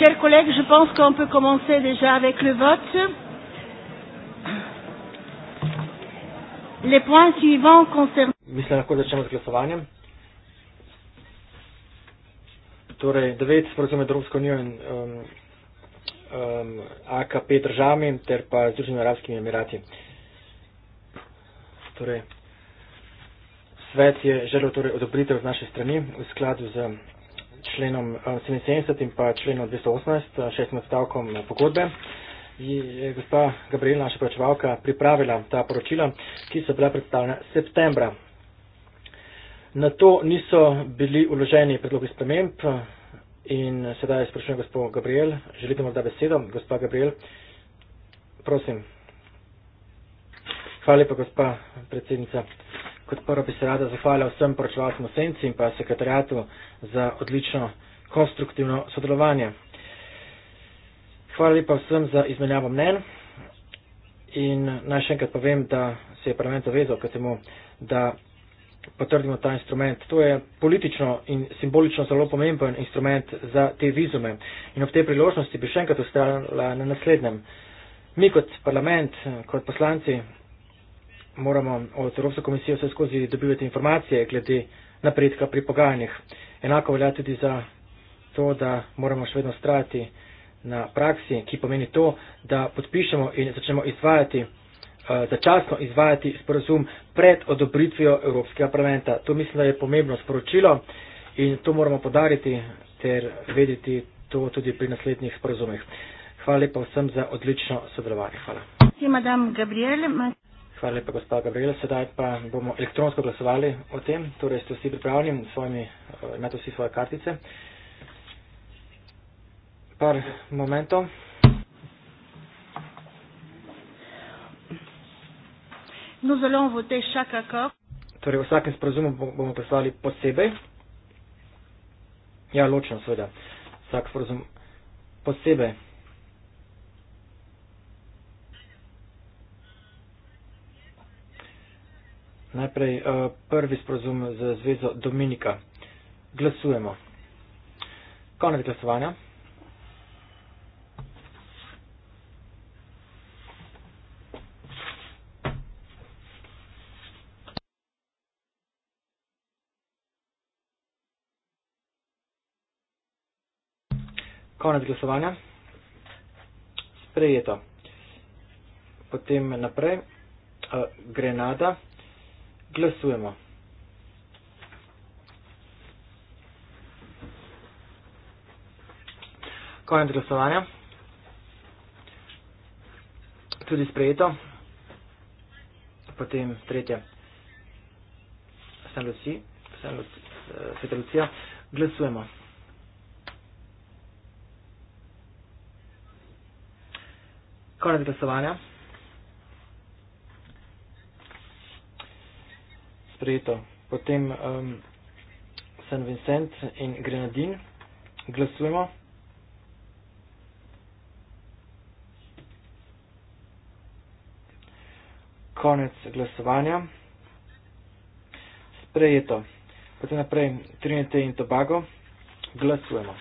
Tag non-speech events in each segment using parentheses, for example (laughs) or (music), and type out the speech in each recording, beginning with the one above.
Chers collègues, je pense qu'on peut commencer déjà avec le vote. Les points suivants concernent. Mislim, lahko začnemo z glasovanjem. Torej, devet sporozumov Evropske unije in um, um, AKP državami ter pa Združenimi arabskimi emirati. Torej, svet je želel torej, odobritev z naše strani v skladu z členom 77 eh, in pa členom 218, eh, šestim odstavkom eh, pogodbe, je gospa Gabriela, naša poročevalka, pripravila ta poročila, ki so bila predstavljena septembra. Na to niso bili uloženi predlogi sprememb in sedaj sprašujem gospod Gabriel, želite morda besedo, gospa Gabriel, prosim. Hvala lepa, gospa predsednica. Kot prvo bi se rada zahvala vsem poročevalcem Senci in pa sekretarjatu za odlično konstruktivno sodelovanje. Hvala lepa vsem za izmenjavo mnen in naj še enkrat povem, da se je parlament zavezal k temu, da potrdimo ta instrument. To je politično in simbolično zelo pomemben instrument za te vizume. In ob tej priložnosti bi še enkrat ustala na naslednjem. Mi kot parlament, kot poslanci moramo od Evropske komisije vse skozi dobivati informacije glede napredka pri pogajanjih. Enako velja tudi za to, da moramo še vedno strati na praksi, ki pomeni to, da podpišemo in začnemo izvajati, eh, začasno izvajati sporozum pred odobritvijo Evropskega parlamenta. To mislim, da je pomembno sporočilo in to moramo podariti ter vedeti to tudi pri naslednjih sporozumih. Hvala lepa vsem za odlično sodelovanje. Hvala. Hvala. Hvala lepa, gospod Gabriel. Sedaj pa bomo elektronsko glasovali o tem. Torej ste vsi pripravljeni, svojimi, na eh, to vsi svoje kartice. Par momentov. Nous allons voter chaque accord. Torej, v vsakem sporozumu bomo poslali posebej. Ja, ločno, seveda. Vsak sporozum posebej. Najprej eh, prvi sporozum z zvezo Dominika. Glasujemo. Konec glasovanja. Konec glasovanja. Sprejeto. Potem naprej. Eh, Grenada glasujemo. Konec glasovanja. Tudi sprejeto. Potem tretje. Sveta Lucija. Eh, Sveta Lucija. Glasujemo. Konec glasovanja. sprejeto. Potem um, San Vincent in Grenadin. Glasujemo. Konec glasovanja. Sprejeto. Potem naprej Trinite in Tobago. Glasujemo.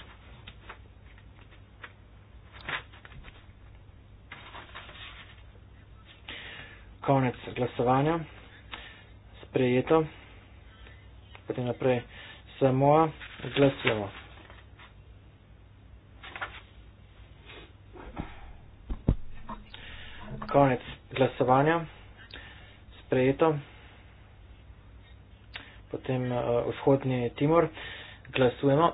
Konec glasovanja sprejeto, potem naprej samo glasujemo. Konec glasovanja, sprejeto, potem uh, vzhodni Timor, glasujemo.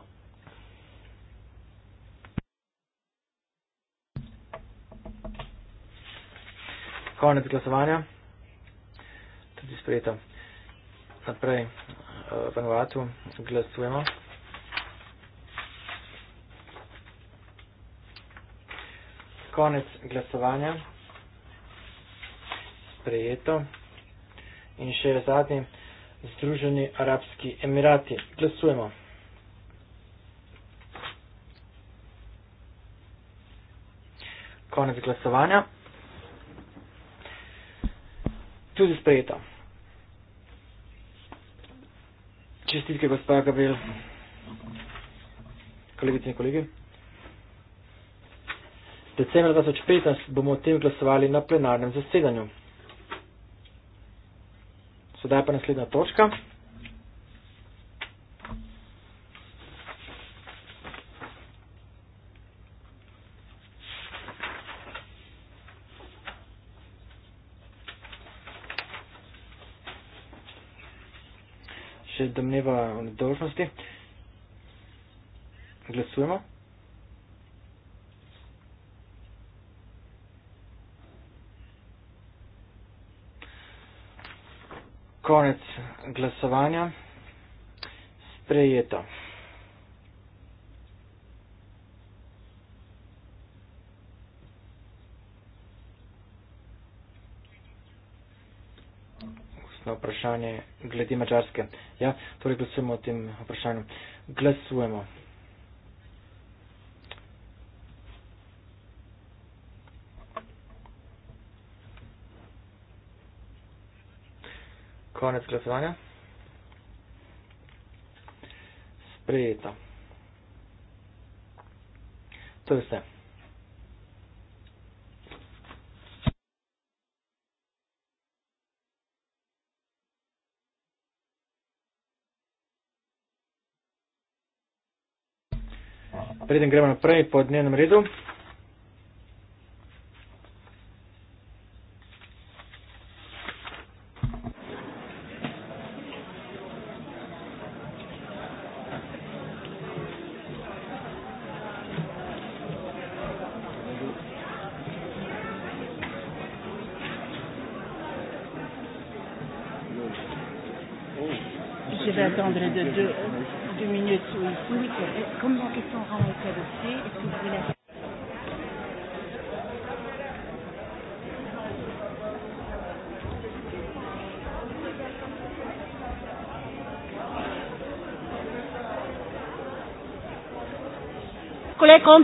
Konec glasovanja, tudi sprejeto naprej eh, v Novatu glasujemo. Konec glasovanja. Prejeto. In še zadnji. Združeni Arabski Emirati. Glasujemo. Konec glasovanja. Tudi sprejeto. čestitke, gospod Gabriel. Kolegice in kolege. Decembra 2015 bomo o tem glasovali na plenarnem zasedanju. Sedaj pa naslednja točka. domneva o nedolžnosti. Glasujemo. Konec glasovanja. Sprejeto. vprašanje glede Mačarske. Ja, torej glasujemo o tem vprašanju. Glasujemo. Konec glasovanja. Sprejeta. To je vse. preden gremo naprej po dnevnem redu.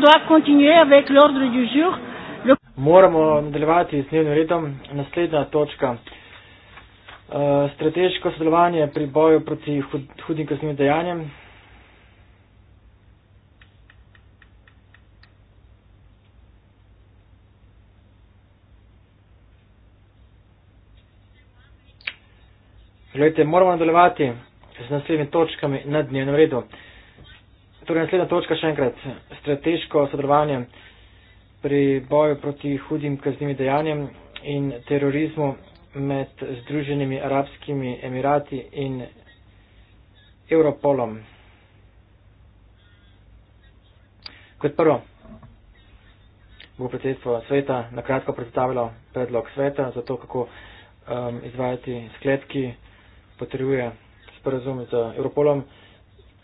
doit continuer avec l'ordre du jour. Le... Moramo nadaljevati z dnevnim redom. Naslednja točka. Uh, strateško sodelovanje pri boju proti hud, hudim kaznim dejanjem. Gledajte, moramo nadaljevati z naslednjimi točkami na dnevnem redu. Uh, Torej, naslednja točka še enkrat. Strateško sodelovanje pri boju proti hudim kaznimi dejanjem in terorizmu med Združenimi arabskimi emirati in Europolom. Kot prvo, bo predsedstvo sveta nakratko predstavilo predlog sveta za to, kako um, izvajati sklep, ki potrjuje sporazum z Europolom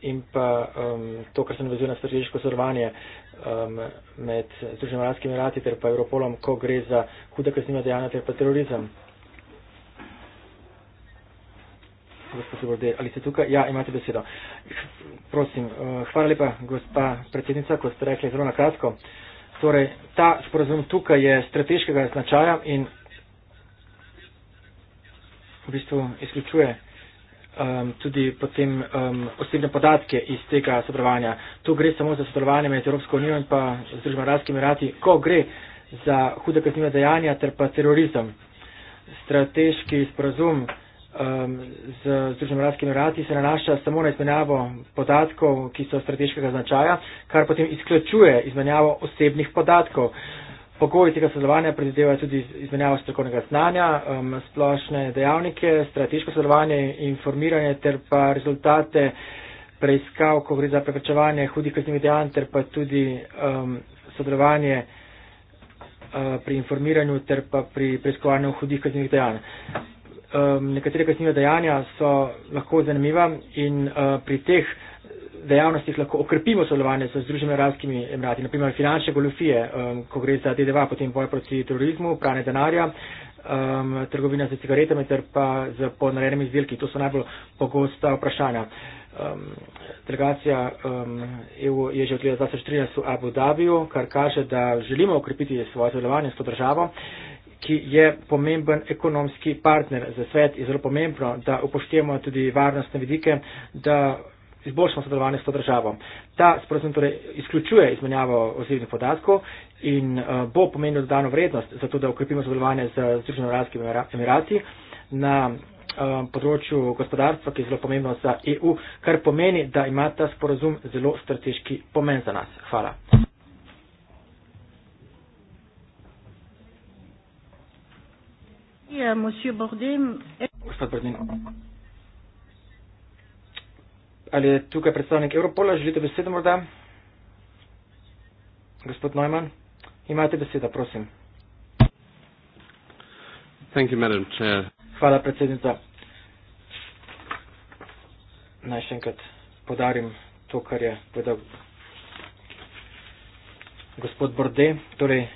in pa um, to, kar se navezuje na strateško sodelovanje um, med Združenimi arabskimi emirati ter pa Europolom, ko gre za huda kazniva dejanja ter pa terorizem. Gospodje, ali ste tukaj? Ja, imate besedo. Prosim, uh, hvala lepa, gospa predsednica, ko ste rekli zelo na kratko. Torej, ta sporozum tukaj je strateškega značaja in v bistvu izključuje um, tudi potem um, osebne podatke iz tega sodelovanja. Tu gre samo za sodelovanje med Evropsko unijo in pa Združenimi arabskimi emirati, ko gre za hude kaznive dejanja ter pa terorizem. Strateški sporazum um, z Združenimi arabskimi emirati se nanaša samo na izmenjavo podatkov, ki so strateškega značaja, kar potem izključuje izmenjavo osebnih podatkov. Pogoji tega sodelovanja predvidevajo tudi izmenjavo strokovnega znanja, um, splošne dejavnike, strateško sodelovanje, informiranje ter pa rezultate preiskav, ko gre za preprečevanje hudih kaznjivih dejanj ter pa tudi um, sodelovanje uh, pri informiranju ter pa pri preiskovanju hudih kaznjivih dejanj. Um, nekatere kaznjive dejanja so lahko zanimiva in uh, pri teh dejavnostih lahko okrepimo sodelovanje s Združenimi arabskimi emirati, naprimer finančne goljofije, um, ko gre za DDV, potem boj proti terorizmu, pranje denarja, um, trgovina z cigaretami ter pa z ponarejenimi izdelki. To so najbolj pogosta vprašanja. Um, delegacija um, EU je že od leta 2013 v Abu Dhabiju, kar kaže, da želimo okrepiti svoje sodelovanje s to državo ki je pomemben ekonomski partner za svet. Je zelo pomembno, da upoštevamo tudi varnostne vidike, da izboljšamo sodelovanje s to državo. Ta sporozum torej izključuje izmenjavo osebnih podatkov in uh, bo pomenil dodano vrednost za to, da ukrepimo sodelovanje z Združenimi arabskimi emirati na uh, področju gospodarstva, ki je zelo pomembno za EU, kar pomeni, da ima ta sporozum zelo strateški pomen za nas. Hvala. Ja, Gospod Brdin. Ali je tukaj predstavnik Evropola? Želite besedo morda? Gospod Neumann, imate besedo, prosim. Hvala, predsednica. Naj še enkrat podarim to, kar je povedal gospod Borde. Torej,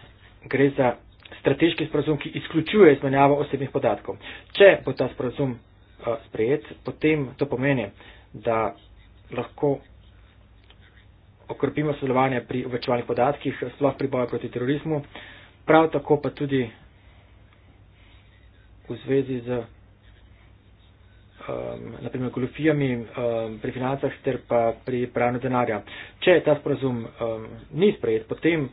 gre za strateški sporozum, ki izključuje izmenjavo osebnih podatkov. Če bo ta sporozum eh, sprejet, potem to pomeni, da lahko okrepimo sodelovanje pri uvečevalnih podatkih, sploh pri boju proti terorizmu, prav tako pa tudi v zvezi z um, naprimer golfijami um, pri financah ter pa pri pranju denarja. Če ta sporazum um, ni sprejet, potem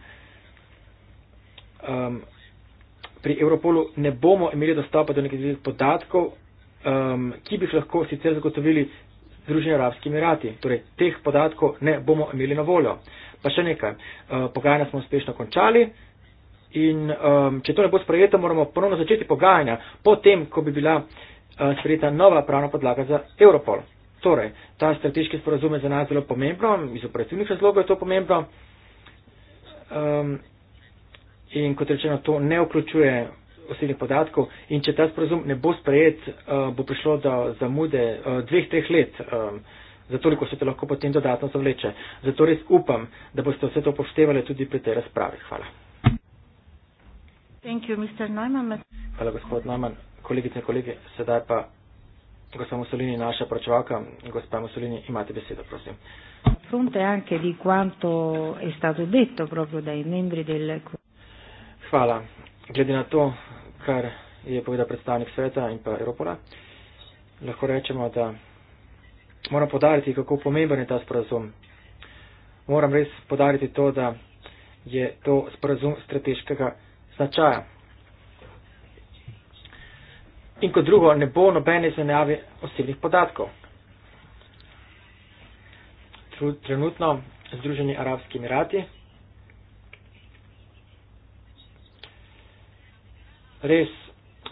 um, pri Evropolu ne bomo imeli dostopa do nekih podatkov, um, ki bi lahko sicer zagotovili Združenih arabskih emirati. Torej, teh podatkov ne bomo imeli na voljo. Pa še nekaj, eh, pogajanja smo uspešno končali in če to ne bo sprejeto, moramo ponovno začeti pogajanja, potem, ko bi bila eh, sprejeta nova pravna podlaga za Europol. Torej, ta strateški sporozum je za nas zelo pomembno, iz operativnih razlogov je to pomembno. Um, in kot rečeno, to ne vključuje osebnih podatkov in če ta sporozum ne bo sprejet, eh, bo prišlo do zamude eh, dveh, treh let, eh, zato ko se to lahko potem dodatno zavleče. Zato res upam, da boste vse to poštevali tudi pri tej razpravi. Hvala. You, Hvala, gospod Najman. Kolegice in kolege, sedaj pa gospa Mussolini, naša pročevalka. Gospa Mussolini, imate besedo, prosim. Hvala glede na to, kar je povedal predstavnik sveta in pa Evropola, lahko rečemo, da moram podariti, kako pomemben je ta sporazum. Moram res podariti to, da je to sporazum strateškega značaja. In kot drugo, ne bo nobene zamenjave osebnih podatkov. Trenutno Združeni Arabski Emirati res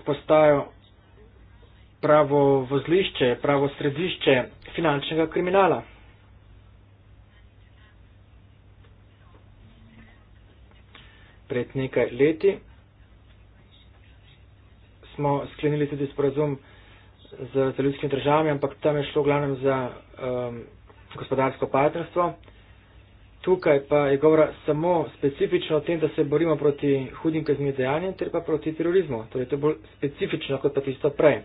postajo pravo vozlišče, pravo središče finančnega kriminala. Pred nekaj leti smo sklenili tudi sporazum z ljudskimi državami, ampak tam je šlo glavnem za um, gospodarsko partnerstvo tukaj pa je govora samo specifično o tem, da se borimo proti hudim kaznim dejanjem ter pa proti terorizmu. Torej, to je bolj specifično kot pa tisto prej.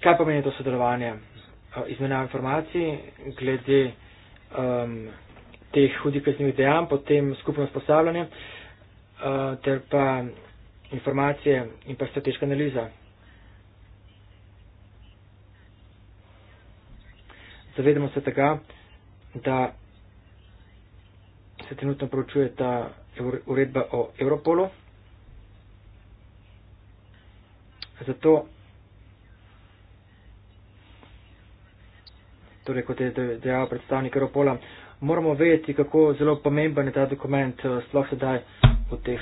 Kaj pomeni to sodelovanje? Izmenjava informacij glede um, teh hudih kaznjivih dejanj, potem skupno usposabljanje uh, ter pa informacije in pa strateška analiza. zavedamo se tega, da se trenutno proučuje ta uredba o Europolu. Zato, torej kot je dejal predstavnik Europola, moramo vedeti, kako zelo pomemben je ta dokument, eh, sploh sedaj v teh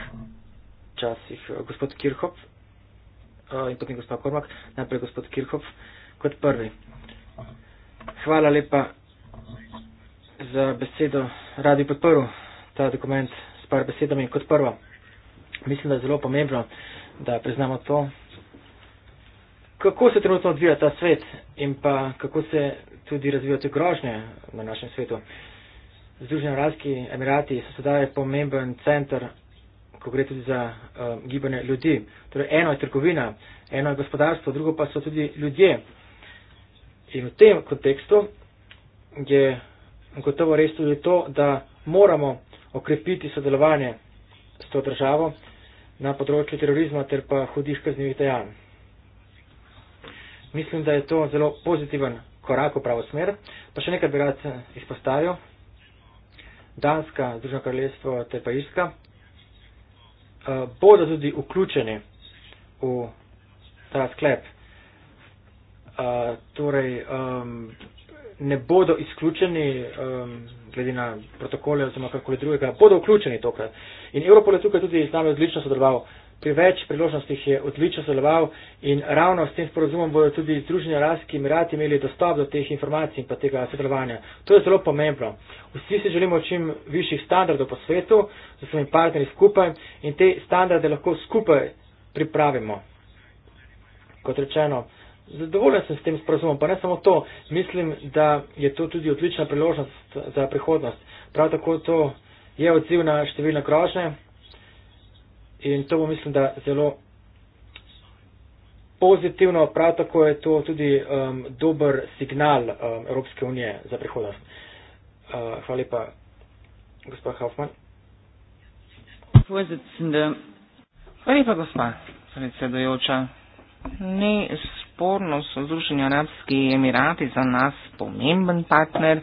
časih. Eh, gospod Kirchhoff eh, in potem gospod Kormak, najprej gospod Kirchhoff kot prvi. Hvala lepa za besedo. Rad bi podporil ta dokument s par besedami. Kot prvo, mislim, da je zelo pomembno, da priznamo to, kako se trenutno odvija ta svet in pa kako se tudi razvijajo te grožnje na našem svetu. Združeni Arabski Emirati so sedaj pomemben center, ko gre tudi za uh, gibanje ljudi. Torej, eno je trgovina, eno je gospodarstvo, drugo pa so tudi ljudje. In v tem kontekstu je gotovo res tudi to, da moramo okrepiti sodelovanje s to državo na področju terorizma ter pa hudih kaznjivih dejanj. Mislim, da je to zelo pozitiven korak v pravo smer. Pa še nekaj bi rad izpostavil. Danska, Združeno kraljestvo ter pa Irska eh, bodo tudi vključeni v ta sklep torej, um, ne bodo izključeni, um, glede na protokole oziroma kakorkoli drugega, bodo vključeni tokrat. In Europol je tukaj tudi z nami odlično sodeloval. Pri več priložnostih je odlično sodeloval in ravno s tem sporozumom bodo tudi Združeni Arabski Emirati imeli dostop do teh informacij in pa tega sodelovanja. To je zelo pomembno. Vsi si želimo čim višjih standardov po svetu, z vsemi partnerji skupaj in te standarde lahko skupaj pripravimo. Kot rečeno, zadovoljen sem s tem sporazumom, pa ne samo to, mislim, da je to tudi odlična priložnost za prihodnost. Prav tako to je odziv na številne grožne in to bo mislim, da zelo pozitivno, prav tako je to tudi um, dober signal um, Evropske unije za prihodnost. Uh, hvala lepa, gospod Hoffman. Hvala lepa, gospod predsedujoča podpornost v Združenju Arabski Emirati za nas pomemben partner,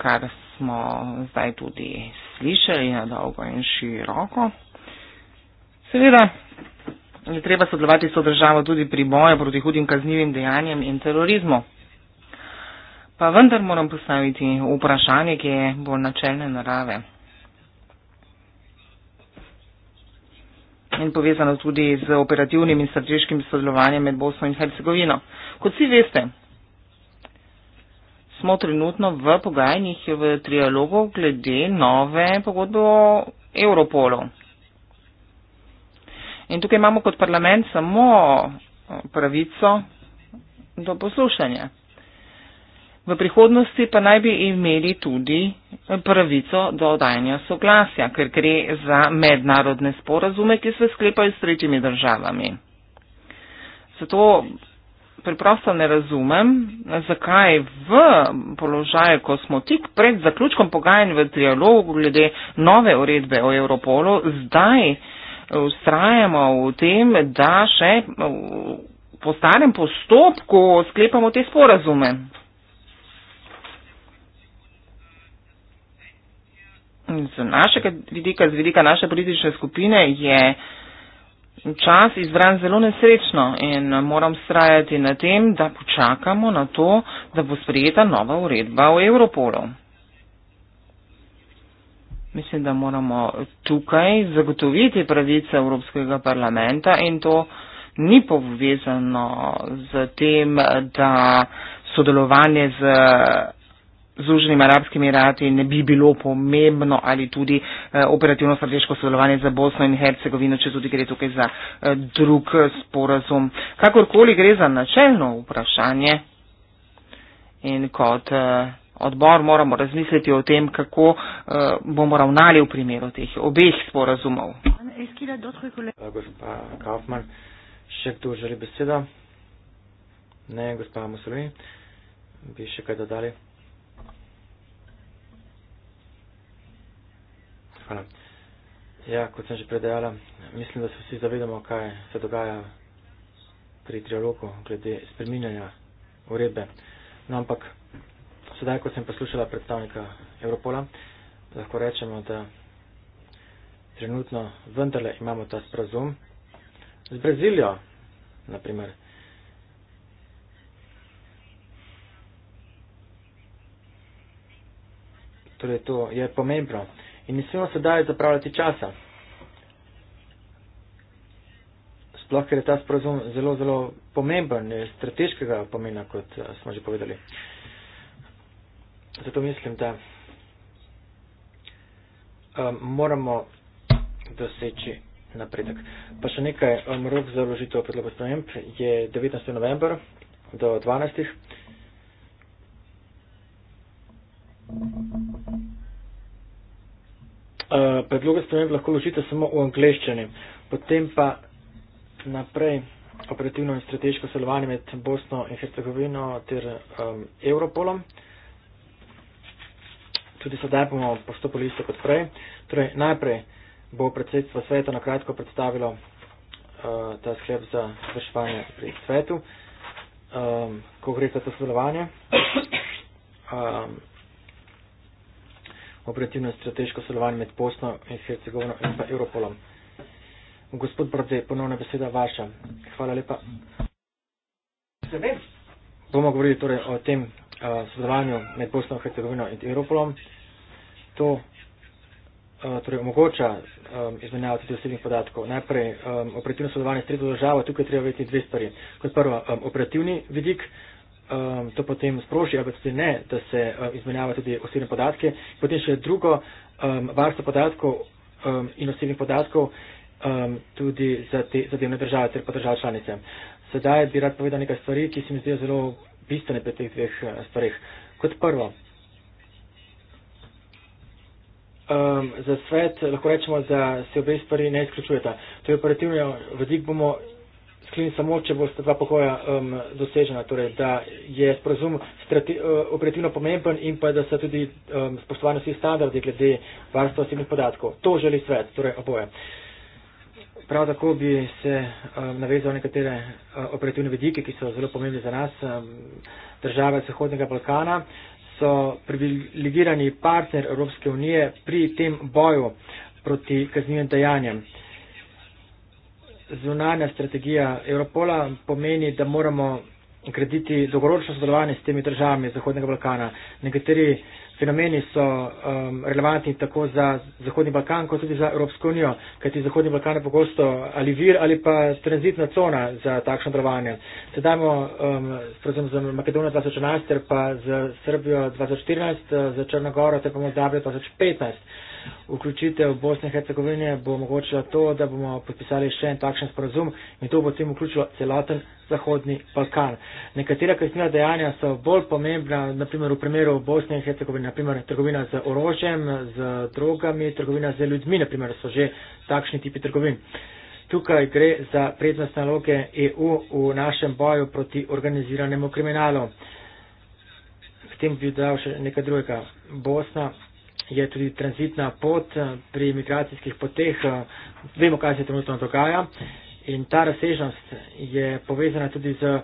kar smo zdaj tudi slišali na dolgo in široko. Seveda je treba sodelovati s to državo tudi pri boju proti hudim kaznjivim dejanjem in terorizmu. Pa vendar moram postaviti vprašanje, ki je bolj načelne narave. in povezano tudi z operativnim in strateškim sodelovanjem med Bosno in Hercegovino. Kot vsi veste, smo trenutno v pogajanjih v trialogu glede nove pogodbe o Europolu. In tukaj imamo kot parlament samo eh, pravico do poslušanja. V prihodnosti pa naj bi imeli tudi pravico do dajanja soglasja, ker gre za mednarodne sporazume, ki se sklepajo s tretjimi državami. Zato preprosto ne razumem, zakaj v položaju, ko smo tik pred zaključkom pogajanj v trialogu glede nove uredbe o Europolu, zdaj ustrajamo v tem, da še po starem postopku sklepamo te sporazume. z našega vidika, z vidika naše politične skupine, je čas izbran zelo nesrečno in moram strajati na tem, da počakamo na to, da bo sprejeta nova uredba v Evropolu. Mislim, da moramo tukaj zagotoviti pravice Evropskega parlamenta in to ni povezano z tem, da sodelovanje z Združenim arabskim emirati ne bi bilo pomembno ali tudi eh, operativno strateško sodelovanje za Bosno in Hercegovino, če tudi gre tukaj za eh, drug sporazum. Kakorkoli gre za načelno vprašanje in kot eh, odbor moramo razmisliti o tem, kako eh, bomo ravnali v primeru teh obeh sporazumov. Gospa Kaufman, še kdo želi besedo? Ne, gospa Mosolini, bi še kaj dodali? Hvala. Ja, kot sem že predajala, mislim, da se vsi zavedamo, kaj se dogaja pri trialogu glede spreminjanja uredbe. No, ampak sedaj, ko sem poslušala predstavnika Europola, lahko rečemo, da trenutno vendarle imamo ta sprazum z Brazilijo, naprimer. Torej, to je pomembno in ne smemo sedaj zapravljati časa. Sploh, ker je ta sporozum zelo, zelo pomemben, je strateškega pomena, kot eh, smo že povedali. Zato mislim, da um, moramo doseči napredek. Pa še nekaj, um, rok za vložitev predloga sprememb je 19. november do 12. Thank you. Eh, predloge sprememb lahko ločite samo v angleščini. Potem pa naprej operativno in strateško sodelovanje med Bosno in Hercegovino ter um, Europolom. Tudi sedaj bomo postopili isto kot prej. Torej, najprej bo predsedstvo sveta na kratko predstavilo uh, ta sklep za vprašanje pri svetu, um, ko gre za to sodelovanje. Um, operativno strateško sodelovanje med Bosno in Hercegovino in pa Europolom. Gospod Brdze, ponovna beseda vaša. Hvala lepa. Bomo govorili torej o tem uh, sodelovanju med Bosno in Hercegovino in Europolom. To eh, torej omogoča um, izmenjavo tudi osebnih podatkov. Najprej um, operativno sodelovanje s tretjo državo, tukaj treba vedeti dve stvari. Kot prvo, um, operativni vidik, um, to potem sproži, ali pa tudi ne, da se um, izmenjava tudi osebne podatke. Potem še drugo, um, varstvo podatkov um, in osebnih podatkov um, tudi za te zadevne države ter pa države članice. Sedaj bi rad povedal nekaj stvari, ki se mi zdijo zelo bistvene pri teh dveh eh, stvarih. Kot prvo, um, za svet lahko rečemo, da se obe stvari ne izključujeta. To je operativno, vedik bomo sklin samo, če bo sta dva pokoja um, dosežena, torej da je sporozum eh, operativno pomemben in pa da so tudi um, spoštovani vsi standardi glede varstva osebnih podatkov. To želi svet, torej oboje. Prav tako bi se um, navezal nekatere uh, operativne vedike, ki so zelo pomembni za nas. Um, države Zahodnega Balkana so privilegirani partner Evropske unije pri tem boju proti kaznivim dejanjem zunanja strategija Evropola pomeni, da moramo graditi dolgoročno sodelovanje s temi državami Zahodnega Balkana. Nekateri fenomeni so um, relevantni tako za Zahodni Balkan, kot tudi za Evropsko unijo, kajti Zahodni Balkan je pogosto ali vir ali pa tranzitna cona za takšno delovanje. Sedajmo um, z Makedonijo 2014, pa z Srbijo 2014, z Črnogoro, te pa Moldavijo 2015 vključitev Bosne in Hercegovine bo omogočila to, da bomo podpisali še en takšen sporazum in to bo potem vključilo celoten Zahodni Balkan. Nekatera kaznjiva dejanja so bolj pomembna, naprimer v primeru Bosne in Hercegovine, naprimer trgovina z orožjem, z drogami, trgovina z ljudmi, naprimer so že takšni tipi trgovin. Tukaj gre za prednostne naloge EU v našem boju proti organiziranemu kriminalu. S tem bi dal še nekaj drugega. Bosna je tudi transitna pot eh, pri migracijskih poteh. Eh, vemo, kaj se trenutno dogaja. In ta razsežnost je povezana tudi z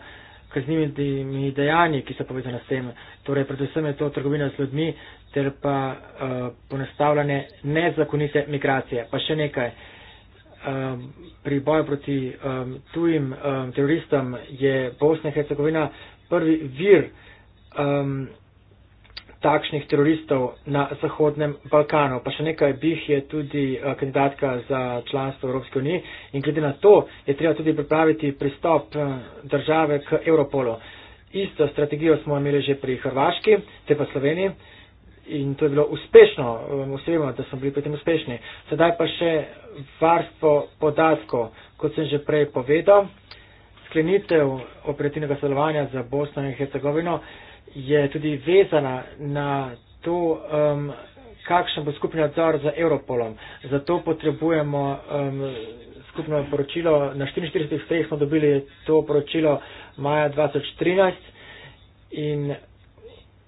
kaznimi dejanji, ki so povezane s tem. Torej, predvsem je to trgovina z ljudmi ter pa uh, ponastavljanje nezakonite migracije. Pa še nekaj. Um, pri boju proti um, tujim um, teroristom je Bosna in Hercegovina prvi vir um, takšnih teroristov na Zahodnem Balkanu. Pa še nekaj bih je tudi eh, kandidatka za članstvo Evropske unije in glede na to je treba tudi pripraviti pristop eh, države k Europolu. Isto strategijo smo imeli že pri Hrvaški, te pa Sloveniji in to je bilo uspešno, vse eh, vemo, da smo bili pri tem uspešni. Sedaj pa še varstvo podatkov, kot sem že prej povedal, sklenitev operativnega sodelovanja za Bosno in Hercegovino je tudi vezana na to, um, kakšen bo skupni nadzor za Europolom. Zato potrebujemo um, skupno poročilo. Na 44 strejih smo dobili to poročilo maja 2013 in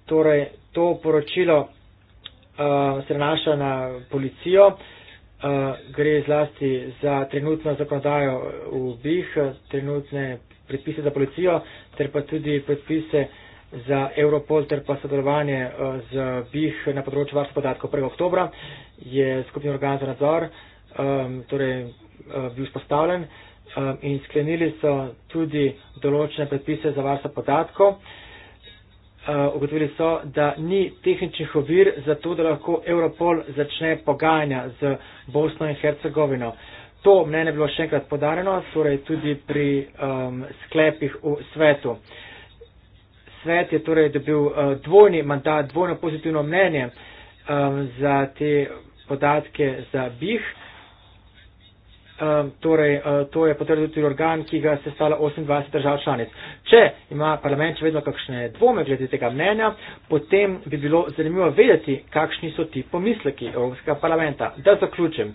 torej to poročilo uh, se nanaša na policijo. Uh, gre zlasti za trenutno zakonodajo v BIH, trenutne predpise za policijo ter pa tudi predpise za Europol ter pa sodelovanje eh, z BIH na področju varstva podatkov 1. oktober je skupni organ za nadzor ehm, torej, eh, bil spostavljen ehm, in sklenili so tudi določene predpise za varstvo podatkov. Eh, ugotovili so, da ni tehničnih ovir za to, da lahko Europol začne pogajanja z Bosno in Hercegovino. To mnenje je bilo še enkrat podarjeno, torej tudi pri um, sklepih v svetu. Uh, svet je torej dobil uh, dvojni mandat, dvojno pozitivno mnenje um, za te podatke za BIH. Um, torej, uh, to je potrdil tudi organ, ki ga sestala 28 držav članic. Če ima parlament še vedno kakšne dvome glede tega mnenja, potem bi bilo zanimivo vedeti, kakšni so ti pomisleki Evropskega parlamenta. Da zaključim.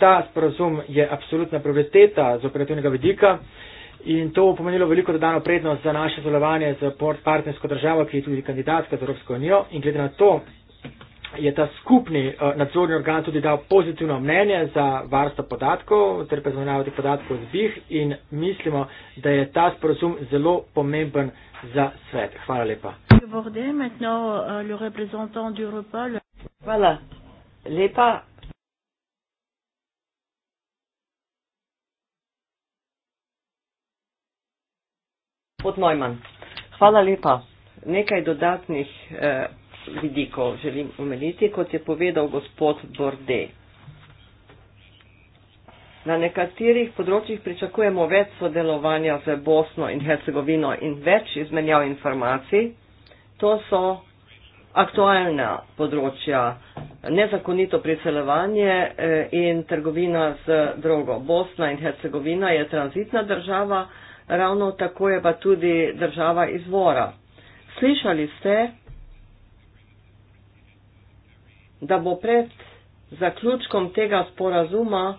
Ta sporozum je apsolutna prioriteta z operativnega vidika. Uh, In to bo pomenilo veliko dodano prednost za naše delovanje z partnersko državo, ki je tudi kandidatka za Evropsko unijo. In glede na to je ta skupni eh, nadzorni organ tudi dal pozitivno mnenje za varstvo podatkov, ter pa zmanjavo teh podatkov z BIH in mislimo, da je ta sporozum zelo pomemben za svet. Hvala lepa. Euh, Hvala lepa. Gospod Neumann, hvala lepa. Nekaj dodatnih eh, vidikov želim omeniti, kot je povedal gospod Borde. Na nekaterih področjih pričakujemo več sodelovanja z Bosno in Hercegovino in več izmenjav informacij. To so aktualna področja, nezakonito priseljevanje eh, in trgovina z drogo. Bosna in Hercegovina je tranzitna država ravno tako je pa tudi država izvora. Slišali ste, da bo pred zaključkom tega sporazuma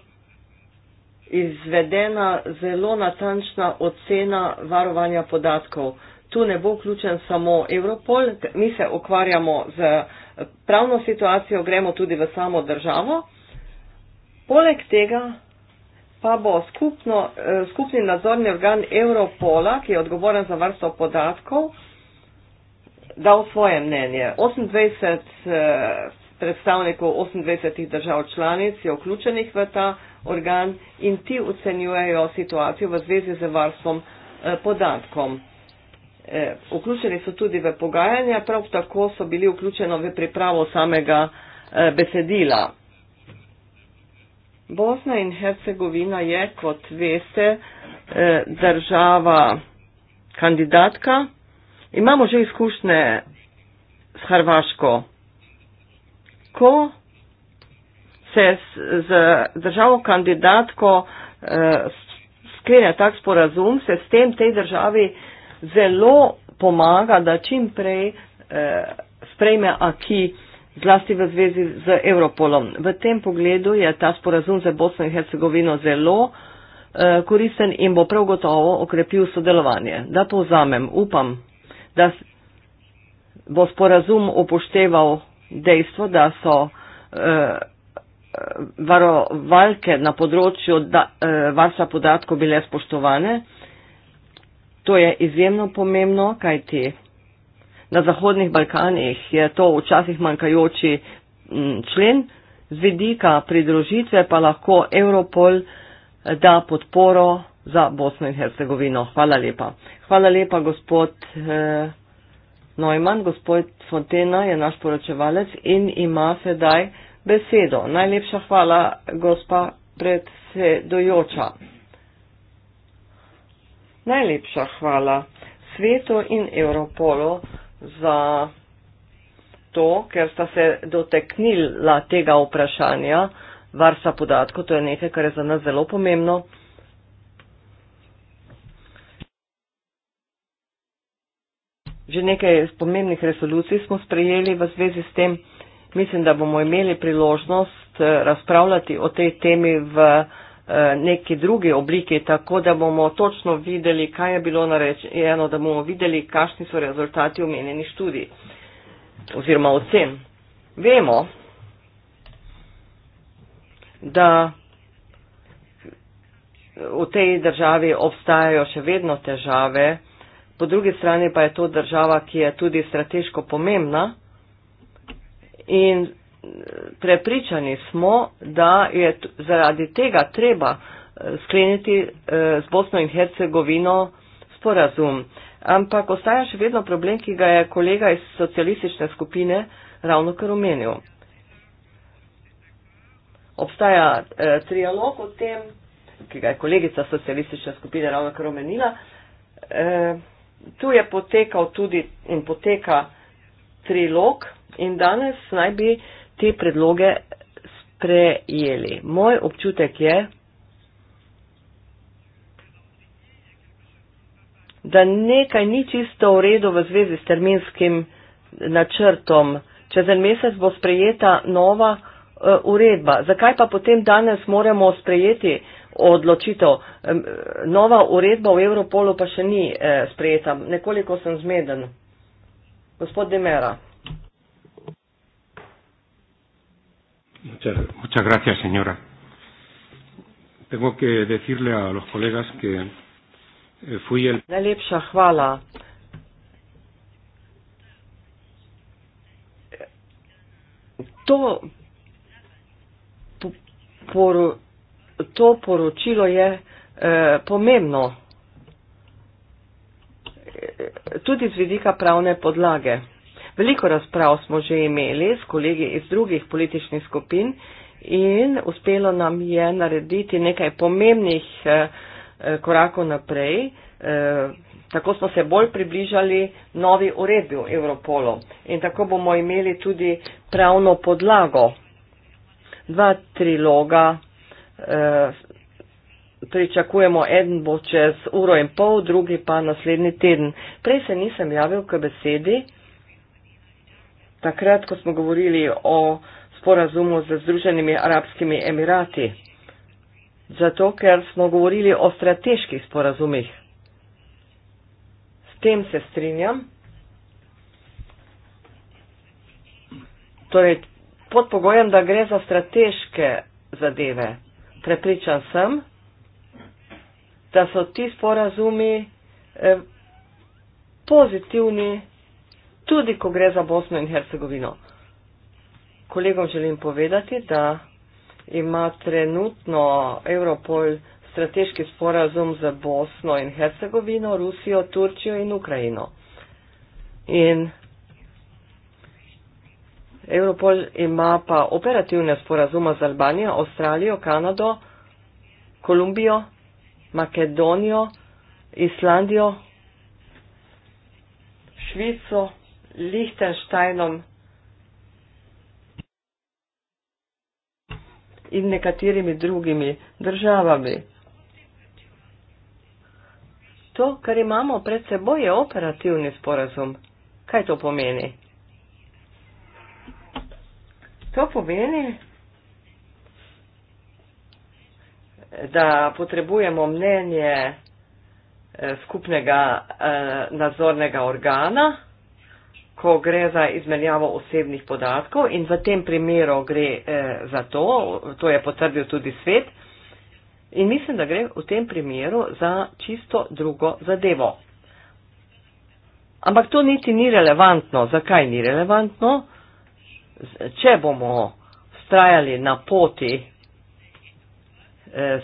izvedena zelo natančna ocena varovanja podatkov. Tu ne bo vključen samo Evropol, mi se ukvarjamo z pravno situacijo, gremo tudi v samo državo. Poleg tega pa bo skupno, eh, skupni nadzorni organ Europola, ki je odgovoren za varstvo podatkov, dal svoje mnenje. 28 eh, predstavnikov 28 držav članic je vključenih v ta organ in ti ocenjujejo situacijo v zvezi z varstvom eh, podatkom. Vključeni so tudi v pogajanja, prav tako so bili vključeni v pripravo samega besedila. Bosna in Hercegovina je, kot veste, eh, država kandidatka. Imamo že izkušnje s Hrvaško. Ko se z državo kandidatko eh, sklene tak sporazum, se s tem tej državi zelo pomaga, da čim prej eh, sprejme aki zlasti v zvezi z Europolom. V tem pogledu je ta sporazum za Bosno in Hercegovino zelo eh, koristen in bo prav gotovo okrepil sodelovanje. Da povzamem, upam, da bo sporazum upošteval dejstvo, da so eh, varovalke na področju da, eh, varstva podatkov bile spoštovane. To je izjemno pomembno, kajti na Zahodnih Balkanih je to včasih manjkajoči mm, člen, z vidika pridružitve pa lahko Europol eh, da podporo za Bosno in Hercegovino. Hvala lepa. Hvala lepa, gospod eh, Neumann. Gospod Fontena je naš poročevalec in ima sedaj besedo. Najlepša hvala, gospa predsedujoča. Najlepša hvala svetu in Europolu za to, ker sta se doteknila tega vprašanja varstva podatkov. To je nekaj, kar je za nas zelo pomembno. Že nekaj pomembnih resolucij smo sprejeli v zvezi s tem. Mislim, da bomo imeli priložnost eh, razpravljati o tej temi v Eh, neki drugi obliki, tako da bomo točno videli, kaj je bilo narečeno, da bomo videli, kakšni so rezultati omenjenih študij oziroma ocen. Vemo, da v tej državi obstajajo še vedno težave, po drugi strani pa je to država, ki je tudi strateško pomembna in prepričani smo, da je zaradi tega treba eh, skleniti eh, z Bosno in Hercegovino sporazum. Ampak ostaja še vedno problem, ki ga je kolega iz socialistične skupine ravno kar omenil. Obstaja eh, trialog o tem, ki ga je kolegica socialistične skupine ravno kar omenila. Eh, tu je potekal tudi in poteka trilog in danes naj bi eh, te predloge sprejeli. Moj občutek je, da nekaj ni čisto v redu v zvezi s terminskim načrtom. Čez en mesec bo sprejeta nova uh, uredba. Zakaj pa potem danes moramo sprejeti odločitev? Um, nova uredba v Evropolu pa še ni uh, sprejeta. Nekoliko sem zmeden. Gospod Demera. Muchas, muchas gracias, señora. Tengo que decirle a los colegas que eh, fui el. Najlepša hvala. To, por, to poročilo je eh, pomembno eh, tudi z vidika pravne podlage. Veliko razprav smo že imeli s kolegi iz drugih političnih skupin in uspelo nam je narediti nekaj pomembnih eh, eh, korakov naprej. Eh, tako smo se bolj približali novi uredbi v Evropolu in tako bomo imeli tudi pravno podlago. Dva triloga pričakujemo, eden bo čez uro in pol, drugi pa naslednji teden. Prej se nisem javil k besedi takrat, ko smo govorili o sporazumu z Združenimi arabskimi emirati. Zato, ker smo govorili o strateških sporazumih. S tem se strinjam. Torej, pod pogojem, da gre za strateške zadeve, prepričan sem, da so ti sporazumi eh, pozitivni tudi ko gre za Bosno in Hercegovino. Kolegom želim povedati, da ima trenutno Europol strateški sporazum za Bosno in Hercegovino, Rusijo, Turčijo in Ukrajino. In Europol ima pa operativne sporazuma z Albanijo, Avstralijo, Kanado, Kolumbijo, Makedonijo, Islandijo, Švico, Lihtensteinom in nekaterimi drugimi državami. To, kar imamo pred seboj, je operativni sporazum. Kaj to pomeni? To pomeni, da potrebujemo mnenje eh, skupnega eh, nadzornega organa, ko gre za izmenjavo osebnih podatkov in v tem primeru gre eh, za to, to je potrdil tudi svet. In mislim, da gre v tem primeru za čisto drugo zadevo. Ampak to niti ni relevantno. Zakaj ni relevantno? Če bomo strajali na poti eh,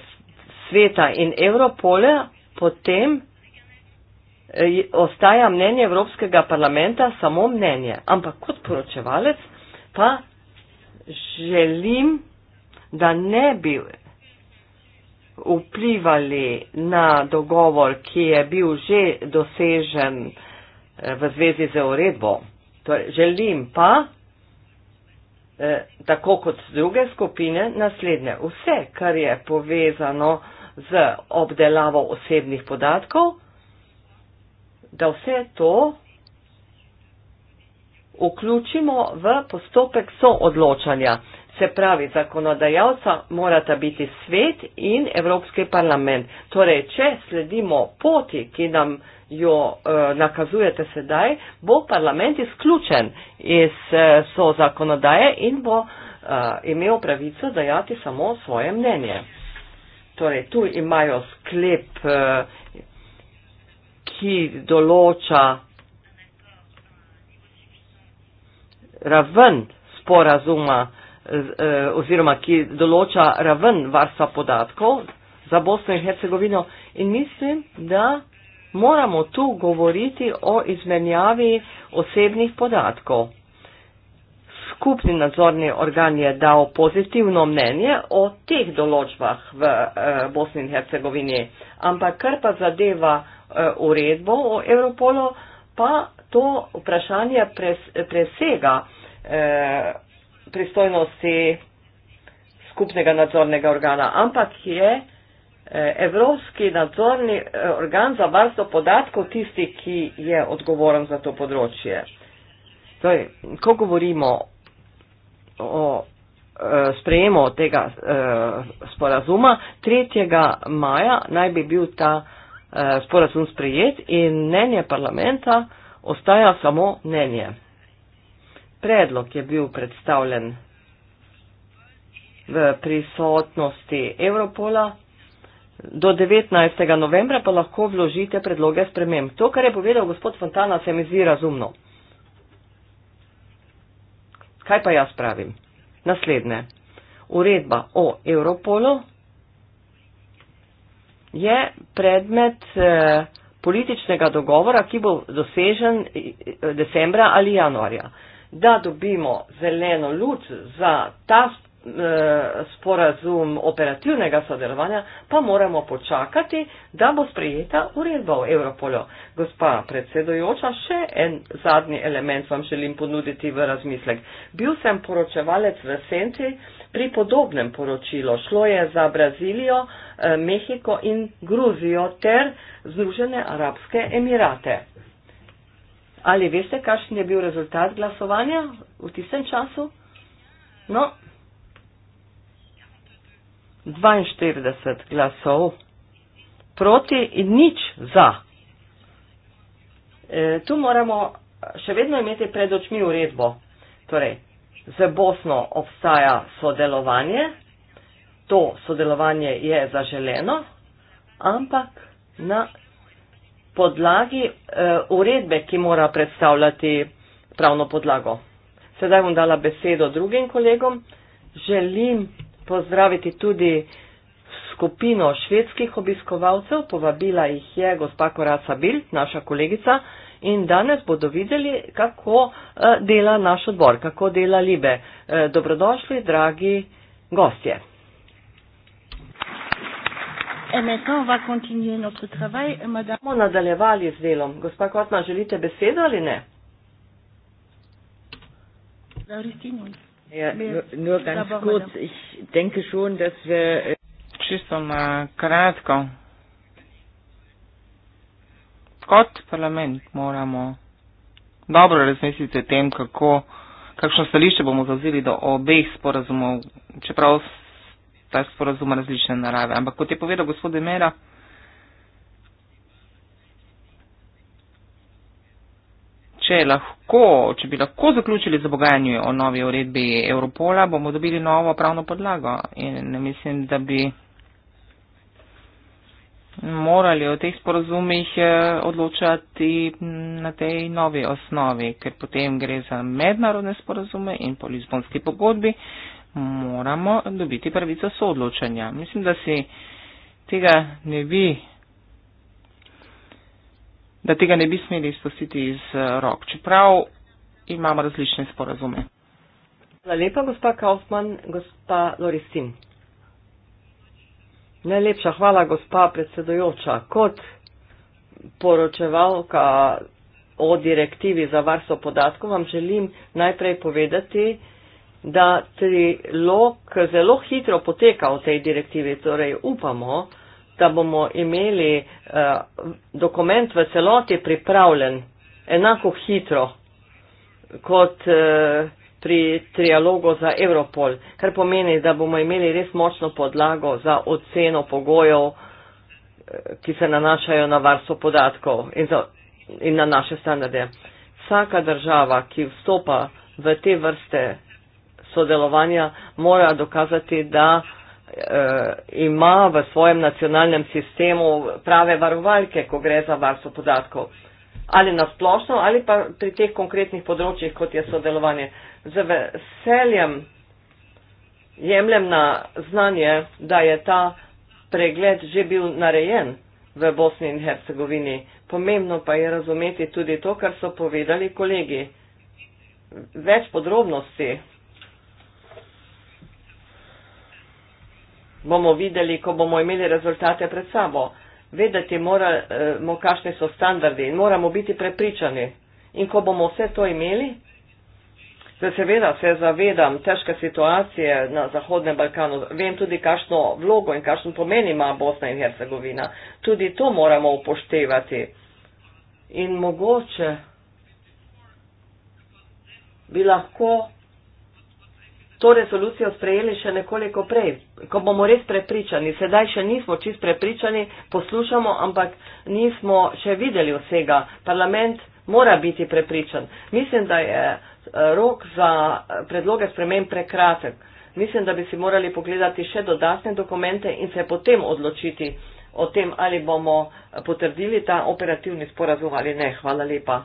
sveta in Evropole, potem E, ostaja mnenje Evropskega parlamenta samo mnenje. Ampak kot poročevalec pa želim, da ne bi vplivali na dogovor, ki je bil že dosežen e, v zvezi z uredbo. Torej, želim pa, e, tako kot druge skupine, naslednje. Vse, kar je povezano z obdelavo osebnih podatkov, da vse to vključimo v postopek soodločanja. Se pravi, zakonodajalca morata biti svet in Evropski parlament. Torej, če sledimo poti, ki nam jo eh, nakazujete sedaj, bo parlament izključen iz eh, so zakonodaje in bo eh, imel pravico dajati samo svoje mnenje. Torej, tu imajo sklep eh, ki določa raven sporazuma e, oziroma ki določa raven varstva podatkov za Bosno in Hercegovino in mislim, da moramo tu govoriti o izmenjavi osebnih podatkov. Skupni nadzorni organ je dal pozitivno mnenje o teh določbah v e, Bosni in Hercegovini, ampak kar pa zadeva Eh, uredbo o Evropolu, pa to vprašanje pres, presega eh, pristojnosti skupnega nadzornega organa, ampak je eh, Evropski nadzorni organ za varstvo podatkov tisti, ki je odgovoren za to področje. Torej, ko govorimo o sprejemu tega sporazuma, 3. maja naj bi bil ta Eh, sporazum sprejet in mnenje parlamenta ostaja samo mnenje. Predlog je bil predstavljen v prisotnosti Evropola. Do 19. novembra pa lahko vložite predloge sprememb. To, kar je povedal gospod Fontana, se mi zdi razumno. Kaj pa jaz pravim? Naslednje. Uredba o Europolu je predmet eh, političnega dogovora, ki bo dosežen eh, eh, decembra ali januarja. Da dobimo zeleno luč za ta sporazum operativnega sodelovanja, pa moramo počakati, da bo sprejeta uredba o Evropolju. Gospa predsedojoča, še en zadnji element vam želim ponuditi v razmislek. Bil sem poročevalec v Senci, pri podobnem poročilu. Šlo je za Brazilijo, eh, Mehiko in Gruzijo ter Združene arabske emirate. Ali veste, kakšen je bil rezultat glasovanja v tistem času? No, 42 glasov proti in nič za. E, tu moramo še vedno imeti pred očmi uredbo. Torej, Z Bosno obstaja sodelovanje, to sodelovanje je zaželeno, ampak na podlagi eh, uredbe, ki mora predstavljati pravno podlago. Sedaj bom dala besedo drugim kolegom. Želim pozdraviti tudi skupino švedskih obiskovalcev, povabila jih je gospa Koraca Bild, naša kolegica in danes bodo videli, kako eh, dela naš odbor, kako dela Libe. Eh, dobrodošli, dragi gostje. Euh, Bomo nadaljevali z delom. Gospa Kotna, želite besedo ali ne? Ja, äh, Čisto na kratko kot parlament moramo dobro razmisliti o tem, kako, kakšno stališče bomo zauzeli do obeh sporazumov, čeprav ta sporazum različne narave. Ampak kot je povedal gospod Demera, če, lahko, če bi lahko zaključili za bogajanje o novi uredbi Europola, bomo dobili novo pravno podlago. In mislim, da bi morali o teh sporozumih eh, odločati na tej novi osnovi, ker potem gre za mednarodne sporozume in po Lizbonski pogodbi moramo dobiti pravico soodločanja. Mislim, da si tega ne bi, da tega ne bi smeli spustiti iz eh, rok, čeprav imamo različne sporozume. Hvala lepa, gospa Kaufman, gospa Lorisin. Najlepša hvala, gospa predsedujoča. Kot poročevalka o direktivi za varstvo podatkov vam želim najprej povedati, da trilog zelo hitro poteka v tej direktivi, torej upamo, da bomo imeli eh, dokument v celoti pripravljen enako hitro kot. Eh, pri trialogu za Evropol, kar pomeni, da bomo imeli res močno podlago za oceno pogojev, eh, ki se nanašajo na varstvo podatkov in, za, in na naše standarde. Vsaka država, ki vstopa v te vrste sodelovanja, mora dokazati, da eh, ima v svojem nacionalnem sistemu prave varovalke, ko gre za varstvo podatkov. Ali nasplošno, ali pa pri teh konkretnih področjih, kot je sodelovanje z veseljem jemljem na znanje, da je ta pregled že bil narejen v Bosni in Hercegovini. Pomembno pa je razumeti tudi to, kar so povedali kolegi. Več podrobnosti bomo videli, ko bomo imeli rezultate pred sabo. Vedeti moramo, kakšni so standardi in moramo biti prepričani. In ko bomo vse to imeli, Zdaj seveda se zavedam težke situacije na Zahodnem Balkanu, vem tudi, kakšno vlogo in kakšen pomen ima Bosna in Hercegovina. Tudi to moramo upoštevati. In mogoče bi lahko to rezolucijo sprejeli še nekoliko prej, ko bomo res prepričani. Sedaj še nismo čist prepričani, poslušamo, ampak nismo še videli vsega. Parlament mora biti prepričan. Mislim, da je eh, rok za eh, predloge spremen prekratek. Mislim, da bi si morali pogledati še dodatne dokumente in se potem odločiti o tem, ali bomo eh, potrdili ta operativni sporazum ali ne. Hvala lepa.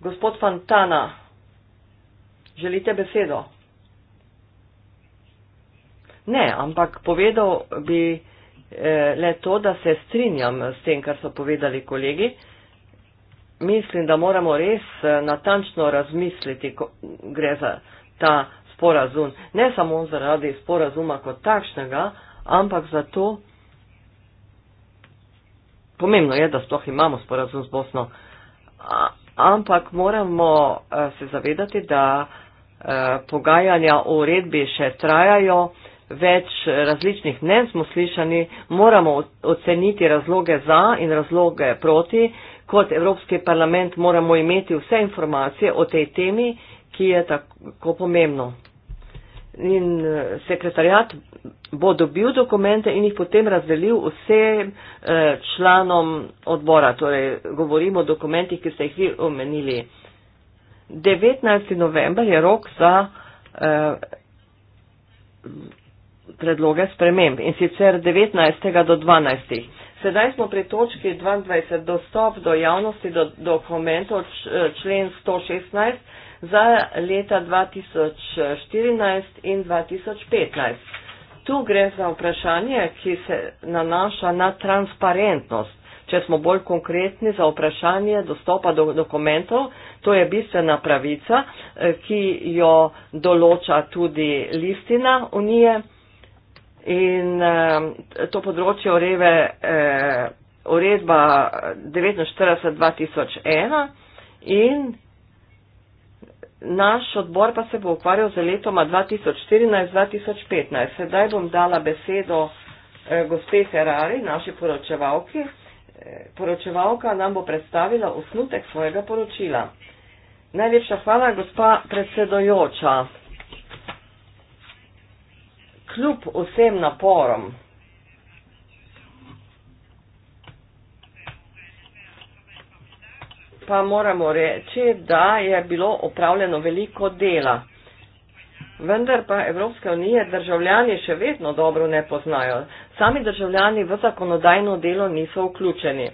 Gospod Fantana, želite besedo? Ne, ampak povedal bi le to, da se strinjam s tem, kar so povedali kolegi mislim, da moramo res eh, natančno razmisliti, ko gre za ta sporazum. Ne samo zaradi sporazuma kot takšnega, ampak zato pomembno je, da sploh imamo sporazum z Bosno. Ampak moramo eh, se zavedati, da eh, pogajanja o uredbi še trajajo, več različnih mnen smo slišani, moramo oceniti razloge za in razloge proti kot Evropski parlament moramo imeti vse informacije o tej temi, ki je tako pomembno. In eh, sekretarjat bo dobil dokumente in jih potem razdelil vsem eh, članom odbora. Torej, govorimo o dokumentih, ki ste jih vi omenili. 19. november je rok za eh, predloge sprememb in sicer 19. do 12. Sedaj smo pri točki 22 dostop do javnosti do dokumentov eh, člen 116 za leta 2014 in 2015. Tu gre za vprašanje, ki se nanaša na transparentnost. Če smo bolj konkretni za vprašanje dostopa do dokumentov, to je bistvena pravica, eh, ki jo določa tudi listina Unije. In eh, to področje ureve eh, uredba 49.2001 in naš odbor pa se bo ukvarjal za letoma 2014-2015. Sedaj bom dala besedo eh, gospe Ferrari, naši poročevalki. Eh, poročevalka nam bo predstavila osnutek svojega poročila. Najlepša hvala, gospa predsedojoča kljub vsem naporom. Pa moramo reči, da je bilo opravljeno veliko dela. Vendar pa Evropske unije državljani še vedno dobro ne poznajo. Sami državljani v zakonodajno delo niso vključeni.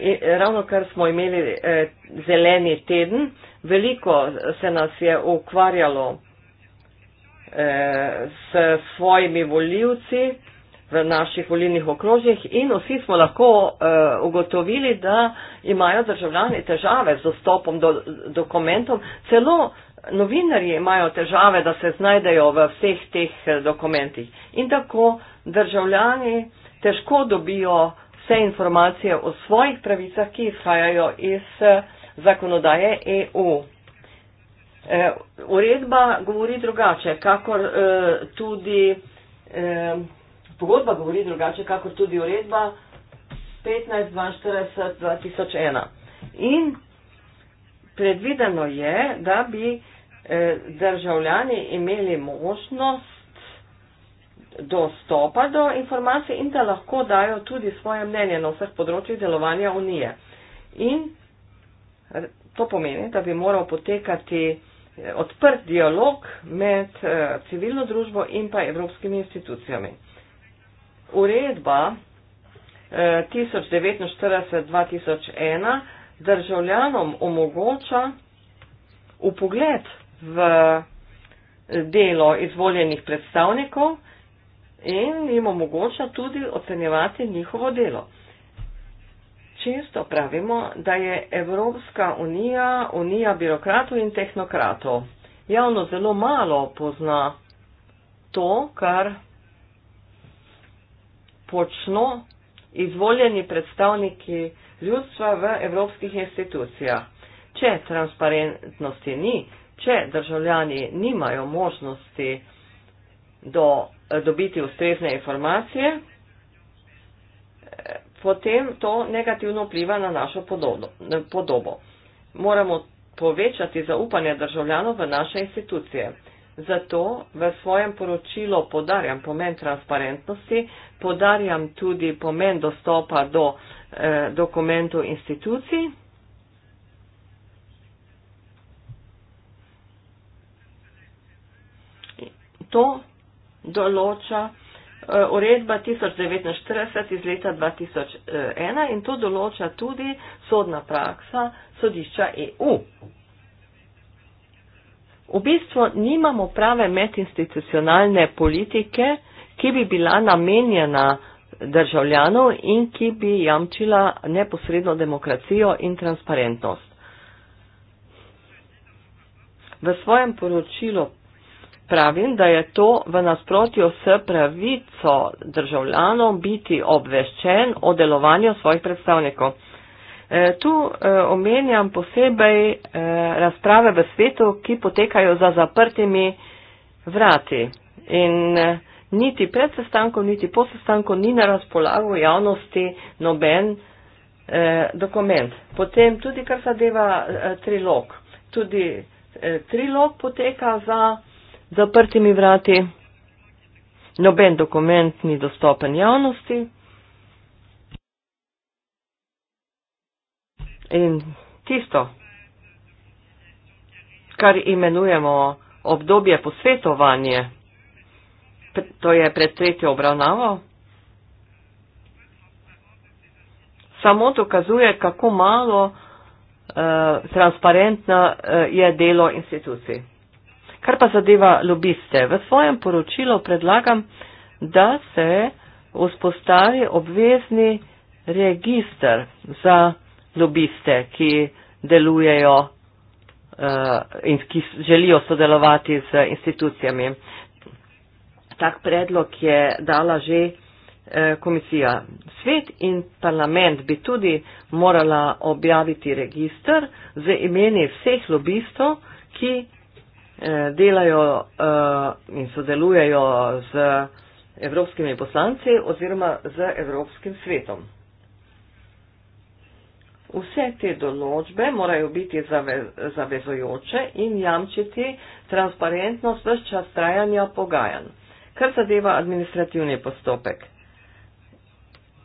In ravno kar smo imeli eh, zeleni teden, veliko se nas je ukvarjalo s svojimi voljivci v naših volilnih okrožjih in vsi smo lahko uh, ugotovili, da imajo državljani težave z dostopom do dokumentov. Celo novinarji imajo težave, da se znajdejo v vseh teh eh, dokumentih. In tako državljani težko dobijo vse informacije o svojih pravicah, ki izhajajo iz eh, zakonodaje EU. E, uredba govori drugače, kakor e, tudi e, pogodba govori drugače, kakor tudi uredba 1542-2001. In predvideno je, da bi državljani imeli možnost dostopa do informacij in da lahko dajo tudi svoje mnenje na vseh področjih delovanja unije. In to pomeni, da bi moral potekati odprt dialog med eh, civilno družbo in pa evropskimi institucijami. Uredba 1049-2001 eh, državljanom omogoča upogled v eh, delo izvoljenih predstavnikov in jim omogoča tudi ocenjevati njihovo delo. Često pravimo, da je Evropska unija unija birokratov in tehnokratov. Javno zelo malo pozna to, kar počno izvoljeni predstavniki ljudstva v evropskih institucijah. Če transparentnosti ni, če državljani nimajo možnosti do, dobiti ustrezne informacije, potem to negativno vpliva na našo podobo. Moramo povečati zaupanje državljanov v naše institucije. Zato v svojem poročilu podarjam pomen transparentnosti, podarjam tudi pomen dostopa do eh, dokumentov institucij. To določa Eh, uredba 1940 iz leta 2001 in to določa tudi sodna praksa sodišča EU. V bistvu nimamo prave medinstitucionalne politike, ki bi bila namenjena državljanov in ki bi jamčila neposredno demokracijo in transparentnost. V svojem poročilu pravim, da je to v nasprotju s pravico državljanov biti obveščen o delovanju svojih predstavnikov. E, tu e, omenjam posebej e, razprave v svetu, ki potekajo za zaprtimi vrati. In niti pred sestankom, niti po sestankom ni na razpolago javnosti noben dokument. Potem tudi, kar zadeva trilog. Tudi trilog poteka za zaprtimi vrati, noben dokument ni dostopen javnosti. In tisto, kar imenujemo obdobje posvetovanje, to je pred tretjo obravnavo, samo dokazuje, kako malo uh, transparentna uh, je delo institucij. Kar pa zadeva lobiste, v svojem poročilu predlagam, da se vzpostavi obvezni registr za lobiste, ki delujejo eh, in ki želijo sodelovati z institucijami. Tak predlog je dala že eh, komisija. Svet in parlament bi tudi morala objaviti registr z imeni vseh lobistov, ki Eh, delajo eh, in sodelujejo z evropskimi poslanci oziroma z Evropskim svetom. Vse te določbe morajo biti zavezojoče in jamčiti transparentnost vse čas trajanja pogajanj, kar zadeva administrativni postopek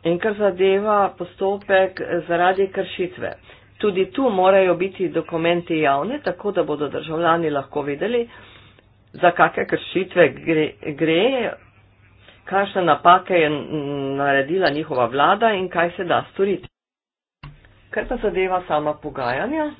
in kar zadeva postopek zaradi kršitve. Tudi tu morajo biti dokumenti javni, tako da bodo državljani lahko videli, za kakšne kršitve gre, gre kakšne napake je naredila njihova vlada in kaj se da storiti. Kar pa zadeva sama pogajanja.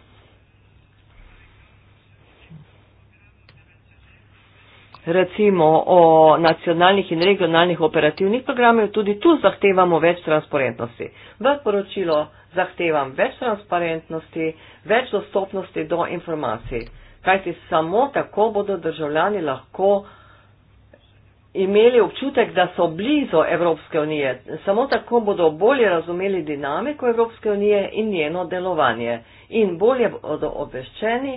Recimo o nacionalnih in regionalnih operativnih programih, tudi tu zahtevamo več transparentnosti. V poročilo zahtevam več transparentnosti, več dostopnosti do informacij. Kajti samo tako bodo državljani lahko imeli občutek, da so blizu Evropske unije. Samo tako bodo bolje razumeli dinamiko Evropske unije in njeno delovanje. In bolje bodo obveščeni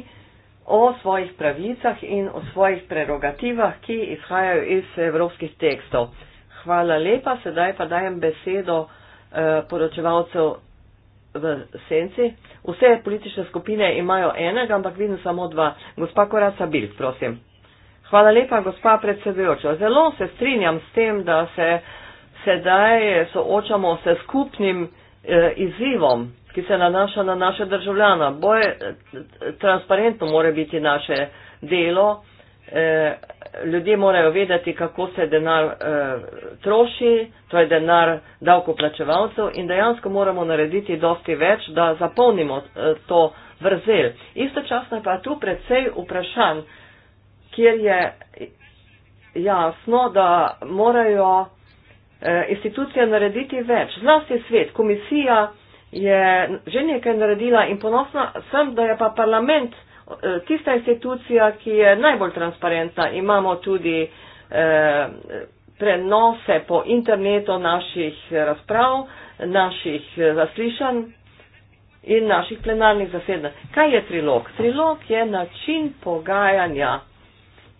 o svojih pravicah in o svojih prerogativah, ki izhajajo iz evropskih tekstov. Hvala lepa, sedaj pa dajem besedo eh, poročevalcev v senci. Vse politične skupine imajo enega, ampak vidim samo dva. Gospa Koraca Bil, prosim. Hvala lepa, gospa predsedujoča. Zelo se strinjam s tem, da se sedaj soočamo se skupnim eh, izzivom, ki se nanaša na naše državljana. Boje, eh, transparentno more biti naše delo. Eh, ljudje morajo vedeti, kako se denar eh, troši, to je denar davkoplačevalcev in dejansko moramo narediti dosti več, da zapolnimo eh, to vrzel. Istočasno je pa tu predvsej vprašanj, kjer je jasno, da morajo eh, institucije narediti več. Zlasti svet, komisija je že nekaj naredila in ponosna sem, da je pa parlament. Eh, tista institucija, ki je najbolj transparentna. Imamo tudi eh, prenose po internetu naših razprav, naših eh, zaslišanj in naših plenarnih zasedanj. Kaj je trilog? Trilog je način pogajanja,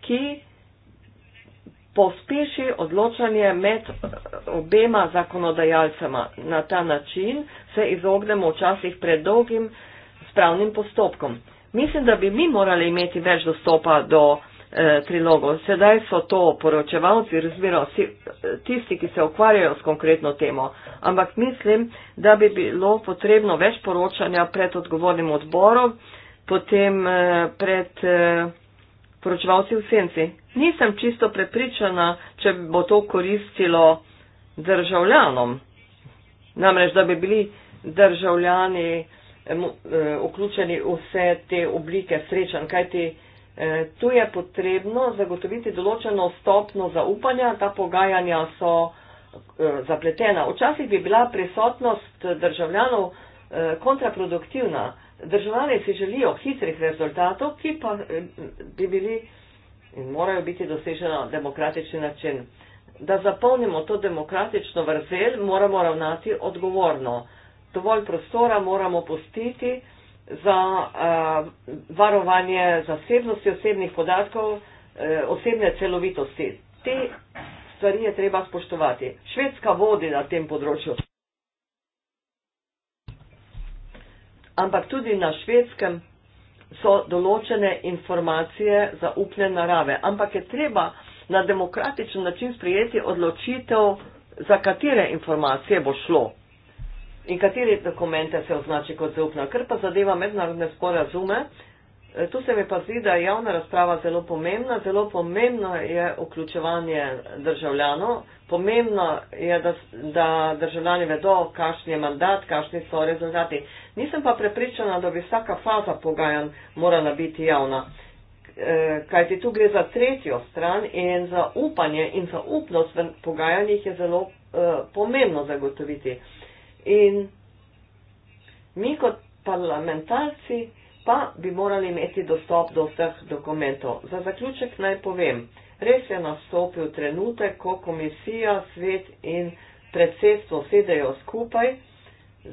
ki pospeši odločanje med obema zakonodajalcema. Na ta način se izognemo včasih predolgim spravnim postopkom. Mislim, da bi mi morali imeti več dostopa do eh, trilogov. Sedaj so to poročevalci, razmeroma eh, tisti, ki se ukvarjajo s konkretno temo. Ampak mislim, da bi bilo potrebno več poročanja pred odgovornim odborom, potem eh, pred eh, poročevalci v senci. Nisem čisto prepričana, če bo to koristilo državljanom. Namreč, da bi bili državljani. E, vključeni vse te oblike srečanj, kajti e, tu je potrebno zagotoviti določeno stopno zaupanja, ta pogajanja so e, zapletena. Včasih bi bila prisotnost državljanov kontraproduktivna. Državljani si želijo hitrih rezultatov, ki pa bi bili in morajo biti doseženi na demokratični način. Da zapolnimo to demokratično vrzel, moramo ravnati odgovorno dovolj prostora moramo postiti za uh, varovanje zasebnosti osebnih podatkov, uh, osebne celovitosti. Te stvari je treba spoštovati. Švedska vodi na tem področju. Ampak tudi na švedskem so določene informacije zaupne narave. Ampak je treba na demokratičen način sprijeti odločitev, za katere informacije bo šlo in katere dokumente se označi kot zaupna. Ker pa zadeva mednarodne sporazume, eh, tu se mi pa zdi, da je javna razprava zelo pomembna, zelo pomembno je vključevanje državljanov, pomembno je, da, da državljani vedo, kakšen je mandat, kakšni so rezultati. Nisem pa prepričana, da bi vsaka faza pogajanj morala biti javna. Eh, kajti tu gre za tretjo stran in za upanje in za upnost v pogajanjih je zelo uh, pomembno zagotoviti. Uh, In mi kot parlamentarci pa bi morali imeti dostop do vseh dokumentov. Za zaključek naj povem, res je nastopil trenutek, ko komisija, svet in predsedstvo sedejo skupaj,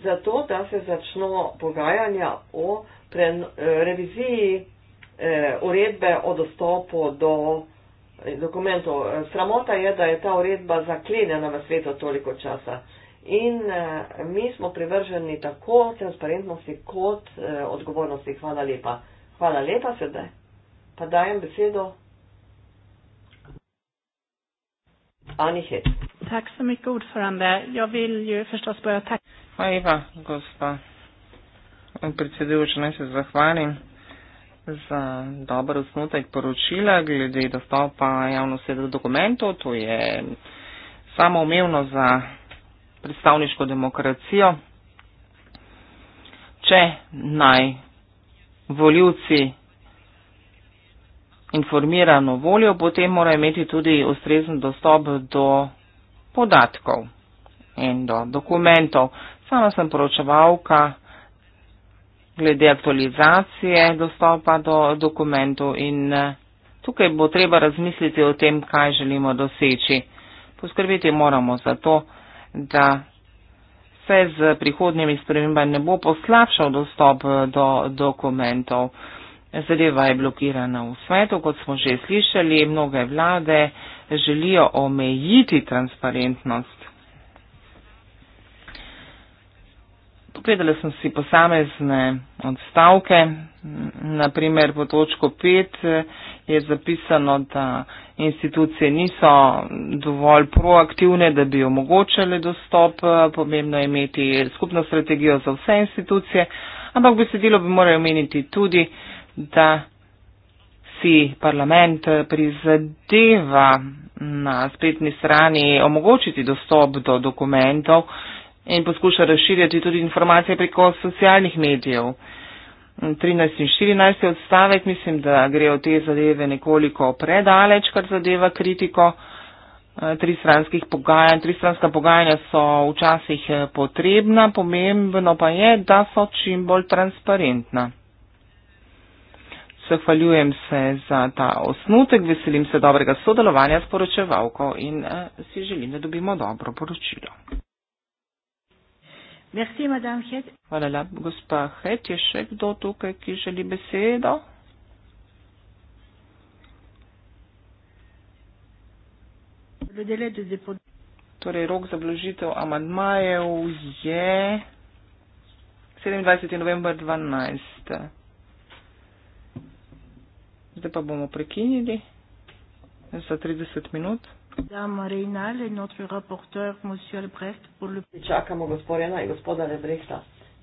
zato da se začno pogajanja o pren, reviziji e, uredbe o dostopu do eh, dokumentov. Sramota je, da je ta uredba zaklenjena v svetu toliko časa. In uh, mi smo privrženi tako transparentnosti kot uh, odgovornosti. Hvala lepa. Hvala lepa sedaj. Pa dajem besedo. Tack så mycket ordförande. Jag vill ju förstås börja tacka. Hej Eva, gospa. Predsedujoče, naj se zahvalim za dober osnutek poročila glede dostopa javno sedaj dokumentov. To je samoumevno za predstavniško demokracijo, če naj voljivci informirano volijo, potem morajo imeti tudi ustrezen dostop do podatkov in do dokumentov. Sama sem poročevalka glede aktualizacije dostopa do dokumentov in eh, tukaj bo treba razmisliti o tem, kaj želimo doseči. Poskrbeti moramo za to, da se z prihodnjimi spremembami ne bo poslabšal dostop eh, do dokumentov. Zadeva je blokirana v svetu, kot smo že slišali, mnoge vlade želijo omejiti transparentnost. Pogledala sem si posamezne odstavke, naprimer po točko 5 je zapisano, da institucije niso dovolj proaktivne, da bi omogočale dostop, eh, pomembno je imeti skupno strategijo za vse institucije, ampak besedilo bi morali omeniti tudi, da si parlament eh, prizadeva na spletni strani omogočiti dostop do dokumentov in poskuša razširjati tudi informacije preko socialnih medijev. 13 in 14 odstavek, mislim, da gre v te zadeve nekoliko predaleč, kar zadeva kritiko eh, tristranskih pogajanj. Tristranska pogajanja so včasih eh, potrebna, pomembno pa je, da so čim bolj transparentna. Zahvaljujem se za ta osnutek, veselim se dobrega sodelovanja s poročevalko in eh, si želim, da dobimo dobro poročilo. Merci, madame Hed. Hvala lepa, gospa Hed. Je še kdo tukaj, ki želi besedo? Torej, rok za vložitev amadmajev je 27. november 12. Zdaj pa bomo prekinili za 30 minut. Madame Reynal et notre rapporteur, Monsieur Lebrecht, pour le... Čakamo gospodina in gospoda Lebrechta.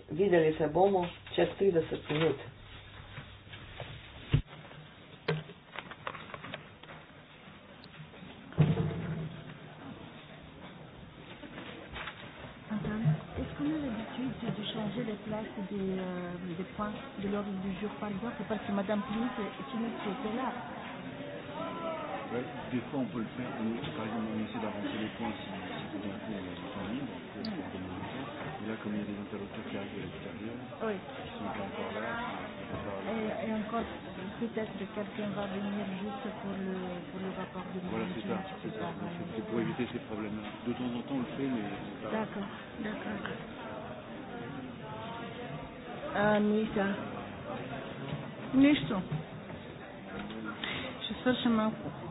Videli se bomo čez 30 minut. Euh, de l'ordre du jour par exemple parce que madame Plus est une autre là. Ouais. Des fois, on peut le faire. Nous, par exemple, on essaie d'avancer les points si, si tout d'un coup on est en euh, temps libre. Pour mmh. le et là, comme il y a des interlocuteurs qui arrivent de l'extérieur, oui. qui sont pas encore là, et, et encore, peut-être que quelqu'un va venir juste pour le, pour le rapport de Voilà, c'est ça. C'est ça. ça. Donc, pour éviter ces problèmes-là. De temps en temps, on le fait, mais c'est pas. D'accord. D'accord. Anita. Euh, Nisto. Je cherche ma cour.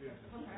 Yeah. Okay.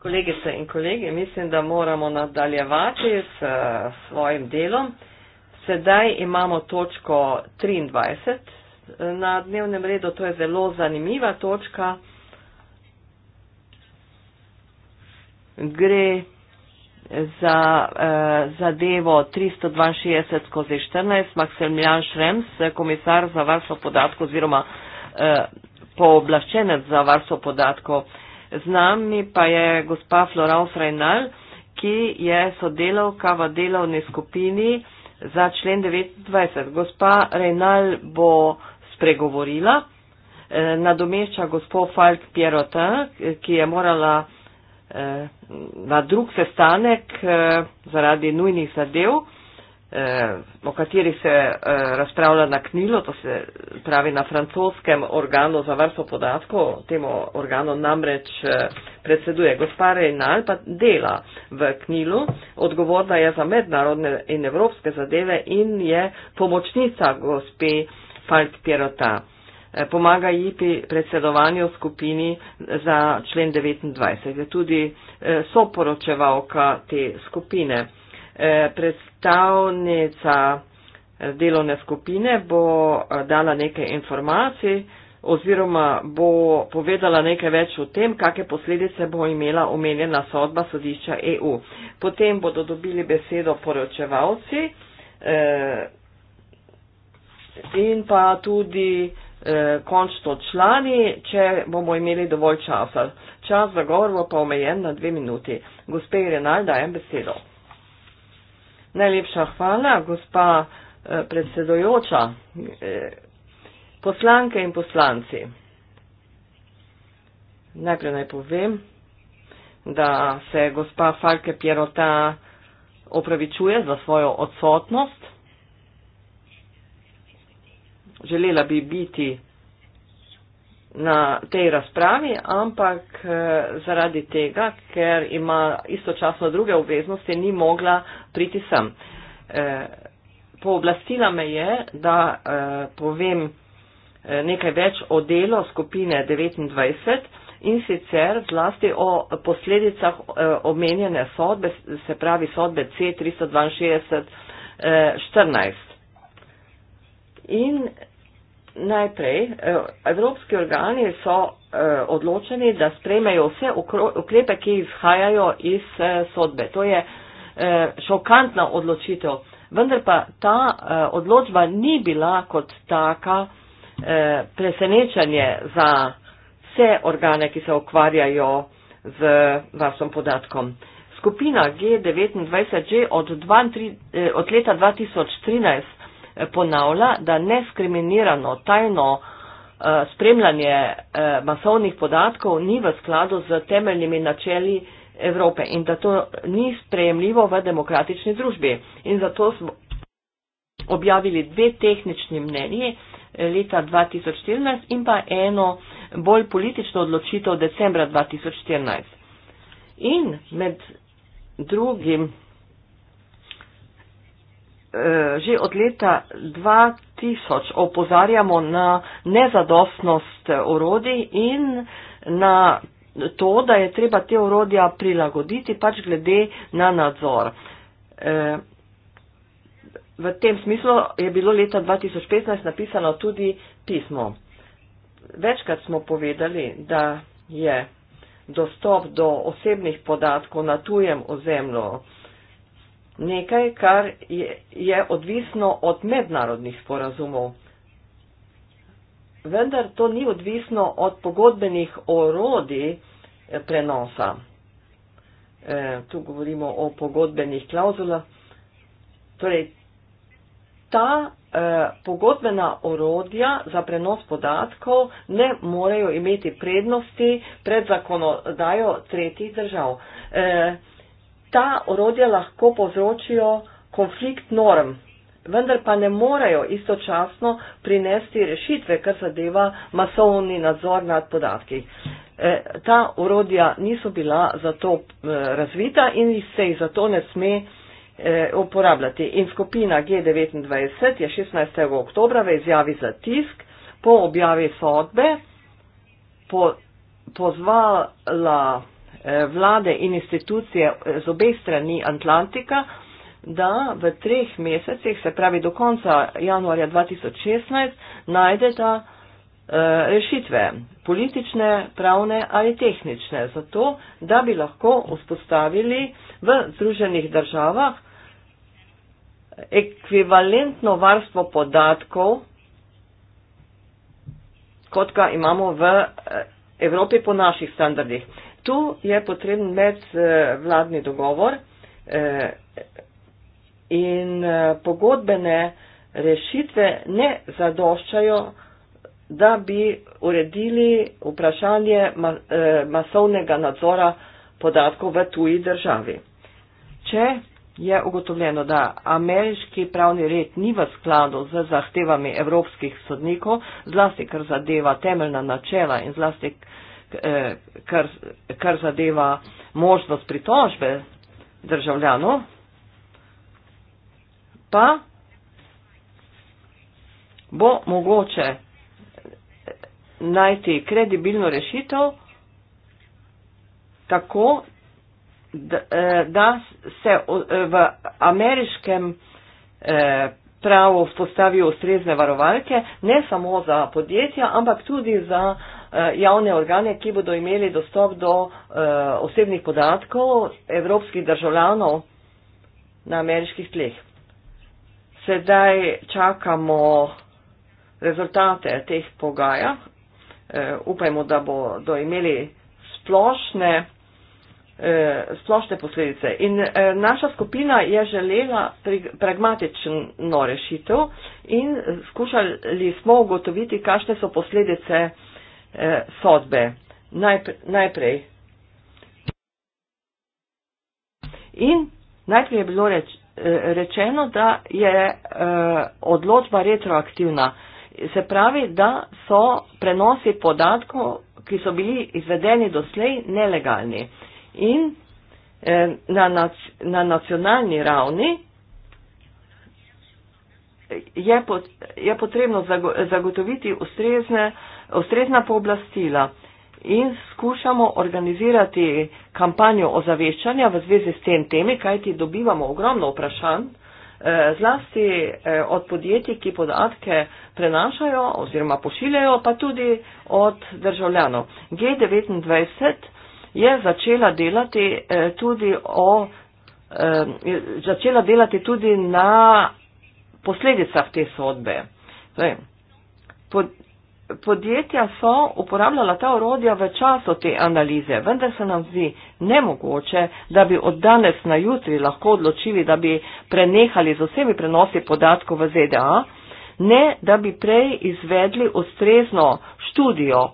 Kolegice in kolegi, mislim, da moramo nadaljevati s eh, svojim delom. Sedaj imamo točko 23 eh, na dnevnem redu, to je zelo zanimiva točka. Gre za eh, zadevo 362 skozi 14, Maksimilijan Šrems, eh, komisar za varstvo podatkov oziroma eh, pooblaščenec za varstvo podatkov. Z nami pa je gospa Floral Frejnal, ki je sodelovka v delovni skupini za člen 29. Gospa Reynal bo spregovorila, eh, nadomešča gospo Falk Pierrota, ki je morala eh, na drug sestanek eh, zaradi nujnih zadev, eh, o katerih se eh, razpravlja na knilo, to se pravi na francoskem organu za varstvo podatkov, temu organu namreč eh, predseduje gospa Reinal, pa dela v Knilu, odgovorna je za mednarodne in evropske zadeve in je pomočnica gospe Falk Pierota. Eh, pomaga ji pri predsedovanju skupini za člen 29, je tudi eh, soporočevalka te skupine. Predstavnica delovne skupine bo eh, dala nekaj informacij oziroma bo povedala nekaj več o tem, kakšne posledice bo imela omenjena sodba sodišča EU. Potem bodo dobili besedo poročevalci eh, in pa tudi eh, končno člani, če bomo imeli dovolj časa. Čas za govor bo pa omejen na dve minuti. Gospe Renal, dajem besedo. Najlepša hvala, gospa. Eh, predsedojoča, eh, poslanke in poslanci. Najprej naj povem, da se gospa Falke Pierota opravičuje za svojo odsotnost. Želela bi biti na tej razpravi, ampak eh, zaradi tega, ker ima istočasno druge obveznosti, ni mogla priti sem pooblastila me je, da eh, povem eh, nekaj več o delu skupine 29 in sicer zlasti o posledicah eh, omenjene sodbe, se pravi sodbe C362-14. Eh, in najprej, eh, evropski organi so eh, odločeni, da sprejmejo vse ukrepe, ki izhajajo iz sodbe. To je šokantna odločitev vendar pa ta uh, odločba ni bila kot taka uh, eh, presenečanje za vse organe, ki se ukvarjajo z varstvom podatkom. Skupina G29 že od, eh, od leta 2013 eh, ponavlja, da neskriminirano tajno eh, spremljanje eh, masovnih podatkov ni v skladu z temeljnimi načeli eh, Evrope in da to ni sprejemljivo v demokratični družbi. In zato smo objavili dve tehnični mnenji leta 2014 in pa eno bolj politično odločitev decembra 2014. In med drugim eh, že od leta 2000 opozarjamo na nezadostnost orodij in na to, da je treba te urodja prilagoditi pač glede na nadzor. E, v tem smislu je bilo leta 2015 napisano tudi pismo. Večkrat smo povedali, da je dostop do osebnih podatkov na tujem ozemlju nekaj, kar je, je odvisno od mednarodnih sporazumov vendar to ni odvisno od pogodbenih orodij eh, prenosa. E, tu govorimo o pogodbenih klauzulah. Torej, ta e, pogodbena orodja za prenos podatkov ne morejo imeti prednosti pred zakonodajo tretjih držav. E, ta orodja lahko povzročijo konflikt norm vendar pa ne morejo istočasno prinesti rešitve, kar zadeva masovni nadzor nad podatki. E, ta urodja niso bila zato e, razvita in se jih zato ne sme e, uporabljati. In skupina G29 je 16. oktobra v izjavi za tisk po objavi sodbe po, pozvala e, vlade in institucije z obeh strani Atlantika, da v treh mesecih, se pravi do konca januarja 2016, najdeta eh, rešitve, politične, pravne ali tehnične, zato da bi lahko vzpostavili v Združenih državah ekvivalentno varstvo podatkov, kot ga imamo v eh, Evropi po naših standardih. Tu je potreben medvladni dogovor, eh, in eh, pogodbene rešitve ne zadoščajo, da bi uredili vprašanje eh, masovnega nadzora podatkov v tuji državi. Če je ugotovljeno, da ameriški pravni red ni v skladu z zahtevami evropskih sodnikov, zlasti kar zadeva temeljna načela in zlasti eh, kar, kar zadeva možnost pritožbe državljanov, pa bo mogoče najti kredibilno rešitev tako, da, eh, da se eh, v ameriškem eh, pravo vzpostavijo ustrezne varovalke, ne samo za podjetja, ampak tudi za javne organe, ki bodo imeli dostop do osebnih podatkov evropskih državljanov na ameriških tleh sedaj čakamo rezultate teh pogaja. E, upajmo, da bodo imeli splošne, e, splošne posledice. In e, naša skupina je želela pragmatično rešitev in skušali smo ugotoviti, kakšne so posledice sodbe. Najprej. In najprej je bilo reči rečeno, da je eh, odločba retroaktivna. Se pravi, da so prenosi podatkov, ki so bili izvedeni doslej, nelegalni. In eh, na, nac, na nacionalni ravni je, pot, je potrebno zagotoviti ustrezne, ustrezna pooblastila in skušamo organizirati kampanjo ozaveščanja v zvezi s tem temi, kajti dobivamo ogromno vprašanj, eh, zlasti eh, od podjetij, ki podatke prenašajo oziroma pošiljajo, pa tudi od državljanov. G29 je začela delati eh, tudi, o, začela delati tudi na posledicah te sodbe. Torej, podjetja so uporabljala ta orodja v času te analize, vendar se nam zdi nemogoče, da bi od danes na jutri lahko odločili, da bi prenehali z vsemi prenosi podatkov v ZDA, ne da bi prej izvedli ustrezno študijo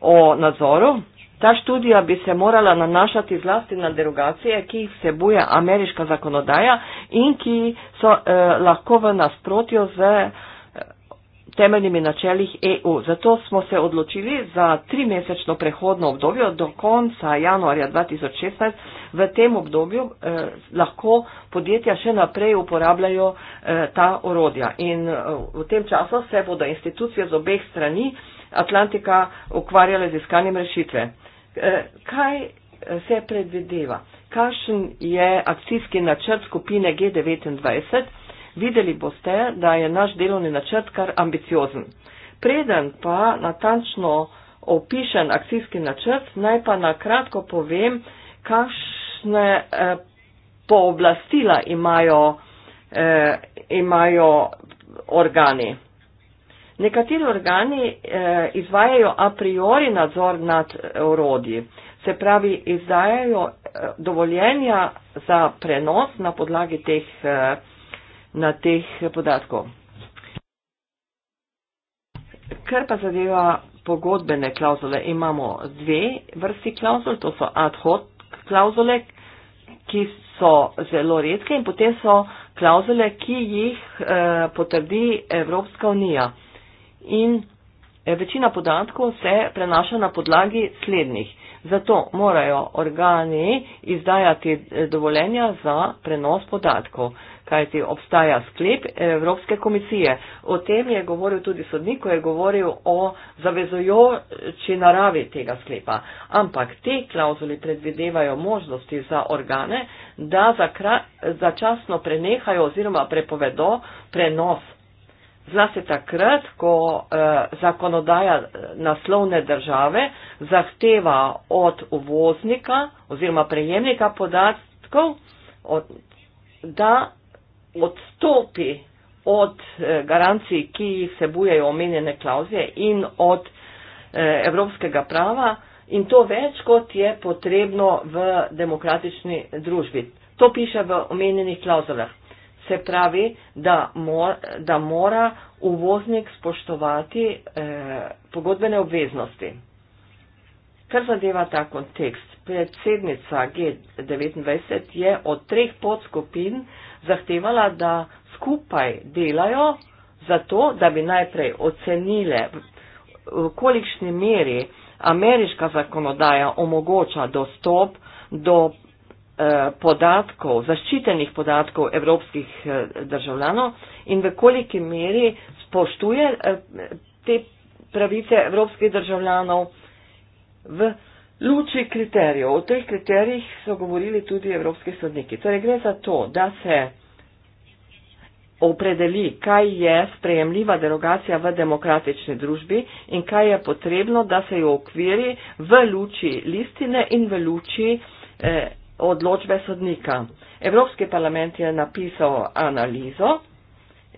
o nadzoru. Ta študija bi se morala nanašati zlasti na derogacije, ki jih vsebuje ameriška zakonodaja in ki so eh, lahko v nasprotju z eh, temeljnimi načelih EU. Zato smo se odločili za trimesečno prehodno obdobje do konca januarja 2016. V tem obdobju eh, lahko podjetja še naprej uporabljajo eh, ta orodja. In eh, v tem času se bodo institucije z obeh strani Atlantika ukvarjale z iskanjem rešitve. Eh, kaj eh, se predvideva? Kakšen je akcijski načrt skupine G29? videli boste, da je naš delovni načrt kar ambiciozen. Preden pa natančno opišen akcijski načrt, naj pa nakratko povem, kakšne eh, pooblastila imajo, eh, imajo organi. Nekateri organi eh, izvajajo a priori nadzor nad orodji, se pravi izdajajo dovoljenja za prenos na podlagi teh na teh podatkov. Kar pa zadeva pogodbene klauzule, imamo dve vrsti klauzul, to so ad hoc klauzule, ki so zelo redke in potem so klauzule, ki jih eh, potrdi Evropska unija. In eh, večina podatkov se prenaša na podlagi slednjih. Zato morajo organi izdajati eh, dovoljenja za prenos podatkov. Eh, kajti obstaja sklep Evropske komisije. O tem je govoril tudi sodnik, ko je govoril o zavezojoči naravi tega sklepa. Ampak te klauzuli predvidevajo možnosti za organe, da začasno prenehajo oziroma prepovedo prenos. Zlasti takrat, ko eh, zakonodaja eh, naslovne države zahteva od uvoznika oziroma prejemnika podatkov, od, da odstopi od eh, garancij, ki vsebujejo omenjene klauzije in od eh, evropskega prava in to več, kot je potrebno v demokratični družbi. To piše v omenjenih klauzulah. Se pravi, da, mor, da mora uvoznik spoštovati eh, pogodbene obveznosti. Kar zadeva ta kontekst, predsednica G29 je od treh podskupin eh, zahtevala, da skupaj delajo za to, da bi najprej ocenile, v kolikšni meri ameriška zakonodaja omogoča dostop do eh, podatkov, zaščitenih podatkov evropskih eh, državljanov in v koliki meri spoštuje eh, te pravice evropskih državljanov v luči kriterijev. O teh kriterijih so govorili tudi evropski sodniki. Torej gre za to, da se opredeli, kaj je sprejemljiva derogacija v demokratični družbi in kaj je potrebno, da se jo okviri v luči listine in v luči eh, odločbe sodnika. Evropski parlament je napisal analizo,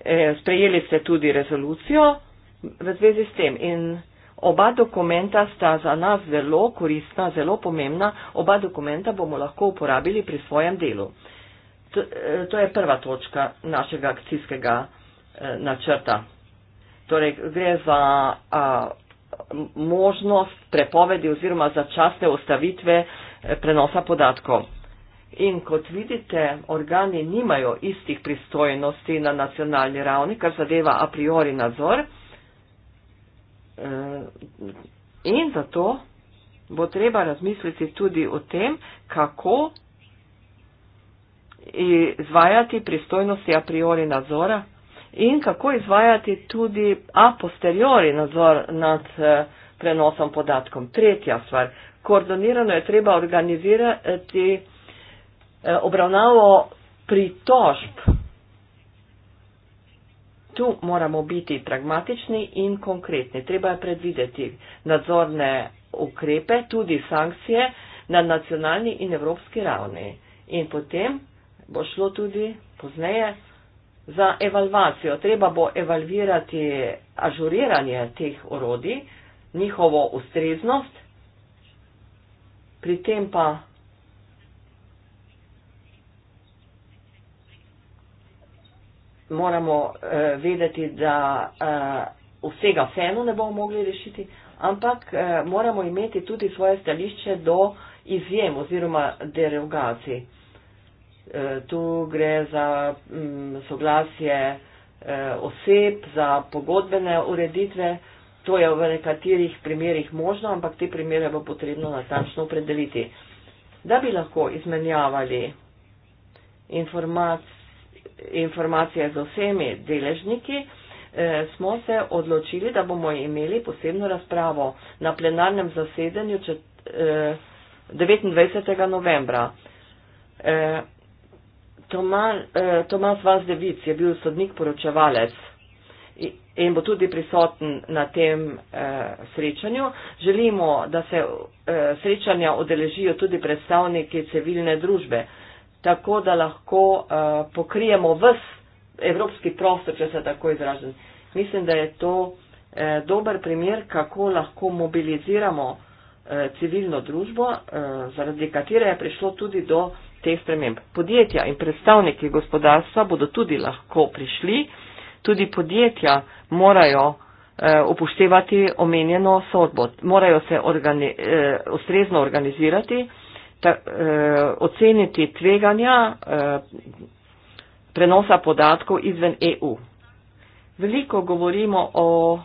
eh, sprejeli ste tudi rezolucijo v zvezi s tem in Oba dokumenta sta za nas zelo koristna, zelo pomembna. Oba dokumenta bomo lahko uporabili pri svojem delu. To, eh, to je prva točka našega akcijskega eh, načrta. Torej, gre za a, možnost prepovedi oziroma začasne ustavitve eh, prenosa podatkov. In kot vidite, organi nimajo istih pristojnosti na nacionalni ravni, kar zadeva a priori nadzor. Eh, in zato bo treba razmisliti tudi o tem, kako izvajati pristojnosti a priori nadzora in kako izvajati tudi a posteriori nadzor nad eh, prenosom podatkom. Tretja stvar, koordinirano je treba organizirati eh, obravnavo pritožb Tu moramo biti pragmatični in konkretni. Treba je predvideti nadzorne ukrepe, tudi sankcije na nacionalni in evropski ravni. In potem bo šlo tudi pozneje za evalvacijo. Treba bo evalvirati ažuriranje teh orodij, njihovo ustreznost, pri tem pa moramo eh, vedeti, da eh, vsega vseeno ne bomo mogli rešiti, ampak eh, moramo imeti tudi svoje stališče do izjem oziroma derogacij. Eh, tu gre za mm, soglasje eh, oseb, za pogodbene ureditve. To je v nekaterih primerjih možno, ampak te primere bo potrebno natančno opredeliti. Da bi lahko izmenjavali informacije, informacije z vsemi deležniki, eh, smo se odločili, da bomo imeli posebno razpravo na plenarnem zasedanju 29. Eh, novembra. Eh, Tomas Vazdevic je bil sodnik poročevalec in bo tudi prisoten na tem srečanju. Želimo, da se srečanja odeležijo tudi predstavniki civilne družbe tako da lahko uh, pokrijemo vs evropski prostor, če se tako izražen. Mislim, da je to eh, dober primer, kako lahko mobiliziramo eh, civilno družbo, eh, zaradi katere je prišlo tudi do teh sprememb. Podjetja in predstavniki gospodarstva bodo tudi lahko prišli, tudi podjetja morajo eh, upoštevati omenjeno sodbo, morajo se organi, eh, ustrezno organizirati ta, eh, oceniti tveganja eh, prenosa podatkov izven EU. Veliko govorimo o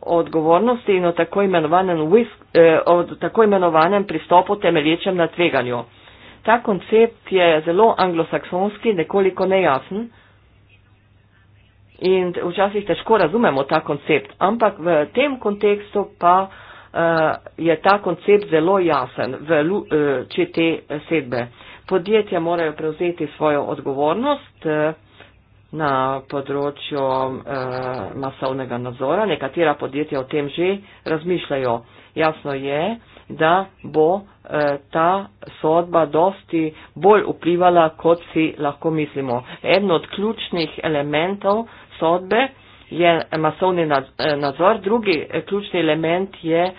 odgovornosti in o tako imenovanem, whisk, eh, o tako imenovanem pristopu temelječem na tveganju. Ta koncept je zelo anglosaksonski, nekoliko nejasen in včasih težko razumemo ta koncept, ampak v tem kontekstu pa eh, Eh, je ta koncept zelo jasen, v, eh, če te sedbe. Podjetja morajo prevzeti svojo odgovornost eh, na področju masovnega nadzora. Nekatera podjetja o tem že razmišljajo. Jasno je, da bo ta sodba dosti bolj vplivala, kot si lahko mislimo. Eden od ključnih elementov sodbe, je masovni eh, nadzor. Drugi eh, ključni element je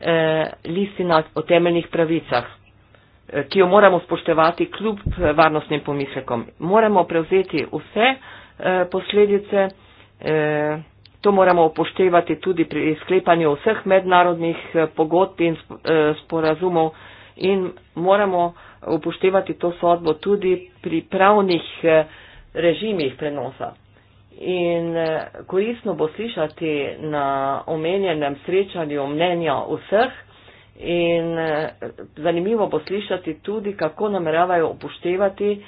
eh, listina o temeljnih pravicah, ki jo moramo spoštevati kljub varnostnim pomislekom. Moramo prevzeti vse posledice, to moramo upoštevati tudi pri sklepanju vseh mednarodnih pogodb in sporazumov in moramo upoštevati to sodbo tudi pri pravnih režimih prenosa in eh, koristno bo slišati na omenjenem srečanju mnenja vseh in eh, zanimivo bo slišati tudi, kako nameravajo upoštevati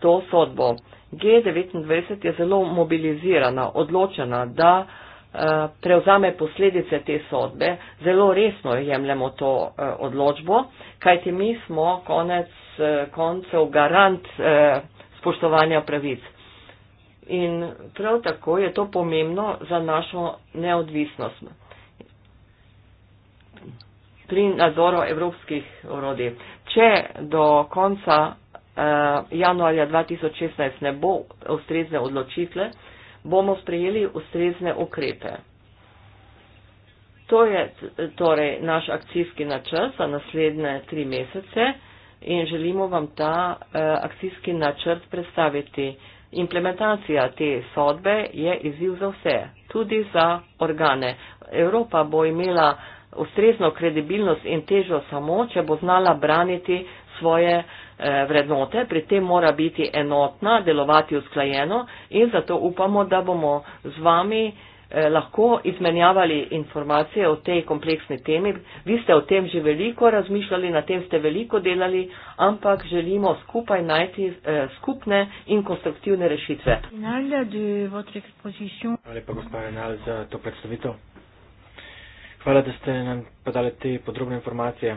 to sodbo. G29 je zelo mobilizirana, odločena, da eh, prevzame posledice te sodbe. Zelo resno jemljemo to odločbo, kajti mi smo konec koncev garant spoštovanja pravic in prav tako je to pomembno za našo neodvisnost pri nadzoru evropskih orodij. Če do konca eh, januarja 2016 ne bo ustrezne odločitve, bomo sprejeli ustrezne ukrepe. To je torej naš akcijski načrt za naslednje tri mesece in želimo vam ta eh, akcijski načrt predstaviti. Implementacija te sodbe je izziv za vse, tudi za organe. Evropa bo imela ustrezno kredibilnost in težo samo, če bo znala braniti svoje eh, vrednote, pri tem mora biti enotna, delovati usklajeno in zato upamo, da bomo z vami Eh, lahko izmenjavali informacije o tej kompleksni temi. Vi ste o tem že veliko razmišljali, na tem ste veliko delali, ampak želimo skupaj najti eh, skupne in konstruktivne rešitve. Hvala, gospod Enal, za to predstavitev. Hvala, da ste nam podali te podrobne informacije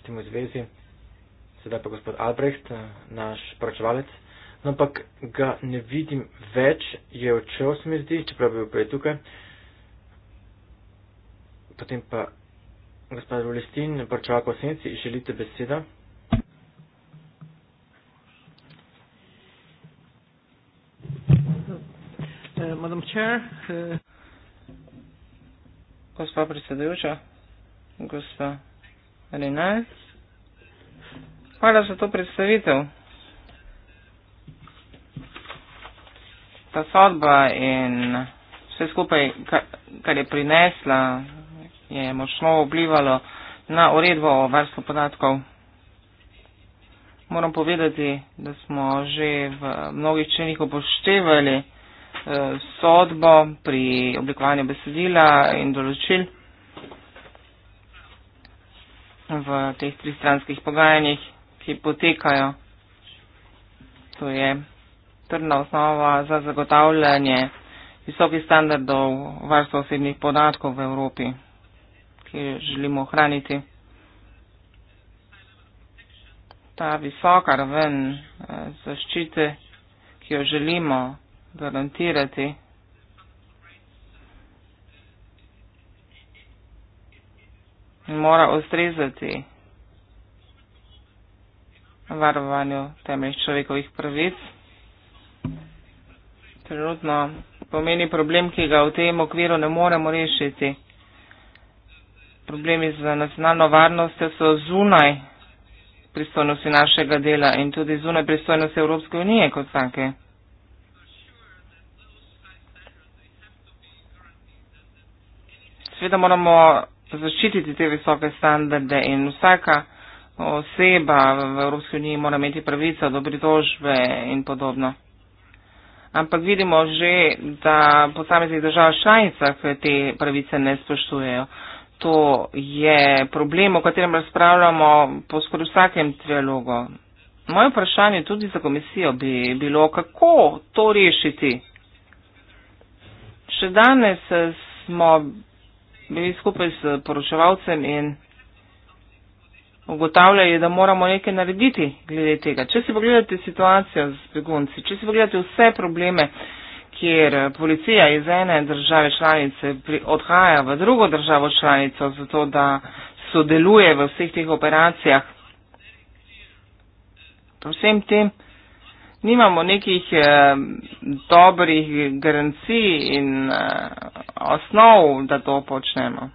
s tem v zvezi. Sedaj pa gospod Albrecht, eh, naš pročevalec no, ampak ga ne vidim več, je odšel, se mi zdi, čeprav bi bil tukaj. Potem pa gospod Rulestin, prčaka v senci, želite besedo? Madam Chair. Eh. Gospa predsedujoča, gospa Renaj. Hvala za to predstavitev. ta sodba in vse skupaj, kar, kar je prinesla, je močno vplivalo na uredbo o varstvu podatkov. Moram povedati, da smo že v mnogih členih upoštevali eh, sodbo pri oblikovanju besedila in določil v teh tristranskih pogajanjih, ki potekajo. To je trdna osnova za zagotavljanje visokih standardov varstva osebnih podatkov v Evropi, ki jo želimo ohraniti. Ta visoka raven eh, zaščite, ki jo želimo garantirati, mora ustrezati varovanju temeljih človekovih pravic trenutno pomeni problem, ki ga v tem okviru ne moremo rešiti. Problemi z nacionalno varnostjo so zunaj pristojnosti našega dela in tudi zunaj pristojnosti Evropske unije kot vsake. Sveda moramo zaščititi te visoke standarde in vsaka oseba v Evropski uniji mora imeti pravico do pritožbe in podobno ampak vidimo že, da po samiznih držav članicah te pravice ne spoštujejo. To je problem, o katerem razpravljamo po skoraj vsakem trialogu. Moje vprašanje tudi za komisijo bi bilo, kako to rešiti. Še danes eh, smo bili skupaj s poročevalcem in ugotavljali, da moramo nekaj narediti glede tega. Če si pogledate situacijo z begunci, če si pogledate vse probleme, kjer policija iz ene države članice odhaja v drugo državo članico, zato da sodeluje v vseh teh operacijah, to vsem tem. Nimamo nekih eh, dobrih garancij in eh, osnov, da to počnemo.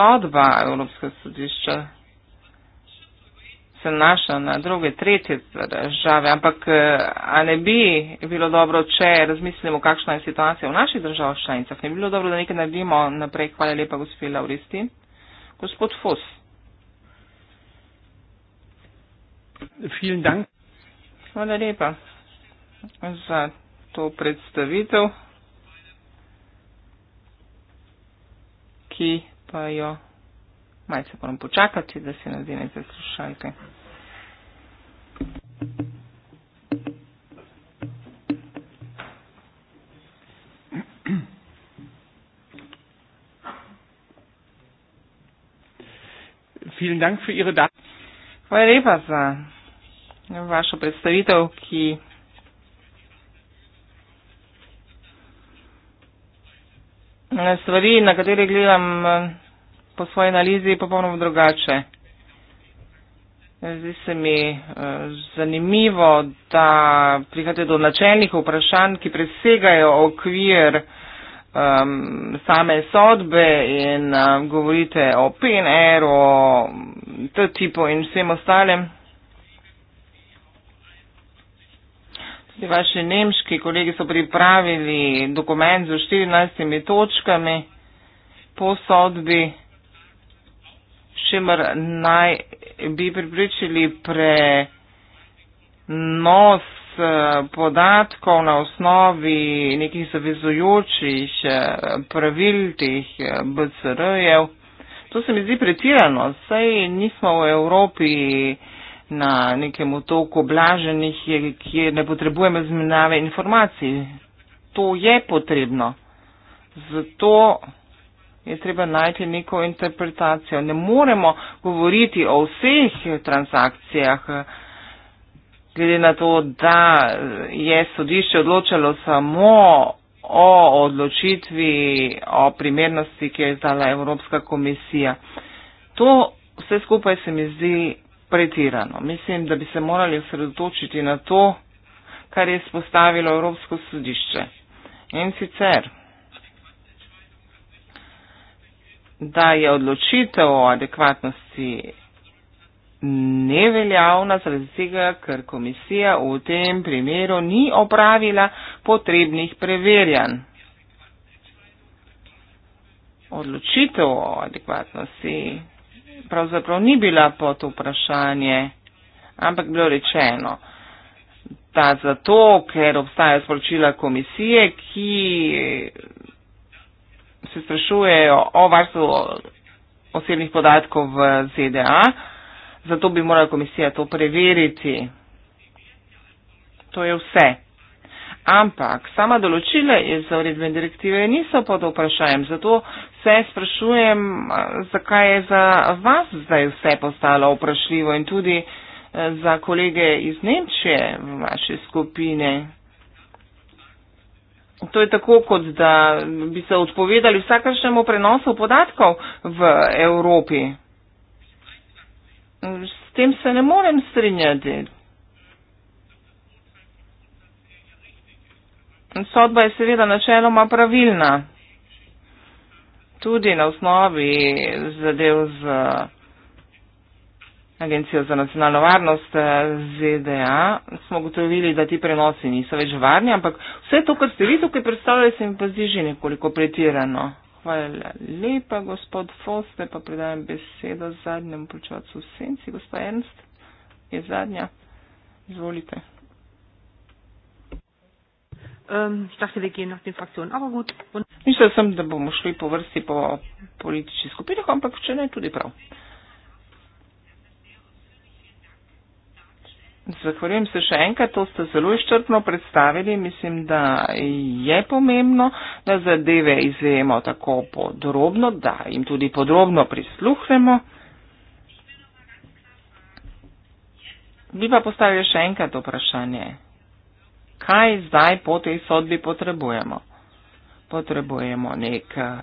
sodba Evropskega sodišča se naša na druge, tretje države, ampak eh, a ne bi bilo dobro, če razmislimo, kakšna je situacija v naših državah članicah, ne bi bilo dobro, da nekaj naredimo naprej. Hvala lepa, gospod Lauristi. Gospod Fos. Hvala lepa za to predstavitev, ki pa jo malce moram počakati, da se nadene za slušalke. Hvala lepa za vašo predstavitev, ki stvari, na katere gledam eh, po svoji analizi, popolnoma drugače. Zdi se mi eh, zanimivo, da prihajate do načeljnih vprašanj, ki presegajo okvir um, same sodbe in um, govorite o PNR, o T-tipu in vsem ostalem. Vaši nemški kolegi so pripravili dokument z 14 točkami po sodbi, s čimer naj bi pripričali prenos eh, podatkov na osnovi nekih zavezujočih eh, pravil teh eh, BCR-jev. To se mi zdi pretirano, saj nismo v Evropi na nekem otoku oblaženih, kjer ne potrebujemo izmenjave informacij. To je potrebno. Zato je treba najti neko interpretacijo. Ne moremo govoriti o vseh transakcijah, glede na to, da je sodišče odločalo samo o odločitvi, o primernosti, ki je izdala Evropska komisija. To vse skupaj se mi zdi pretirano. Mislim, da bi se morali osredotočiti na to, kar je spostavilo Evropsko sodišče. In sicer, da je odločitev o adekvatnosti neveljavna zaradi tega, ker komisija v tem primeru ni opravila potrebnih preverjanj. Odločitev o adekvatnosti pravzaprav ni bila pod vprašanje, ampak bilo rečeno, da zato, ker obstajajo sporočila komisije, ki se sprašujejo o varstvu osebnih podatkov v ZDA, zato bi morala komisija to preveriti. To je vse. Ampak sama določila iz uredbe direktive niso pod vprašanjem, zato se sprašujem, zakaj je za vas zdaj vse postalo vprašljivo in tudi za kolege iz Nemčije v vaše skupine. To je tako, kot da bi se odpovedali vsakršnemu prenosu podatkov v Evropi. S tem se ne morem strinjati. Sodba je seveda načeloma pravilna tudi na osnovi zadev z Agencijo za nacionalno varnost eh, ZDA smo gotovili, da ti prenosi niso več varni, ampak vse to, kar ste vi tukaj predstavljali, se mi pa zdi že nekoliko pretirano. Hvala lepa, gospod Foster, pa predajam besedo zadnjemu počevacu v senci, gospod Ernst, je zadnja. Izvolite. Ähm, ich dachte, wir gehen nach den Fraktionen, aber gut. Und Mislil sem, da bomo šli po vrsti po političnih skupinah, ampak če ne, tudi prav. Zahvaljujem se še enkrat, to ste zelo izčrpno predstavili. Mislim, da je pomembno, da zadeve izvemo tako podrobno, da jim tudi podrobno prisluhnemo. Bi pa postavili še enkrat vprašanje kaj zdaj po tej sodbi potrebujemo. Potrebujemo nek eh,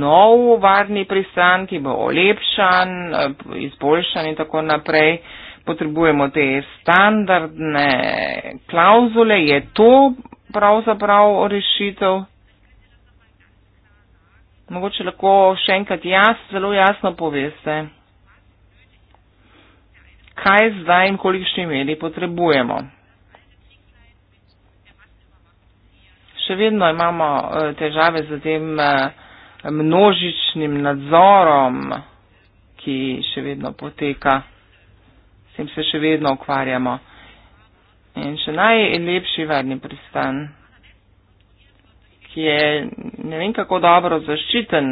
nov varni pristan, ki bo olepšan, eh, izboljšan in tako naprej. Potrebujemo te standardne klauzule. Je to pravzaprav rešitev? Mogoče lahko še enkrat jaz zelo jasno poveste, kaj zdaj in kolikšni meri potrebujemo. še vedno imamo eh, težave z tem eh, množičnim nadzorom, ki še vedno poteka, s tem se še vedno ukvarjamo. In še najlepši varni pristan, ki je ne vem kako dobro zaščiten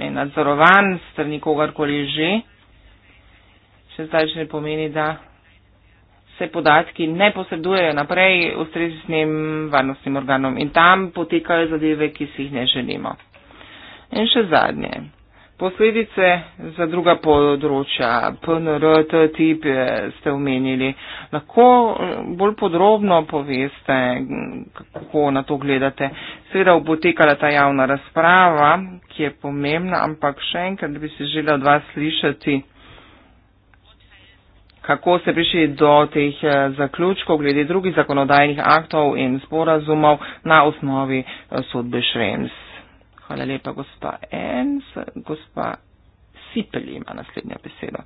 in nadzorovan strani kogarkoli že, še zdaj še ne pomeni, da se podatki ne posredujejo naprej ustreznim varnostnim organom in tam potekajo zadeve, ki si jih ne želimo. In še zadnje. Posledice za druga področja, PNR, T-tip eh, ste omenili. Lahko eh, bolj podrobno poveste, kako na to gledate. Seveda bo tekala ta javna razprava, ki je pomembna, ampak še enkrat bi se želel od vas slišati kako ste prišli do teh eh, zaključkov glede drugih zakonodajnih aktov in sporazumov na osnovi eh, sodbe Šrems. Hvala lepa, gospa Ens, gospa Sipeli ima naslednja beseda.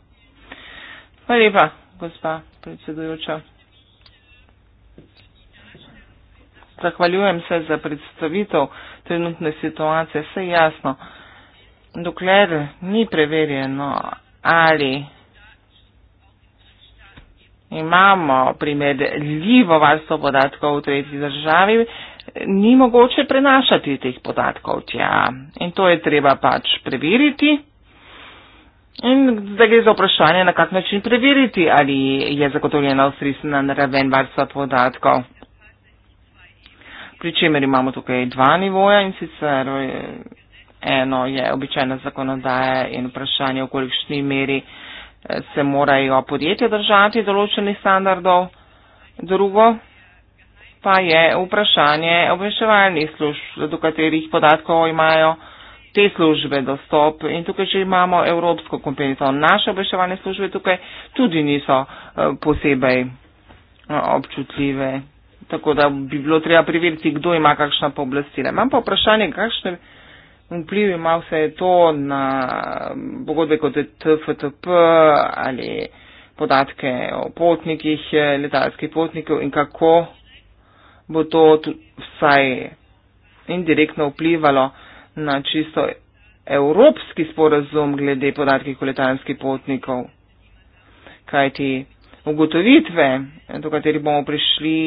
Hvala lepa, gospa predsedujoča. Zahvaljujem se za predstavitev trenutne situacije. Vse jasno, dokler ni preverjeno, ali imamo primerljivo varstvo podatkov v tretji državi, ni mogoče prenašati teh podatkov tja. In to je treba pač preveriti. In zdaj gre za vprašanje, na kak način preveriti, ali je zagotovljena ustrisna raven varstva podatkov. Pričemer imamo tukaj dva nivoja in sicer eh, eno je običajna zakonodaja in vprašanje, v kolikšni meri eh, se morajo podjetja držati določenih standardov. Drugo pa je vprašanje obveščevalnih služb, do katerih podatkov imajo te službe dostop. In tukaj že imamo evropsko kompetenco. Naše obveščevalne službe tukaj tudi niso eh, posebej eh, občutljive. Tako da bi bilo treba priveriti, kdo ima kakšna pooblastila. Imam pa vprašanje, kakšne. Vpliv ima vse to na pogodbe kot TFTP ali podatke o potnikih, letalskih potnikov in kako bo to vsaj indirektno vplivalo na čisto evropski sporazum glede podatkih o letalskih potnikov. Kajti ugotovitve, do katerih bomo prišli,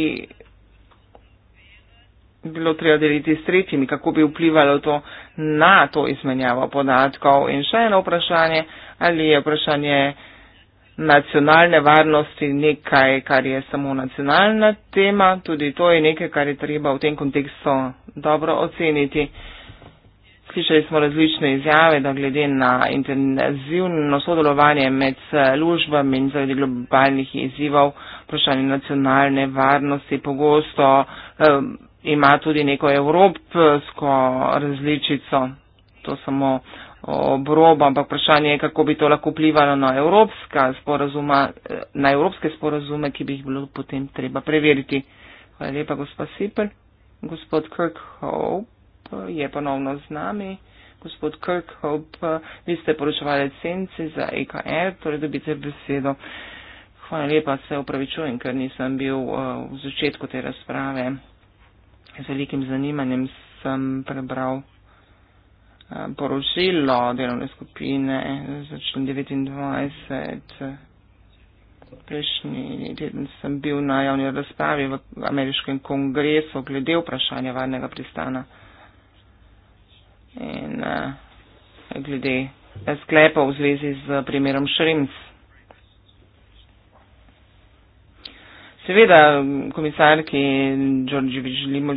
bilo treba deliti s tretjimi, kako bi vplivalo to na to izmenjavo podatkov. In še eno vprašanje, ali je vprašanje nacionalne varnosti nekaj, kar je samo nacionalna tema, tudi to je nekaj, kar je treba v tem kontekstu dobro oceniti. Slišali smo različne izjave, da glede na intenzivno sodelovanje med službami in zaradi globalnih izzivov, vprašanje nacionalne varnosti pogosto eh, ima tudi neko evropsko različico, to samo obrobo, ampak vprašanje je, kako bi to lahko vplivalo na, na evropske sporazume, ki bi jih bilo potem treba preveriti. Hvala lepa, gospa Sipel. Gospod Kirkhope je ponovno z nami. Gospod Kirkhope, vi ste poročevalec Senci za EKR, torej dobite besedo. Hvala lepa, se upravičujem, ker nisem bil eh, v začetku te razprave z velikim zanimanjem sem prebral eh, poročilo delovne skupine za člen 29. Prejšnji teden sem bil na javni razpravi v ameriškem kongresu glede vprašanja varnega pristana in eh, glede sklepa v zvezi z primerom Šrims. Seveda, komisarki Đorđevi želimo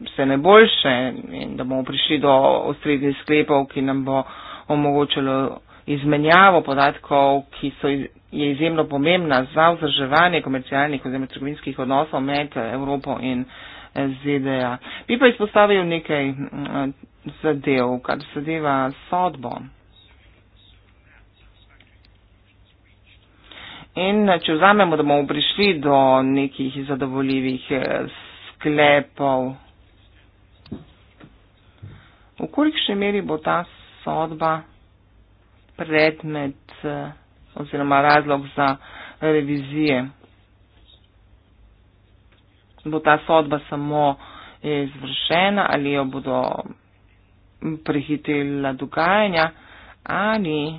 vse najboljše in da bomo prišli do ustreznih sklepov, ki nam bo omogočilo izmenjavo podatkov, ki so je izjemno pomembna za vzdrževanje komercialnih oziroma trgovinskih odnosov med Evropo in ZDA. Bi pa izpostavil nekaj zadev, kar zadeva sodbo. In eh, če vzamemo, da bomo prišli do nekih zadovoljivih eh, sklepov, v kolikšni meri bo ta sodba predmet eh, oziroma razlog za revizije? Bo ta sodba samo izvršena ali jo bodo prehitela dogajanja ali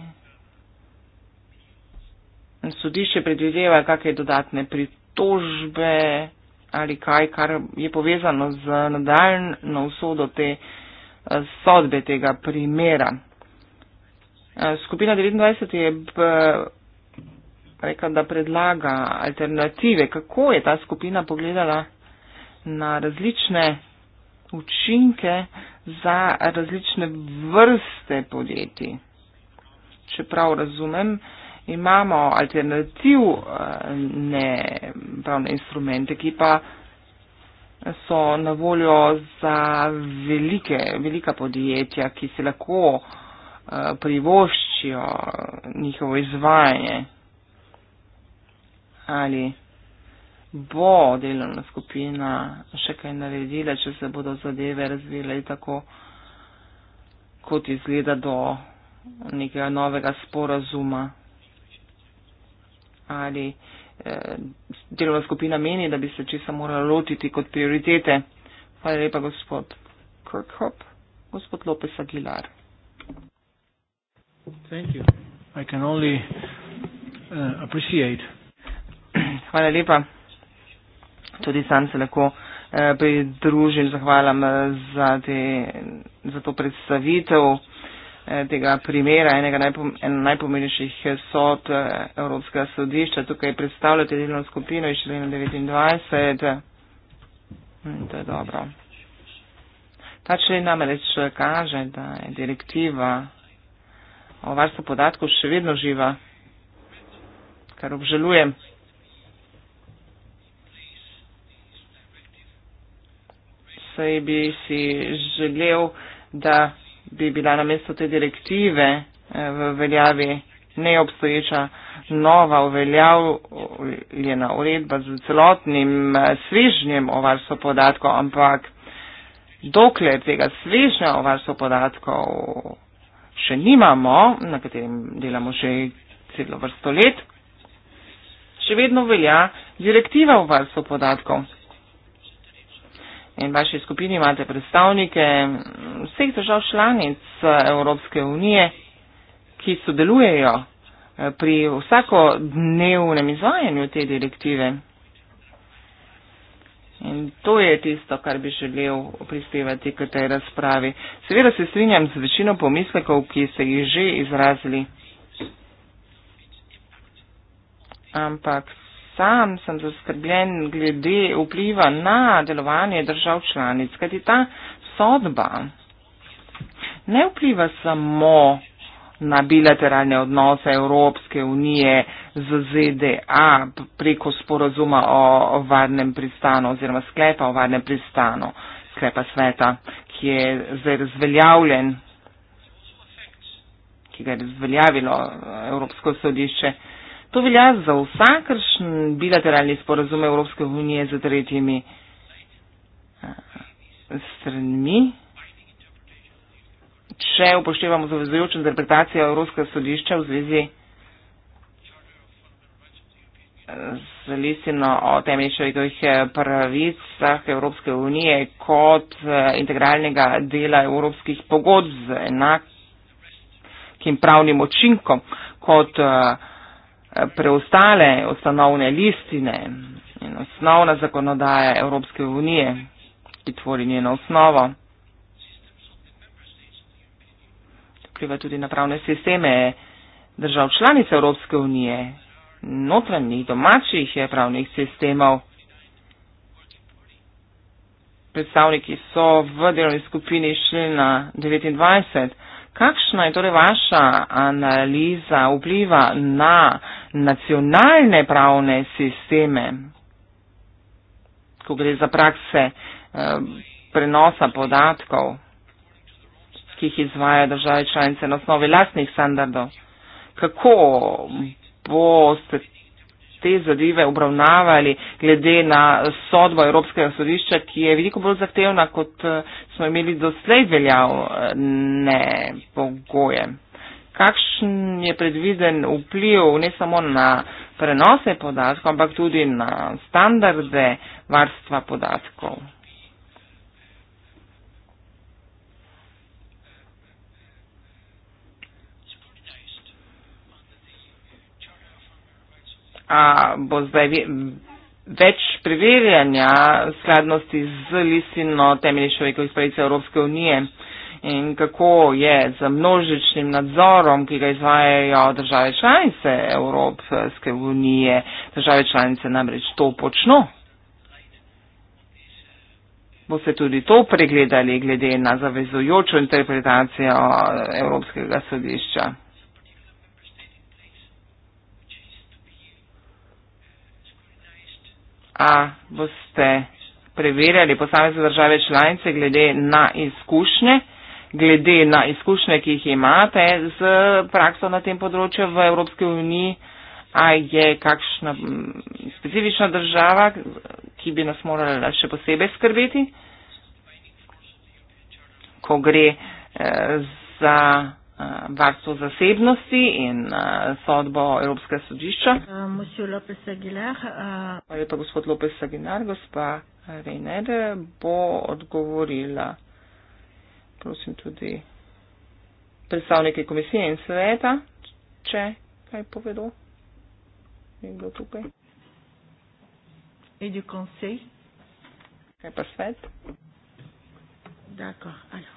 sodišče predvideva kakšne dodatne pritožbe ali kaj, kar je povezano z nadaljno usodo te eh, sodbe tega primera. Eh, skupina 29 je eh, rekla, da predlaga alternative, kako je ta skupina pogledala na različne učinke za različne vrste podjetij. Čeprav razumem, imamo alternativne eh, pravne instrumente, ki pa so na voljo za velike, velika podjetja, ki se lahko eh, privoščijo njihovo izvajanje. Ali bo delovna skupina še kaj naredila, če se bodo zadeve razvile tako, kot izgleda do nekega novega sporazuma ali eh, delovna skupina meni, da bi se česa morala lotiti kot prioritete. Hvala lepa, gospod Kirkhop, gospod Lopes Aguilar. Only, uh, (clears throat) Hvala lepa. Tudi sam se lahko eh, pridružim zahvalam eh, za, te, za to predstavitev. Eh, tega primera, enega najpom, en najpomembnejših sod eh, Evropskega sodišča. Tukaj predstavljate delovno skupino iz člena 29. In mm, to je dobro. Ta člen namreč kaže, da je direktiva o varstvu podatkov še vedno živa, kar obžalujem. Saj bi si želel, da bi bila namesto te direktive eh, v veljavi neobstoječa nova uveljavljena uredba z celotnim eh, svežnjem o varstvu podatkov, ampak dokler tega svežnja o varstvu podatkov še nimamo, na katerem delamo že celo vrsto let, še vedno velja direktiva o varstvu podatkov in vaši skupini imate predstavnike vseh držav članic Evropske unije, ki sodelujejo eh, pri vsakodnevnem izvajanju te direktive. In to je tisto, kar bi želel prispevati k tej razpravi. Seveda se strinjam z večino pomislekov, ki ste jih že izrazili. Ampak sam sem zaskrbljen glede vpliva na delovanje držav članic, kajti ta sodba ne vpliva samo na bilateralne odnose Evropske unije z ZDA preko sporazuma o varnem pristanu oziroma sklepa o varnem pristanu sklepa sveta, ki je zdaj razveljavljen, ki ga je razveljavilo Evropsko sodišče. Uh, To velja za vsakršen bilateralni sporazum Evropske unije z tretjimi eh, stranmi. Če upoštevamo zavezujočo interpretacijo Evropskega sodišča v zvezi eh, z listino o temeljih človekovih eh, pravicah Evropske unije kot integralnega dela evropskih pogodb z enakim pravnim očinkom kot uh, preostale osnovne listine in osnovna zakonodaja Evropske unije, ki tvori njeno osnovo. Vpliva tudi na pravne sisteme držav članic Evropske unije, notranjih, domačih pravnih sistemov. Predstavniki so v delovni skupini šli na 29. Kakšna je torej vaša analiza vpliva na nacionalne pravne sisteme, ko gre za prakse eh, prenosa podatkov, ki jih izvaja države članice na osnovi lastnih standardov? Kako boste te zadeve obravnavali glede na sodbo Evropskega sodišča, ki je veliko bolj zahtevna, kot eh, smo imeli doslej veljavne eh, pogoje. Kakšen je predviden vpliv ne samo na prenose podatkov, ampak tudi na standarde varstva podatkov? a bo zdaj več preverjanja skladnosti z listino temeljih človekovih pravic Evropske unije in kako je z množičnim nadzorom, ki ga izvajajo države članice Evropske unije, države članice namreč to počno. Boste tudi to pregledali glede na zavezujočo interpretacijo Evropskega sodišča. A boste preverjali posamezne države članice glede na izkušnje, glede na izkušnje, ki jih imate z prakso na tem področju v Evropski uniji, a je kakšna specifična država, ki bi nas morala še posebej skrbeti, ko gre eh, za varstvo zasebnosti in eh, sodbo Evropskega sodišča. Pa je pa gospod Lopes Aguilar, gospa Reiner bo odgovorila. Prosim tudi predstavnike komisije in sveta, če kaj povedo. Nekdo tukaj. Et du conseil. Et pas fait. D'accord. Alors.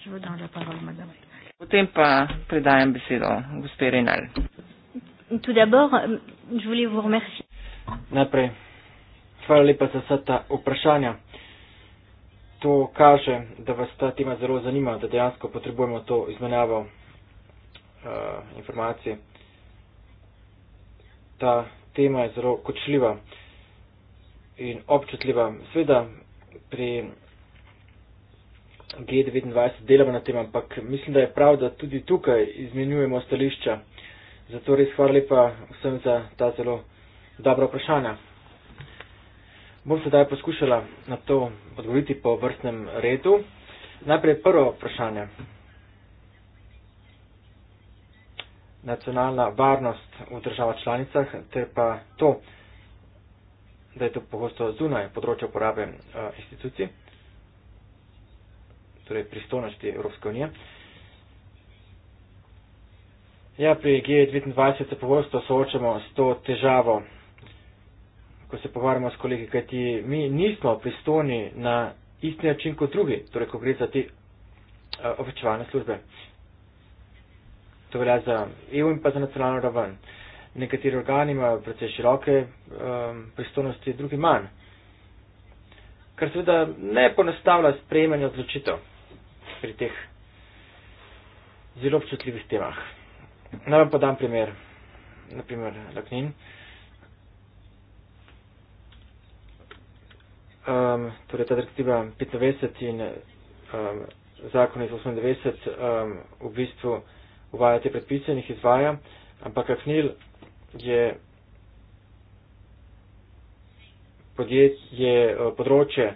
Če bo dala parola, madame. Potem pa predajam besedo gospe Renal. Euh, Najprej, hvala lepa za vsa ta vprašanja. To kaže, da vas ta tema zelo zanima, da dejansko potrebujemo to izmenjavo uh, eh, informacije. Ta tema je zelo kočljiva in občutljiva. Sveda pri G29 delamo na tem, ampak mislim, da je prav, da tudi tukaj izmenjujemo stališča. Zato res hvala lepa vsem za ta zelo dobra vprašanja. Bom sedaj poskušala na to odgovoriti po vrstnem redu. Najprej prvo vprašanje. Nacionalna varnost v državah članicah ter pa to, da je to pogosto zunaj področja uporabe uh, institucij torej pristojnosti Evropske unije. Ja, pri G29 se pogosto soočamo s to težavo, ko se pogovarjamo s kolegi, kajti mi nismo pristojni na isti način kot drugi, torej ko gre za te eh, obveščevalne službe. To velja za EU in pa za nacionalno raven. Nekateri organi imajo precej široke um, pristojnosti, drugi manj. Kar seveda ne ponastavlja sprejemanje odločitev pri teh zelo občutljivih temah. Naj vam podam primer, naprimer laknin. Um, torej ta direktiva 95 in um, zakon iz 98 um, v bistvu uvaja te predpise in jih izvaja, ampak Aknil je, podjet, je uh, področje,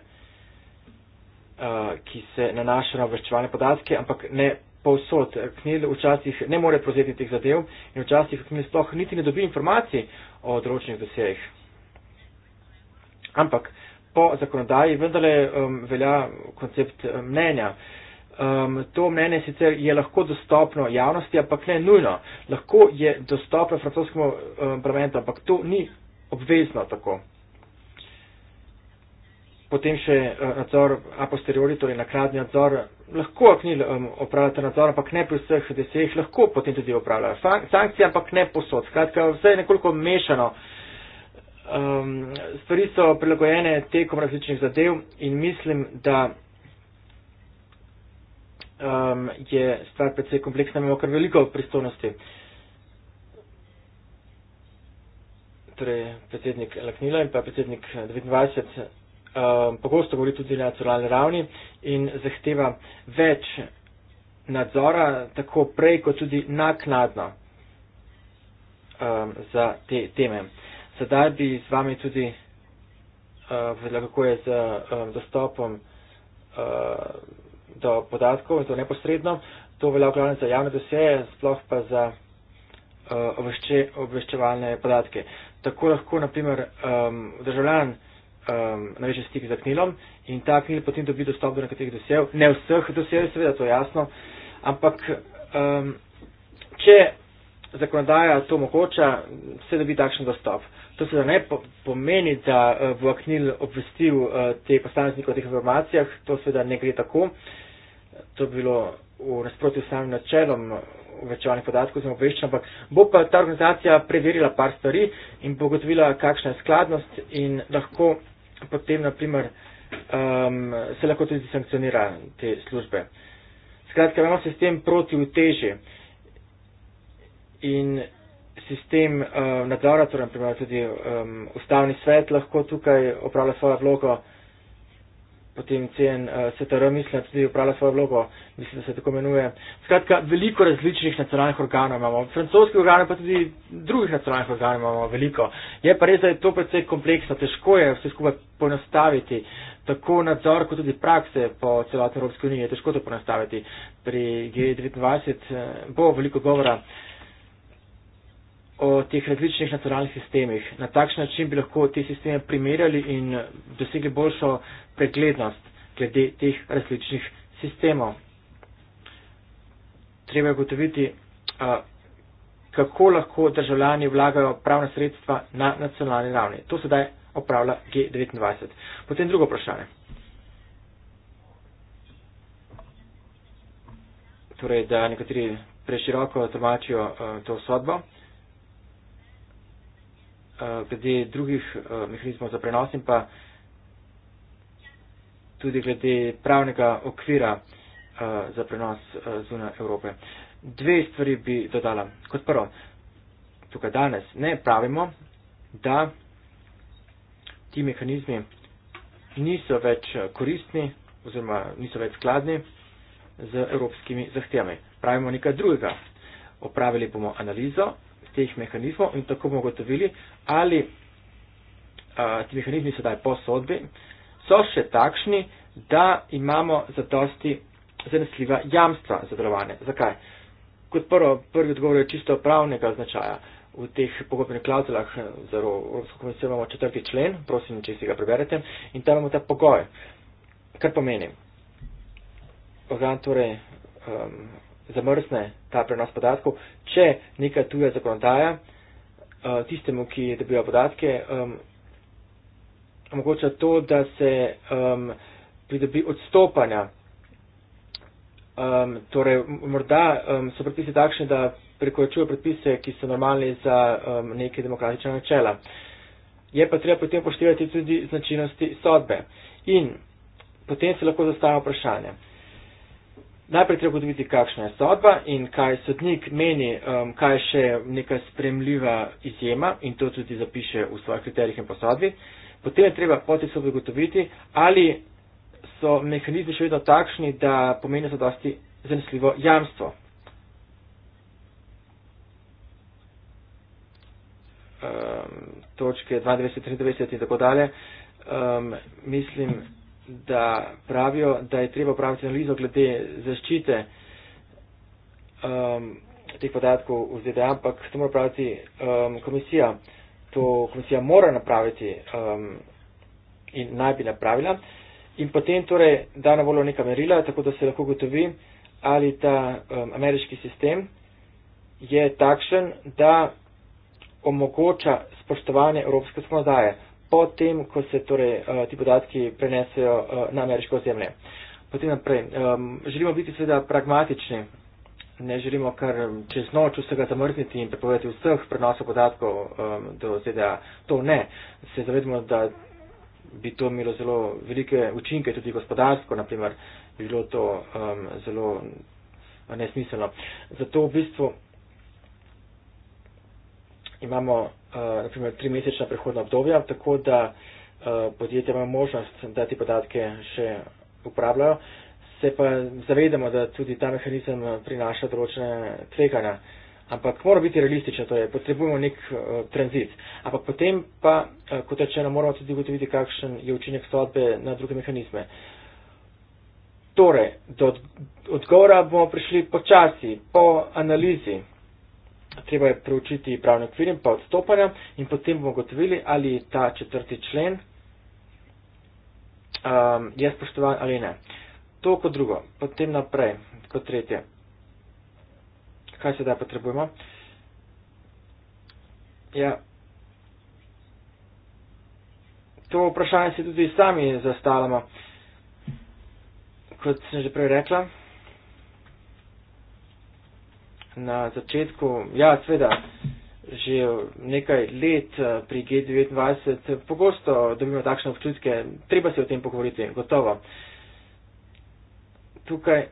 Eh, ki se nanaša na obveščevalne podatke, ampak ne povsod. Knil včasih ne more prozeti teh zadev in včasih knil sploh niti ne dobi informacij o določenih dosejih. Ampak po zakonodaji vendarle um, velja koncept eh, mnenja. Um, to mnenje sicer je lahko dostopno javnosti, ampak ne nujno. Lahko je dostopno francoskemu um, parlamentu, ampak to ni obvezno tako potem še eh, nadzor a posteriori, torej nakladni nadzor, lahko aknil opravljate nadzor, ampak ne pri vseh DC-jih, lahko potem tudi opravljate sankcije, ampak ne posod. Skratka, vse je nekoliko mešano. Um, stvari so prilagojene tekom različnih zadev in mislim, da um, je stvar predvsej kompleksna, imamo kar veliko pristojnosti. Torej, predsednik Laknila in pa predsednik 29. Eh, pogosto govori tudi na nacionalni ravni in zahteva več nadzora, tako prej kot tudi naknadno um, za te teme. Sedaj bi z vami tudi uh, vedela, kako je z um, dostopom uh, do podatkov in to neposredno. To velja vglavnom za javne doseje, sploh pa za uh, obvešče, obveščevalne podatke. Tako lahko, na primer, um, državljan um, največji stik z aknilom in ta aknil potem dobi dostop do nekaterih dosev, ne vseh dosev, seveda to je jasno, ampak um, če zakonodaja to mogoča, se dobi takšen dostop. To seveda ne pomeni, da eh, bo aknil obvestil eh, te posameznike o teh informacijah, to seveda ne gre tako. To bi bilo v nasprotju s samim načelom uvečevanja podatkov, sem obveščen, ampak bo pa ta organizacija preverila par stvari in bo gotovila, kakšna je skladnost in lahko potem naprimer um, se lahko tudi sankcionira te službe. Skratka, imamo sistem proti uteži in sistem uh, nadzora, torej naprimer tudi um, ustavni svet lahko tukaj opravlja svojo vlogo potem cen uh, eh, STR, mislim, da tudi upravlja svojo vlogo, mislim, da se tako imenuje. Skratka, veliko različnih nacionalnih organov imamo, francoskih organov pa tudi drugih nacionalnih organov imamo veliko. Je pa res, da je to predvsej kompleksno, težko je vse skupaj poenostaviti, tako nadzor kot tudi prakse po celotni Evropski uniji je težko to poenostaviti. Pri G29 eh, bo veliko govora. Uh, o teh različnih naturalnih sistemih. Na takšen način bi lahko te sisteme primerjali in dosegli boljšo preglednost glede teh različnih sistemov. Treba je gotoviti, kako lahko državljani vlagajo pravna sredstva na nacionalni ravni. To sedaj opravlja G29. Potem drugo vprašanje. Torej, da nekateri preširoko tlmačijo to sodbo. Eh, glede drugih eh, mehanizmov za prenos in pa tudi glede pravnega okvira eh, za prenos zunaj Evrope. Dve stvari bi dodala. Kot prvo, tukaj danes ne pravimo, da ti mehanizmi niso več koristni oziroma niso več skladni z evropskimi zahtevami. Pravimo nekaj drugega. Opravili bomo analizo teh mehanizmov in tako bomo gotovili, ali a, ti mehanizmi sedaj po sodbi so še takšni, da imamo zadosti zanesljiva jamstva za delovanje. Zakaj? Kot prvo, prvi odgovor je čisto pravnega značaja. V teh pogodbenih klauzulah eh, za Evropsko komisijo imamo četrti člen, prosim, če si ga preberete, in tam imamo ta pogoj. Kar pomeni, organ torej um, zamrzne ta prenos podatkov, če neka tuja zakonodaja Eh, tistemu, ki dobiva podatke, um, omogoča to, da se um, pridobi odstopanja. Um, torej, morda um, so predpise takšne, da prekoračujejo predpise, ki so normalni za um, neke demokratične načela. Je pa treba potem poštevati tudi značilnosti sodbe. In potem se lahko zastavlja vprašanje. Najprej treba ugotoviti, kakšna je sodba in kaj sodnik meni, um, kaj je še neka spremljiva izjema in to tudi zapiše v svojih kriterijih in posodbi. Potem je treba po tej sodbi ugotoviti, ali so mehanizmi še vedno takšni, da pomenijo zadosti zanesljivo jamstvo. Um, točke 92, 93 in tako dalje. Um, mislim, da pravijo, da je treba praviti analizo glede zaščite um, teh podatkov v ZDA, ampak to mora praviti um, komisija. To komisija mora napraviti um, in naj bi napravila. In potem torej da na voljo neka merila, tako da se lahko gotovi, ali ta um, ameriški sistem je takšen, da omogoča spoštovanje evropske zakonodaje potem, ko se torej, uh, ti podatki prenesejo uh, na ameriško ozemlje. Potem naprej. Um, želimo biti seveda pragmatični. Ne želimo kar čez noč vsega zamrzniti in prepovedati vseh prenosov podatkov um, do ZDA. To ne. Se zavedamo, da bi to imelo zelo velike učinke, tudi gospodarsko, naprimer, bi bilo to um, zelo nesmiselno. Zato v bistvu imamo Eh, naprimer, trimesečna prehodna obdobja, tako da eh, podjetja imajo možnost, da te podatke še uporabljajo. Se pa zavedamo, da tudi ta mehanizem prinaša določene tveganja. Ampak mora biti realistično, to je, potrebujemo nek uh, tranzit. Ampak potem pa, uh, kot rečeno, moramo tudi ugotoviti, kakšen je učinek sodbe na druge mehanizme. Torej, do odgovora bomo prišli počasi, po analizi, treba je preučiti pravni okvir in pa odstopanja in potem bomo gotovili, ali ta četrti člen um, je spoštovan ali ne. To kot drugo, potem naprej, kot tretje. Kaj se da potrebujemo? Ja. To vprašanje si tudi sami zastavljamo, kot sem že prej rekla na začetku, ja, sveda, že nekaj let eh, pri G29 pogosto dobimo takšne občutke, treba se o tem pogovoriti, gotovo. Tukaj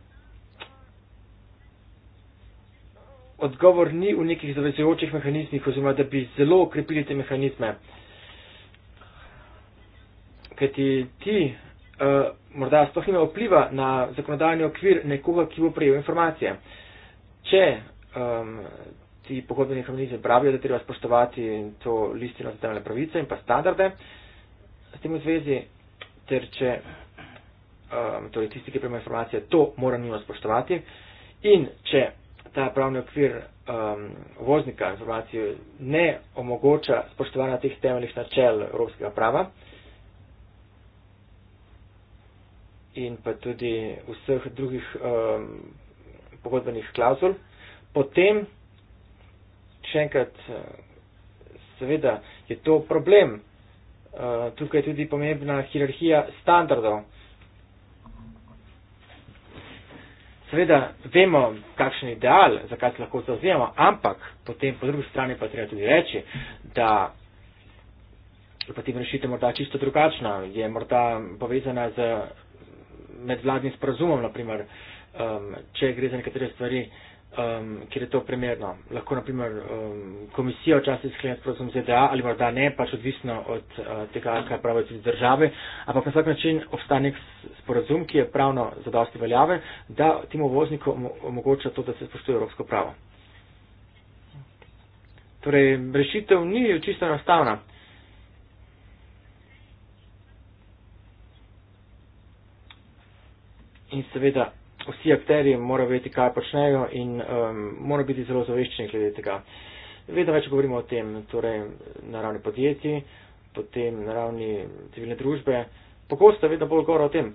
odgovor ni v nekih zavezujočih mehanizmih, oziroma da bi zelo ukrepili te mehanizme. Kajti ti uh, morda sploh nima vpliva na zakonodajni okvir nekoga, ki bo prejel informacije. Če um, ti pogodbeni hranilci pravijo, da treba spoštovati to listino za temeljne pravice in pa standarde. S tem v zvezi, ter če um, torej tisti, ki prema informacije, to mora njima spoštovati in če ta pravni okvir um, voznika informacije ne omogoča spoštovanja teh temeljnih načel evropskega prava in pa tudi vseh drugih um, pogodbenih klauzul, potem, še enkrat, eh, seveda je to problem. Eh, tukaj je tudi pomembna hierarhija standardov. Seveda vemo, kakšen ideal, zakaj se lahko zauzemamo, ampak potem po drugi strani pa treba tudi reči, da je potem rešitev morda čisto drugačna, je morda povezana z eh, medvladnim sporazumom, naprimer, če gre za nekatere stvari, um, kjer je to primerno. Lahko naprimer um, komisija včasih sklene sporozum ZDA ali morda ne, pač odvisno od uh, tega, kaj pravijo tudi države, ampak na vsak način obstane nek sporozum, ki je pravno zadosti veljave, da tim uvozniku omogoča to, da se spoštuje evropsko pravo. Torej, rešitev ni čisto enostavna. In seveda, vsi akteri morajo vedeti, kaj počnejo in um, morajo biti zelo zaveščeni glede tega. Vedno več govorimo o tem, torej na ravni podjetij, potem na ravni civilne družbe, pogosto vedno bolj govorijo o tem.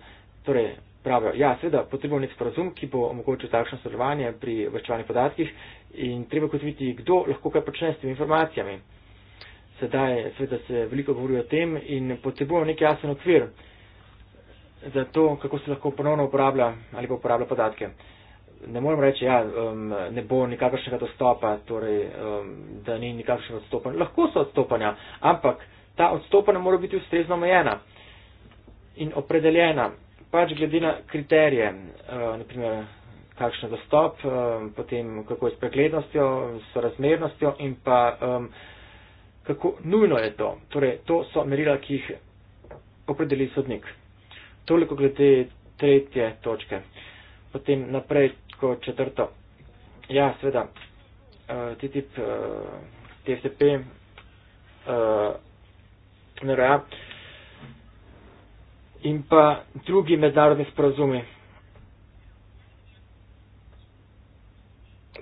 Torej, pravijo, ja, seveda, potrebujemo nek sporazum, ki bo omogočil takšno sodelovanje pri obveščevanih podatkih in treba kot videti, kdo lahko kaj počne s temi informacijami. Sedaj, seveda, se veliko govori o tem in potrebujemo nek jasen okvir, za to, kako se lahko ponovno uporablja ali pa uporablja podatke. Ne moram reči, da ja, um, ne bo nikakršnega dostopa, torej, um, da ni nikakršnega odstopanja. Lahko so odstopanja, ampak ta odstopanja mora biti ustrezno omejena in opredeljena, pač glede na kriterije, uh, naprimer kakšen je dostop, um, potem kako je s preglednostjo, s razmernostjo in pa um, kako nujno je to. Torej, to so merila, ki jih opredeli sodnik toliko glede tretje točke. Potem naprej, ko četrto. Ja, sveda, uh, eh, TTIP, uh, eh, TFTP, uh, eh, NRA in pa drugi mednarodni sporazumi.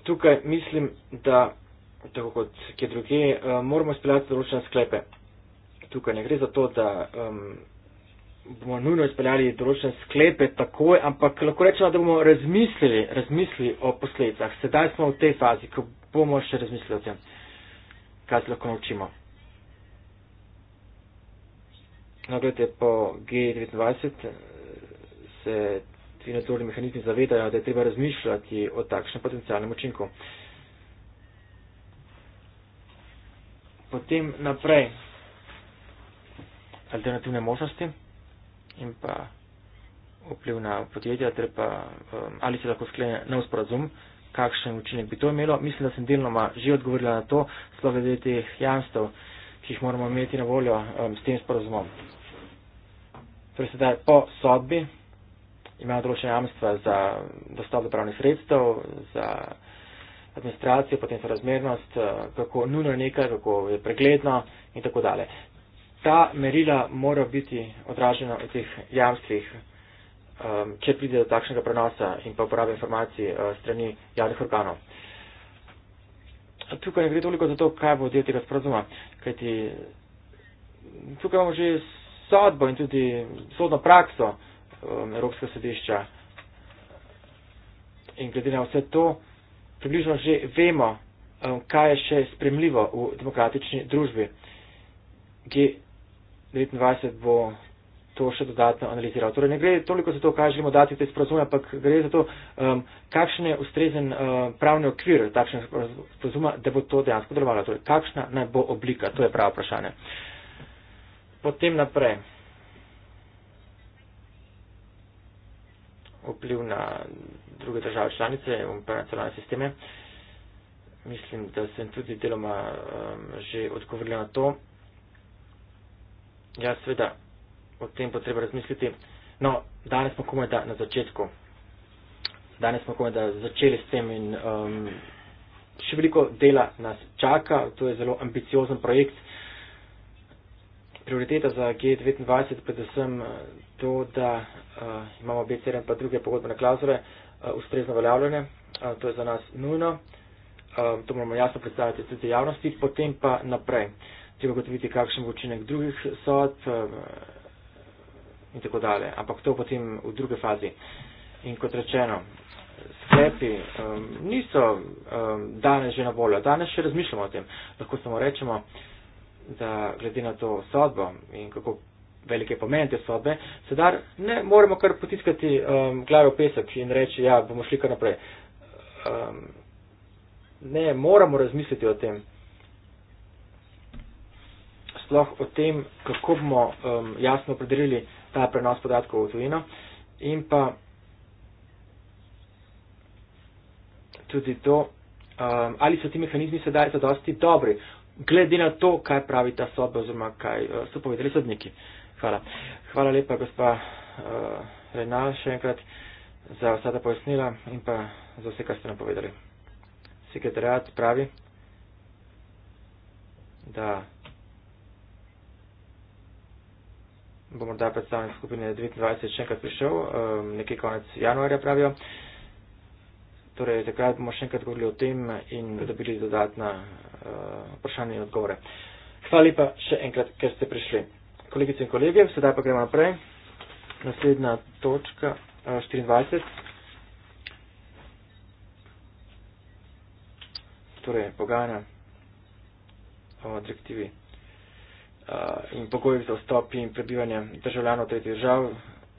Tukaj mislim, da tako kot kje druge, uh, moramo izpeljati določene sklepe. Tukaj ne gre za to, da um, bomo nujno izpeljali določene sklepe takoj, ampak lahko rečemo, da bomo razmislili, razmislili o posledicah. Sedaj smo v tej fazi, ko bomo še razmislili o tem, kaj se lahko naučimo. No, gledajte, po G29 eh, se ti nadzorni mehanizmi zavedajo, da je treba razmišljati o takšnem potencialnem učinku. Potem naprej alternativne možnosti in pa vpliv na podjetja, ter pa um, ali se lahko sklene nov sporazum, kakšen učinek bi to imelo. Mislim, da sem delnoma že odgovorila na to, sploh glede teh jamstev, ki jih moramo imeti na voljo um, s tem sporazumom. Torej sedaj po sodbi imajo določene jamstva za dostop do pravnih sredstev, za administracijo, potem za razmernost, uh, kako nujno je nekaj, kako je pregledno in tako dalje ta merila mora biti odražena v teh jamstvih, um, če pride do takšnega prenosa in pa uporabe informacij uh, strani javnih organov. Tukaj ne gre toliko za to, kaj bo del tega sporozuma, kajti tukaj imamo že sodbo in tudi sodno prakso um, Evropskega sodišča. In glede na vse to, približno že vemo, um, kaj je še spremljivo v demokratični družbi. 29 bo to še dodatno analiziral. Torej ne gre toliko za to, kaj želimo dati v te sporozume, ampak gre za to, um, kakšen je ustrezen uh, pravni okvir takšnega sporozuma, da bo to dejansko delovalo. Torej, kakšna naj bo oblika, to je pravo vprašanje. Potem naprej. Vpliv na druge države članice in pa nacionalne sisteme. Mislim, da sem tudi deloma um, že odgovorila na to. Ja, seveda, o tem bo treba razmisliti. No, danes smo komaj da na začetku. Danes smo komaj da začeli s tem in um, še veliko dela nas čaka. To je zelo ambiciozen projekt. Prioriteta za G29 je predvsem uh, to, da uh, imamo B7 in pa druge pogodbene klauzule uh, ustrezno veljavljene. Uh, to je za nas nujno. Uh, to moramo jasno predstaviti tudi javnosti, potem pa naprej. Uh, treba gotoviti, kakšen bo učinek drugih sod eh, in tako dalje. Ampak to potem v druge fazi. In kot rečeno, sklepi um, niso um, danes že na voljo. Danes še razmišljamo o tem. Lahko samo rečemo, da glede na to sodbo in kako velike pomen te sodbe, se dar ne moremo kar potiskati um, glave v pesek in reči, ja, bomo šli kar naprej. Um, ne, moramo razmisliti o tem sploh o tem, kako bomo um, jasno predelili ta prenos podatkov v tujino in pa tudi to, um, ali so ti mehanizmi sedaj zadosti dobri, glede na to, kaj pravi ta soba oziroma kaj uh, so povedali sodniki. Hvala. Hvala lepa, gospa uh, Renal, še enkrat za vsa ta pojasnila in pa za vse, kar ste nam povedali. Sekretariat pravi, da bo morda predstavnik skupine 29 še enkrat prišel, ehm, nekaj konec januarja pravijo. Torej, takrat bomo še enkrat govorili o tem in dobili dodatna eh, vprašanja in odgovore. Hvala lepa še enkrat, ker ste prišli. Kolegice in kolege, sedaj pa gremo naprej. Naslednja točka 24. Eh, torej, pogajanja o direktivi Eh, in pogojih za vstop in prebivanje državljanov tretjih držav, uh,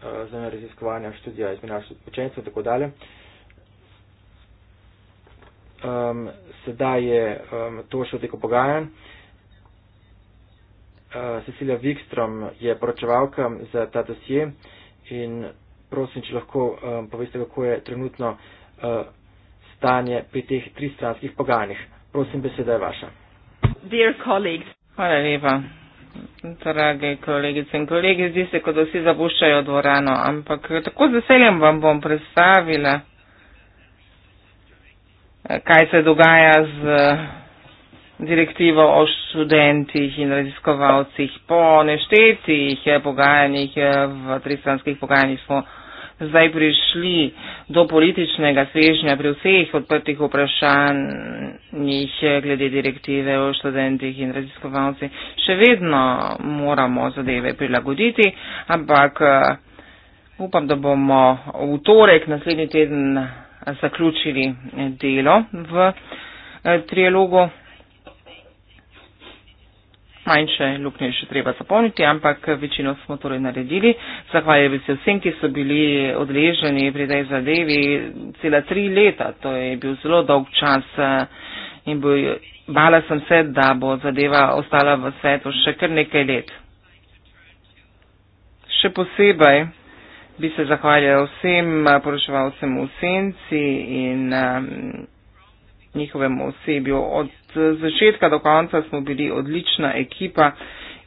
eh, znanje raziskovanja, študija, izmenjavanje učencev in tako dalje. Um, sedaj je um, to še v teku pogajanj. Uh, eh, Cecilia Wikstrom je poročevalka za ta dosje in prosim, če lahko um, poveste, kako je trenutno uh, stanje pri teh tristranskih pogajanjih. Prosim, beseda je vaša. Hvala lepa drage kolegice in kolegi, zdi se, kot da vsi zapuščajo dvorano, ampak tako z veseljem vam bom predstavila, eh, kaj se dogaja z eh, direktivo o študentih in raziskovalcih. Po neštetih pogajanjih, eh, v tristranskih pogajanjih smo zdaj prišli do političnega svežnja pri vseh odprtih vprašanjih glede direktive o študentih in raziskovalcih. Še vedno moramo zadeve prilagoditi, ampak eh, upam, da bomo v torek naslednji teden zaključili delo v eh, trialogu manjše luknje še treba zapolniti, ampak večino smo torej naredili. Zahvaljujem se vsem, ki so bili odleženi pri tej zadevi cela tri leta. To je bil zelo dolg čas eh, in bo, bala sem se, da bo zadeva ostala v svetu še kar nekaj let. Še posebej bi se zahvaljala vsem eh, poroševalcem v senci in um, njihovemu osebju. Od eh, začetka do konca smo bili odlična ekipa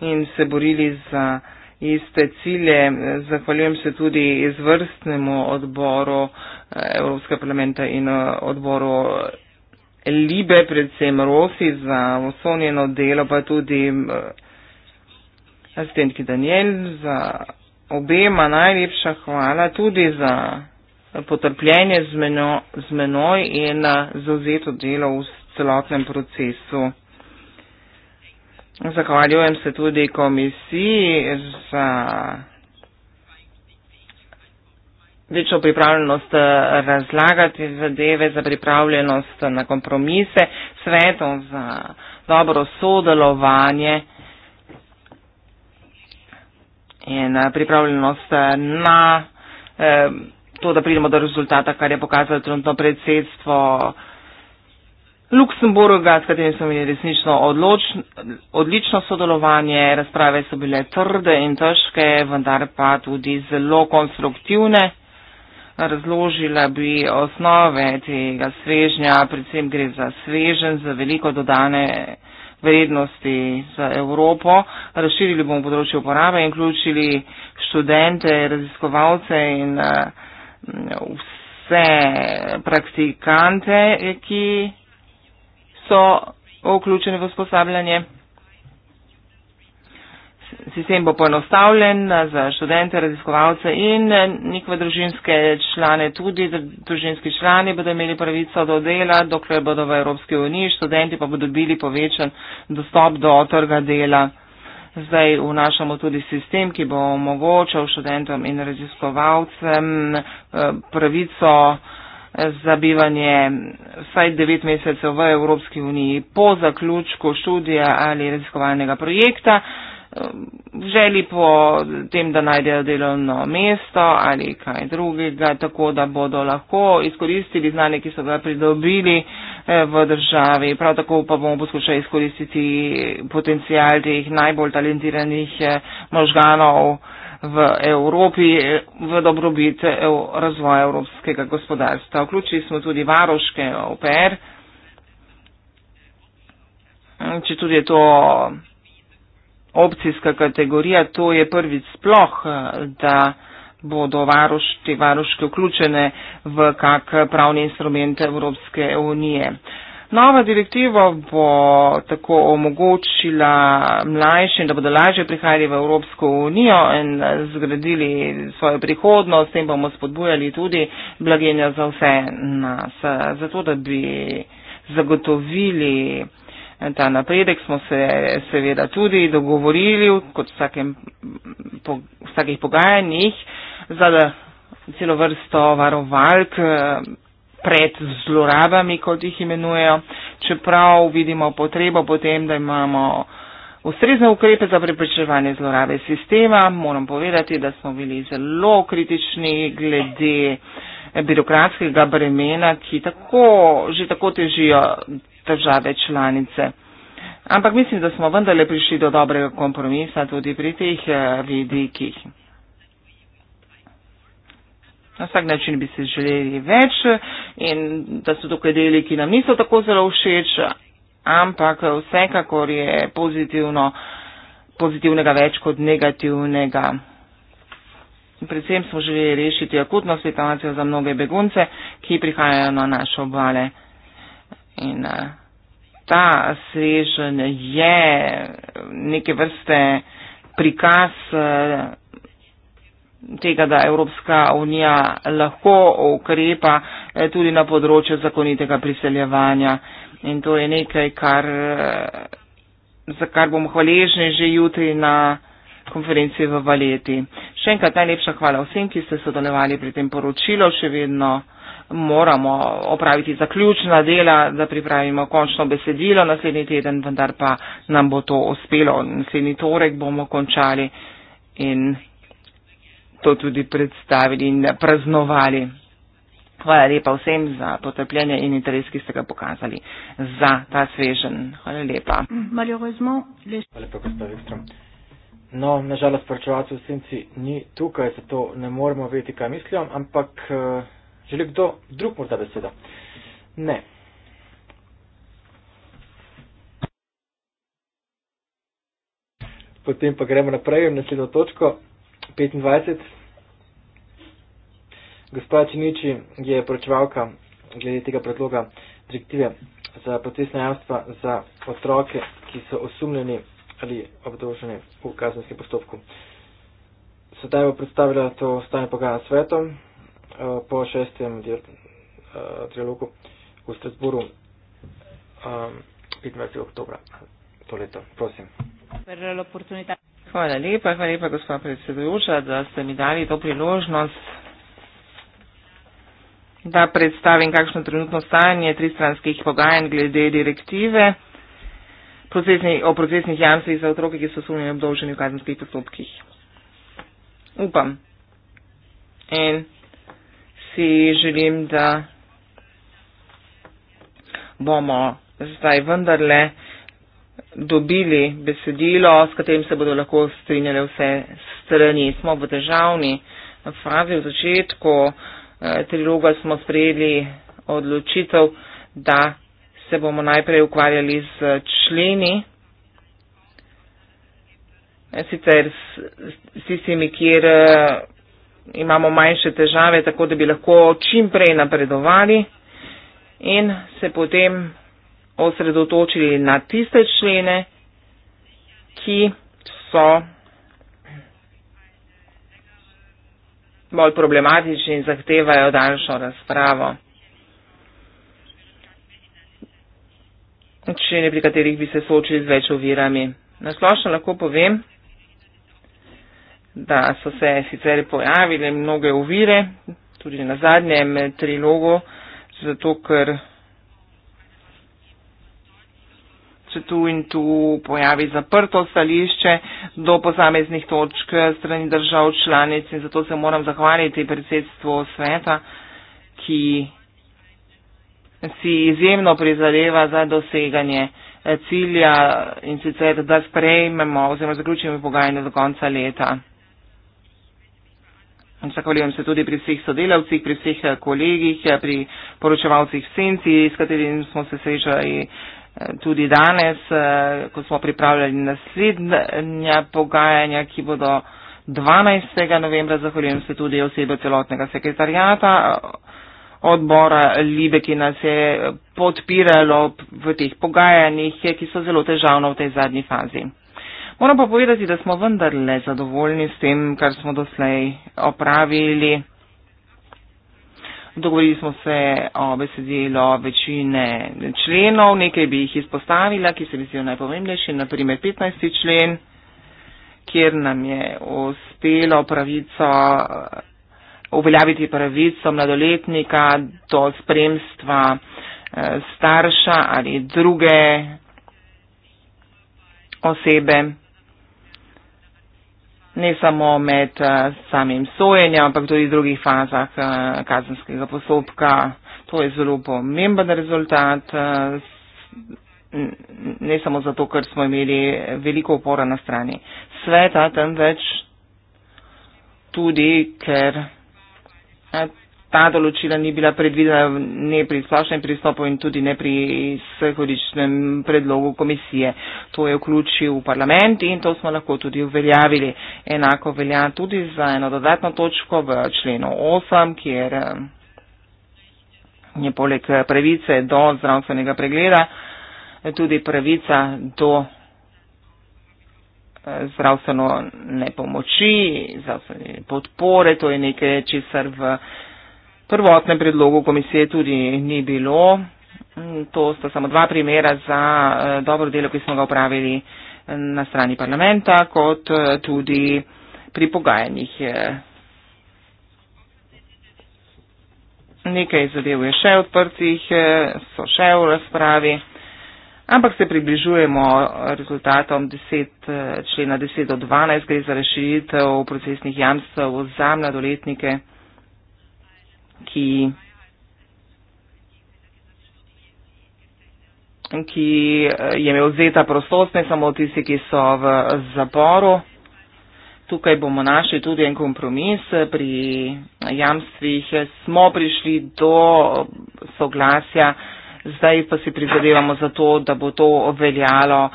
in se borili za iste cilje. Zahvaljujem se tudi izvrstnemu odboru eh, Evropske parlamenta in eh, odboru Libe, predvsem Rosi, za osonjeno delo, pa tudi asistentki Daniel, za obema najlepša hvala, tudi za potrpljenje z, meno, z menoj in zauzeto delo v celotnem procesu. Zahvaljujem se tudi komisiji za večjo pripravljenost razlagati zadeve, za pripravljenost na kompromise, svetom za dobro sodelovanje in eh, pripravljenost na. Eh, to, da pridemo do rezultata, kar je pokazalo trenutno predsedstvo Luksemburga, s katerim smo imeli resnično odločn, odlično sodelovanje. Razprave so bile trde in težke, vendar pa tudi zelo konstruktivne. Razložila bi osnove tega svežnja, predvsem gre za svežen, za veliko dodane vrednosti za Evropo. Razširili bomo področje uporabe in vključili študente, raziskovalce in uh, vse praktikante, ki so vključeni v usposabljanje. Sistem bo poenostavljen za študente, raziskovalce in njihove družinske člane. Tudi družinski člani bodo imeli pravico do dela, dokler bodo v Evropski uniji, študenti pa bodo dobili povečan dostop do trga dela. Zdaj vnašamo tudi sistem, ki bo omogočal študentom in raziskovalcem eh, pravico eh, za bivanje vsaj 9 mesecev v Evropski uniji po zaključku študija ali raziskovalnega projekta. Eh, Želi po tem, da najdejo delovno mesto ali kaj drugega, tako da bodo lahko izkoristili znanje, ki so ga pridobili uh, Eh, v državi. Prav tako pa bomo poskušali izkoristiti potencijal teh najbolj talentiranih eh, možganov v Evropi eh, v dobrobit razvoja evropskega gospodarstva. Vključili smo tudi varoške oper, če tudi je to opcijska kategorija, to je prvič sploh, da bodo varuš, te varuške vključene v kak pravni instrument Evropske unije. Nova direktiva bo tako omogočila mlajšim, da bodo lažje prihajali v Evropsko unijo in zgradili svojo prihodnost, s tem bomo spodbujali tudi blaginjo za vse nas. Zato, da bi zagotovili ta napredek, smo se seveda tudi dogovorili kot vsakem, po, vsakih pogajanjih za celo vrsto varovalk eh, pred zlorabami, kot jih imenujejo, čeprav vidimo potrebo potem, da imamo ustrezne ukrepe za preprečevanje zlorabe sistema. Moram povedati, da smo bili zelo kritični glede birokratskega bremena, ki tako, že tako težijo države članice. Ampak mislim, da smo vendarle prišli do dobrega kompromisa tudi pri teh eh, vidikih. Na vsak način bi si želeli več in da so tukaj deli, ki nam niso tako zelo všeč, ampak vsekakor je pozitivno, pozitivnega več kot negativnega. Predvsem smo želeli rešiti akutno situacijo za mnoge begunce, ki prihajajo na naše obale. In eh, ta srežen je neke vrste prikaz eh, tega, da Evropska unija lahko ukrepa eh, tudi na področju zakonitega priseljevanja. In to je nekaj, kar, eh, za kar bom hvaležni že jutri na konferenci v Valeti. Še enkrat najlepša hvala vsem, ki ste sodelovali pri tem poročilu. Še vedno moramo opraviti zaključna dela, da pripravimo končno besedilo naslednji teden, vendar pa nam bo to uspelo. Naslednji torek bomo končali in to tudi predstavili in praznovali. Hvala lepa vsem za potrpljenje in interes, ki ste ga pokazali za ta svežen. Hvala lepa. Hvala lepa, gospod Vikstrom. No, nažalost, poročevalcev v senci ni tukaj, zato ne moremo vedeti, kaj mislijo, ampak eh, želi kdo drug morda besedo? Ne. Potem pa gremo naprej v naslednjo točko. 25. Gospod Činiči je poročevalka glede tega predloga direktive za procesna jamstva za otroke, ki so osumljeni ali obdolženi v kazenskem postopku. Sedaj bo predstavila to stanje pogajanj s svetom eh, po šestem eh, trilogu v Strasburu 25. Eh, oktobra to leto. Prosim. Hvala za priložnost. Hvala lepa, hvala lepa, gospod predsedujoča, da ste mi dali to priložnost, da predstavim kakšno trenutno stanje tristranskih pogajanj glede direktive procesni, o procesnih jamstvih za otroke, ki so sumljeni obdolženi v kazenskih postopkih. Upam in si želim, da bomo zdaj vendarle dobili besedilo, s katerim se bodo lahko strinjale vse strani. Smo v državni fazi v začetku eh, triloga smo sprejeli odločitev, da se bomo najprej ukvarjali z členi, eh, sicer s tistimi, kjer eh, imamo manjše težave, tako da bi lahko čim prej napredovali in se potem osredotočili na tiste člene, ki so bolj problematični in zahtevajo daljšo razpravo. Člene, pri katerih bi se soočili z več ovirami. Naslošno lahko povem, da so se sicer pojavile mnoge ovire, tudi na zadnjem trilogu, zato ker če tu in tu pojavi zaprto stališče do posameznih točk strani držav članic in zato se moram zahvaliti predsedstvu sveta, ki si izjemno prizadeva za doseganje cilja in sicer, da sprejmemo oziroma zaključimo pogajanje do konca leta. Zahvaljujem se tudi pri vseh sodelavcih, pri vseh eh, kolegih, eh, pri poročevalcih v senci, s katerimi smo se srečali tudi danes, eh, ko smo pripravljali naslednja pogajanja, ki bodo 12. novembra, zahvaljujem se tudi osebe celotnega sekretarjata odbora Libe, ki nas je podpiralo v teh pogajanjih, ki so zelo težavno v tej zadnji fazi. Moram pa povedati, da smo vendarle zadovoljni s tem, kar smo doslej opravili. Dogovorili smo se o besedilo večine členov, nekaj bi jih izpostavila, ki se mi zdijo najpomembnejši, naprimer 15. člen, kjer nam je uspelo pravico, uveljaviti pravico mladoletnika do spremstva eh, starša ali druge osebe ne samo med uh, samim sojenjem, ampak tudi v drugih fazah uh, kazenskega postopka. To je zelo pomemben rezultat, uh, ne samo zato, ker smo imeli veliko upora na strani sveta, temveč tudi, ker. Uh, ta določila ni bila predvidena ne pri splošnem pristopu in tudi ne pri sehodičnem predlogu komisije. To je vključil v parlament in to smo lahko tudi uveljavili. Enako velja tudi za eno dodatno točko v členu 8, kjer eh, je poleg pravice do zdravstvenega pregleda eh, tudi pravica do eh, zdravstveno nepomoči, zdravstvene podpore, to je nekaj, česar v prvotnem predlogu komisije tudi ni bilo. Mm, to sta samo dva primera za eh, dobro delo, ki smo ga upravili eh, na strani parlamenta, kot eh, tudi pri pogajanjih. Nekaj zadev je še odprtih, so še v razpravi, ampak se približujemo rezultatom 10, člena 10 do 12, gre za rešitev procesnih jamstv za mladoletnike ki, ki je imel vzeta prostost, ne samo tisti, ki so v zaporu. Tukaj bomo našli tudi en kompromis. Pri jamstvih smo prišli do soglasja, zdaj pa si prizadevamo za to, da bo to veljalo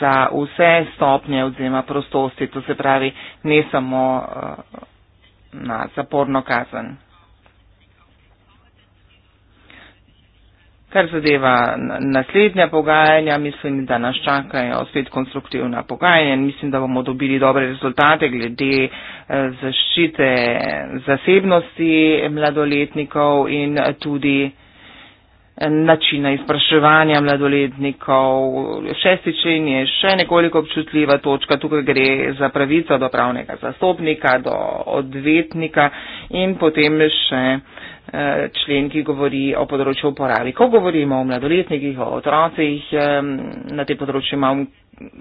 za vse stopnje odzema prostosti, to se pravi ne samo eh, na zaporno kazen. Kar zadeva naslednja pogajanja, mislim, da nas čakajo spet konstruktivna pogajanja in mislim, da bomo dobili dobre rezultate glede eh, zaščite zasebnosti mladoletnikov in eh, tudi eh, načina izpraševanja mladoletnikov. Šestičen je še nekoliko občutljiva točka, tukaj gre za pravico do pravnega zastopnika, do odvetnika in potem še. Eh, člen, ki govori o področju uporabi. Ko govorimo o mladoletnikih, o otrocih, eh, na tem področju imam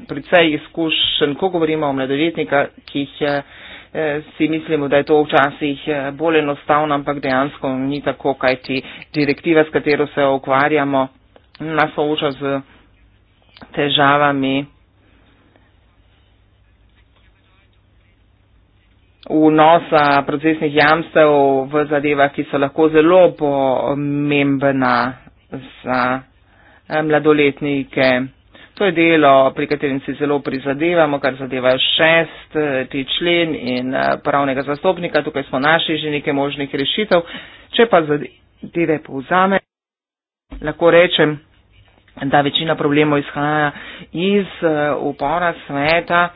precej izkušen, ko govorimo o mladoletnikih, eh, si mislimo, da je to včasih bolj enostavno, ampak dejansko ni tako, kaj ti direktiva, s katero se ukvarjamo, nas ouča z težavami. vnosa procesnih jamstev v zadevah, ki so lahko zelo pomembna za eh, mladoletnike. To je delo, pri katerem si zelo prizadevamo, kar zadeva šesti člen in eh, pravnega zastopnika. Tukaj smo našli že nekaj možnih rešitev. Če pa zadeve povzame, lahko rečem, da večina problemov izhaja iz eh, upora sveta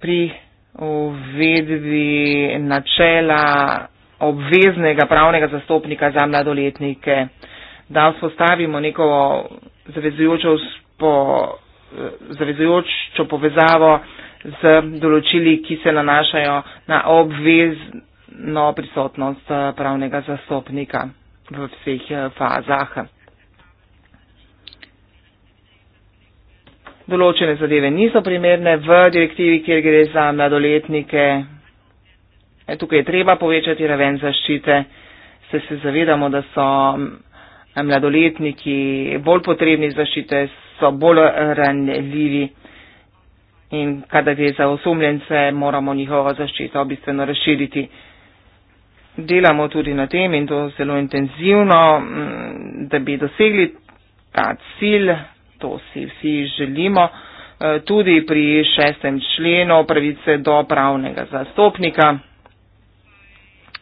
pri uvedbi načela obveznega pravnega zastopnika za mladoletnike, da vzpostavimo neko zavezujočo, spo, zavezujočo povezavo z določili, ki se nanašajo na obvezno prisotnost eh, pravnega zastopnika v vseh eh, fazah. določene zadeve niso primerne v direktivi, kjer gre za mladoletnike. E, tukaj je treba povečati raven zaščite, se se zavedamo, da so mladoletniki bolj potrebni zaščite, so bolj ranljivi in kada gre za osumljence, moramo njihovo zaščito bistveno razširiti. Delamo tudi na tem in to zelo intenzivno, da bi dosegli ta cilj, to si vsi želimo, eh, tudi pri šestem členu pravice do pravnega zastopnika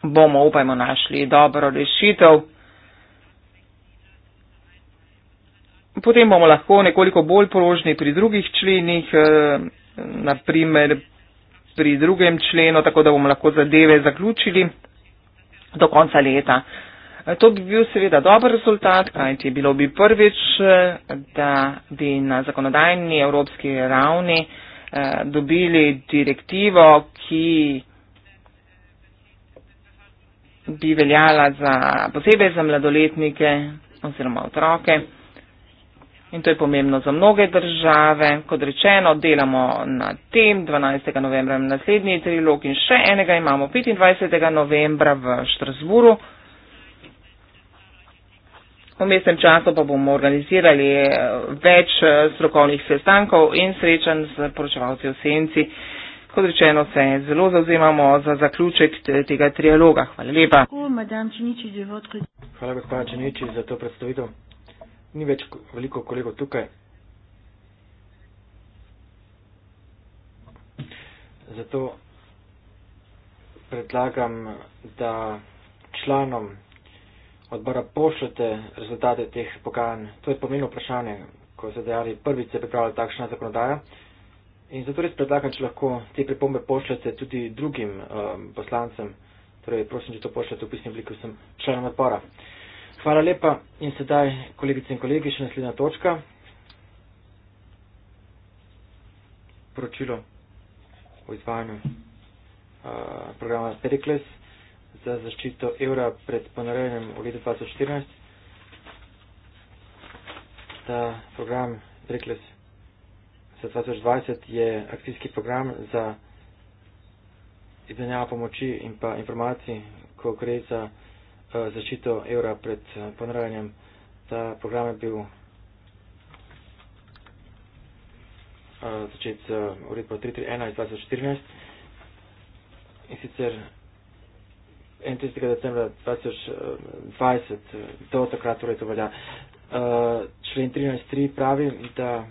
bomo, upajmo, našli dobro rešitev. Potem bomo lahko nekoliko bolj prožni pri drugih členih, eh, naprimer pri drugem členu, tako da bomo lahko zadeve zaključili do konca leta. Eh, to bi bil seveda dober rezultat, kajti bilo bi prvič, eh, da bi na zakonodajni evropski ravni eh, dobili direktivo, ki bi veljala za, posebej za mladoletnike oziroma otroke. In to je pomembno za mnoge države. Kot rečeno, delamo na tem 12. novembra naslednji trilog in še enega imamo 25. novembra v Štrasburu vmesnem času pa bomo organizirali eh, več eh, strokovnih sestankov in srečanj z poročevalci v senci. Kot rečeno, se zelo zauzemamo za zaključek tega trialoga. Hvala lepa. Hvala, gospod Čeniči, za to predstavitev. Ni več veliko kolegov tukaj. Zato predlagam, da članom odbora pošljete rezultate teh pogajanj. To je pomembno vprašanje, ko ste dejali, prvi se pripravlja takšna zakonodaja. In zato res predlagam, če lahko te pripombe pošljete tudi drugim um, poslancem. Torej, prosim, če to pošljete v pisni obliki, sem članom odbora. Hvala lepa in sedaj, kolegice in kolegi, še naslednja točka. Poročilo o izvajanju uh, programa Pericles za zaščito evra pred ponarejanjem v letu 2014. Ta program Brekles za 2020 je akcijski program za izmenjavo pomoči in pa informacij, ko gre za eh, zaščito evra pred eh, ponarejanjem. Ta program je bil eh, začet z uredbo 331 iz 2014 in sicer 31. decembra 2020, eh, do takrat torej to velja. Eh, člen 13.3 pravi, da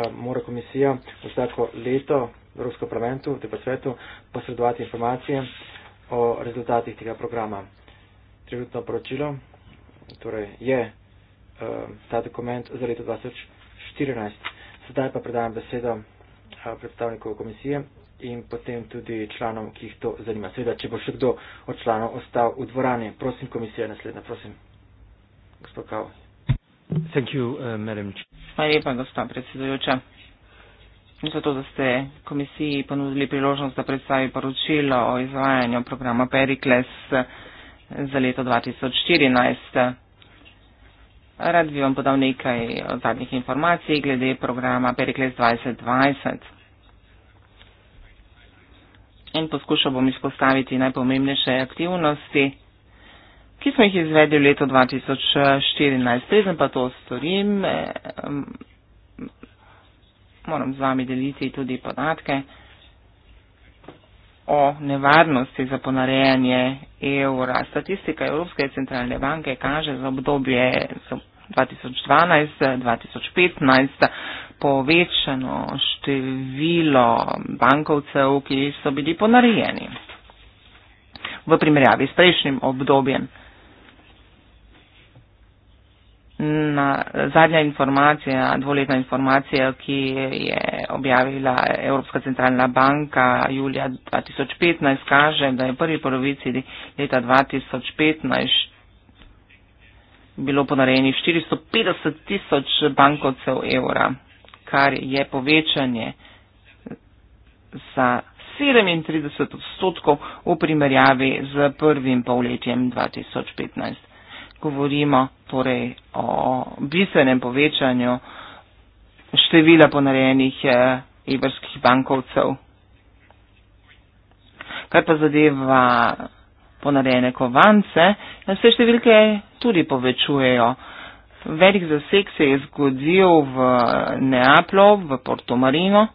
eh, mora komisija vsako leto v Evropskem parlamentu, te pa svetu, posredovati informacije o rezultatih tega programa. Trenutno poročilo torej je ta dokument za leto 2014. Sedaj pa predajam besedo predstavnikov komisije in potem tudi članom, ki jih to zanima. Seveda, če bo še kdo od članov ostal v dvorani. Prosim, komisija naslednja, prosim. Gospod Kao. Thank you, uh, madam. Hvala lepa, gospod predsedujoča. Zato, da ste komisiji ponudili priložnost, da predstavi poročilo o izvajanju programa Perikles uh, za leto 2014. Rad bi vam podal nekaj zadnjih informacij glede programa Perikles 2020 in poskušal bom izpostaviti najpomembnejše aktivnosti, ki smo jih izvedli v letu 2014. Preden pa to storim, moram z vami deliti tudi podatke o nevarnosti za ponarejanje evra. Statistika Evropske centralne banke kaže za obdobje 2012-2015, povečano število bankovcev, ki so bili ponarejeni v primerjavi s prejšnjim obdobjem. Na zadnja informacija, dvoletna informacija, ki je objavila Evropska centralna banka julija 2015, kaže, da je v prvi polovici leta 2015 bilo ponarejenih 450 tisoč bankovcev evra kar je povečanje za 37 odstotkov v primerjavi z prvim polletjem 2015. Govorimo torej o bistvenem povečanju števila ponarejenih eh, evrskih bankovcev. Kar pa zadeva ponarejene kovance, se številke tudi povečujejo. Velik zaseg se je zgodil v Neaplo, v Porto Marino,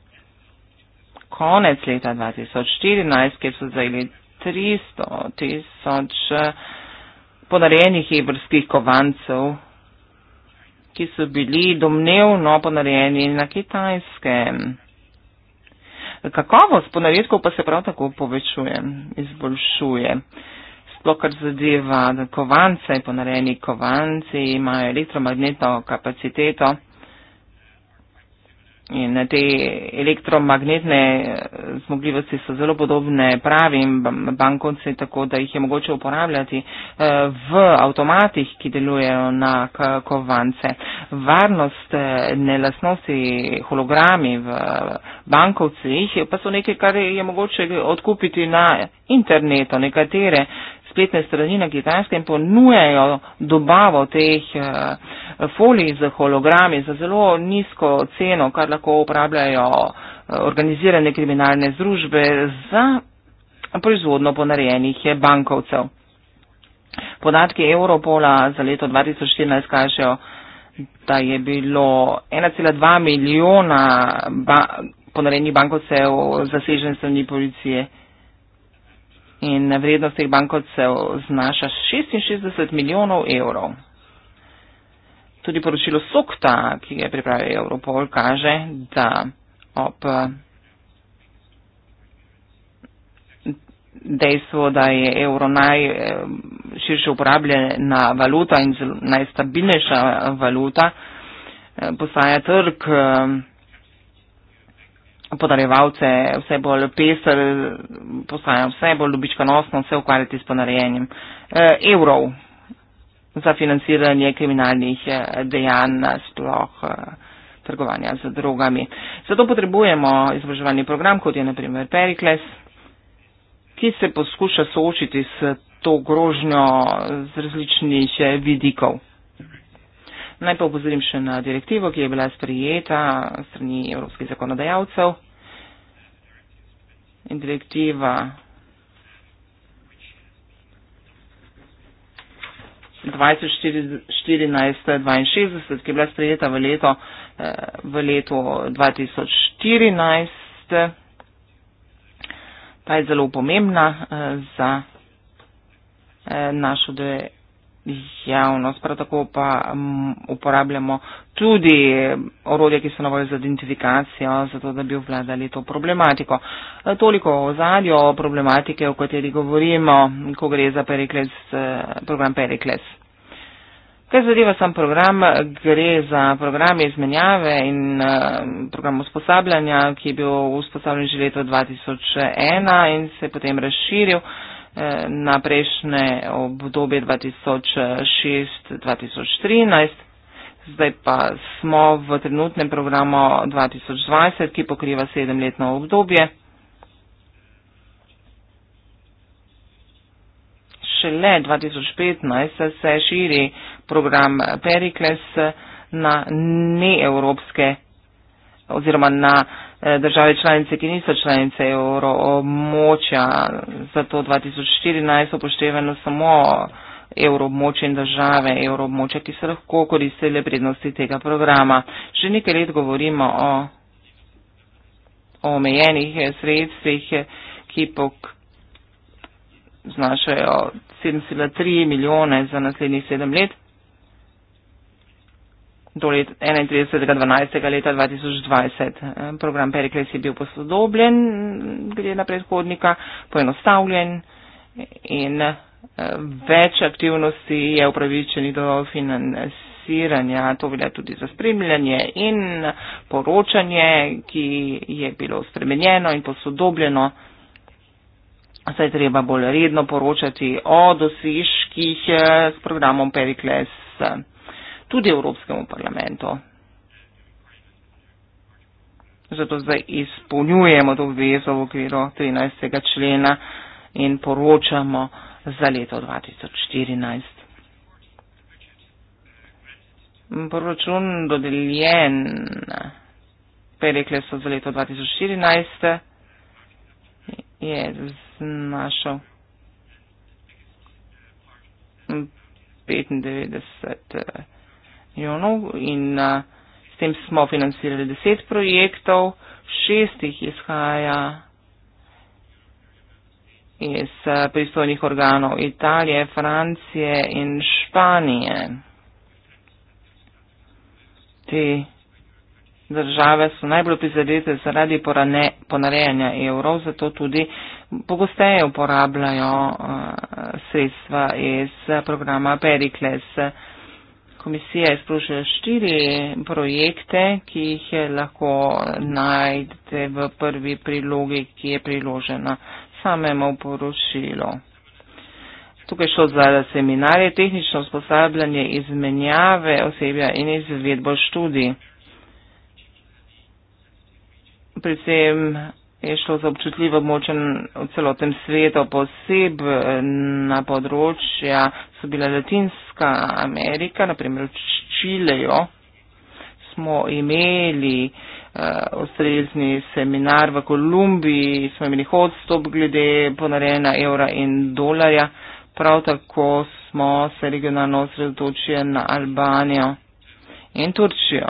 konec leta 2014, kjer so zajeli 300 tisoč eh, podarjenih evrskih kovancev, ki so bili domnevno podarjeni na kitajskem. Kakovost ponaredkov pa se prav tako povečuje, izboljšuje. Uh, sploh kar zadeva kovance, ponarejeni kovanci imajo elektromagnetno kapaciteto in te elektromagnetne zmogljivosti so zelo podobne pravim bankovcem, tako da jih je mogoče uporabljati eh, v avtomatih, ki delujejo na kovance. Varnost eh, nelasnosti hologrami v bankovcih pa so nekaj, kar je mogoče odkupiti na internetu. Nekatere spletne strani na kitajskem ponujajo dobavo teh eh, folij z hologrami za zelo nizko ceno, kar lahko uporabljajo eh, organizirane kriminalne združbe za proizvodno ponarejenih eh, bankovcev. Podatki Europola za leto 2014 kažejo, da je bilo 1,2 milijona ba ponarejenih bankovcev zasežen strani policije in vrednost teh bankovcev znaša 66 milijonov evrov. Tudi poročilo SOKTA, ki je pripravil Europol, kaže, da ob dejstvu, da je evro najširše uporabljena valuta in najstabilnejša valuta, postaja trg. Um, podarjevalce, vse bolj pesar, postaja vse bolj dobičkonosno, vse ukvarjati s ponarejenjem eh, evrov za financiranje kriminalnih eh, dejanj, sploh eh, trgovanja z drogami. Zato potrebujemo izobraževalni program, kot je naprimer Perikles, ki se poskuša soočiti s to grožnjo z različnih eh, vidikov. Naj pa upozorim še na direktivo, ki je bila sprijeta strani evropskih zakonodajalcev. In direktiva 2014-62, ki je bila sprijeta v, leto, eh, v letu 2014, ta je zelo pomembna eh, za eh, našo javnost. Prav tako pa um, uporabljamo tudi orodje, ki so na voljo za identifikacijo, zato da bi obvladali to problematiko. E, toliko o zadnjo problematike, o kateri govorimo, ko gre za Perikles, e, program Perikles. Kaj zadeva sam program, gre za program izmenjave in e, program usposabljanja, ki je bil usposabljen že leto 2001 in se je potem razširil. Eh, na prejšnje obdobje 2006-2013. Zdaj pa smo v trenutnem programu 2020, ki pokriva sedemletno obdobje. Šele 2015 se širi program Perikles na neevropske oziroma na Eh, države članice, ki niso članice evroobmočja za to 2014 upoštevano samo evroobmočje in države evroobmočja, ki so lahko koristile prednosti tega programa. Že nekaj let govorimo o, o omejenih eh, sredstvih, eh, ki pok znašajo 7,3 milijone za naslednjih sedem let do 31. 12. leta 2020. Program Perikles je bil posodobljen glede na predhodnika, poenostavljen in več aktivnosti je upravičeni do financiranja. To velja tudi za spremljanje in poročanje, ki je bilo spremenjeno in posodobljeno. Saj treba bolj redno poročati o dosežkih eh, s programom Perikles tudi Evropskemu parlamentu. Zato zdaj izpolnjujemo to obvezo v okviru 13. člena in poročamo za leto 2014. Proračun dodeljen, perekle so za leto 2014, je znašel 95 milijonov in s tem smo financirali deset projektov, šestih izhaja iz pristojnih organov Italije, Francije in Španije. Te države so najbolj prizadete zaradi porane, ponarejanja evrov, zato tudi pogosteje uporabljajo uh, sredstva iz programa Pericles. Uh, Komisija je sprožila štiri projekte, ki jih lahko najdete v prvi prilogi, ki je priložena samemu poročilu. Tukaj šlo za seminarje, tehnično usposabljanje, izmenjave osebja in izvedbo študij. Predvsem je šlo za občutljivo močen v celotem svetu, posebna področja so bila latinska. Latinska Amerika, naprimer v Čilejo, smo imeli uh, ustrezni seminar v Kolumbiji, smo imeli hodstop glede ponarejena evra in dolarja, prav tako smo se regionalno osredotočili na Albanijo in Turčijo,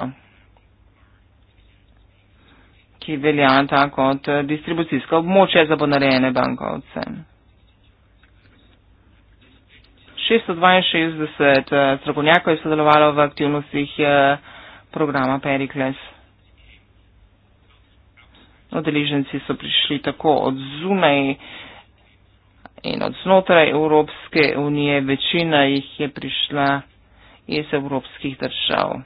ki velja ta kot distribucijska območja za ponarejene bankovce. 662 eh, strokovnjakov je sodelovalo v aktivnostih eh, programa Pericles. Odeleženci so prišli tako od zunaj in od znotraj Evropske unije, večina jih je prišla iz evropskih držav.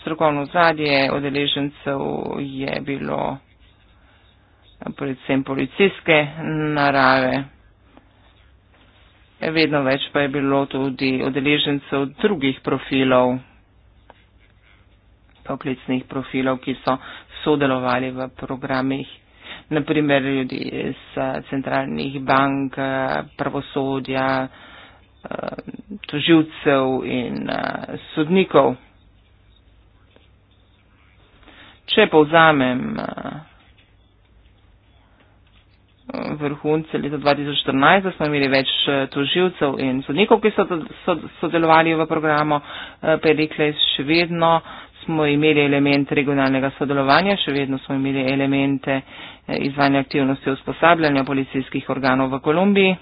Strokovno zadje odeležencev je bilo predvsem policijske narave vedno več pa je bilo tudi odeležencev drugih profilov, poklicnih profilov, ki so sodelovali v programih. Naprimer ljudi iz eh, centralnih bank, eh, pravosodja, eh, tuživcev in sodnikov. Če povzamem vrhunce leta 2014, da smo imeli več eh, toživcev in sodnikov, ki so sodelovali v programu eh, Pedikles, še vedno smo imeli element regionalnega sodelovanja, še vedno smo imeli elemente eh, izvajanja aktivnosti usposabljanja policijskih organov v Kolumbiji,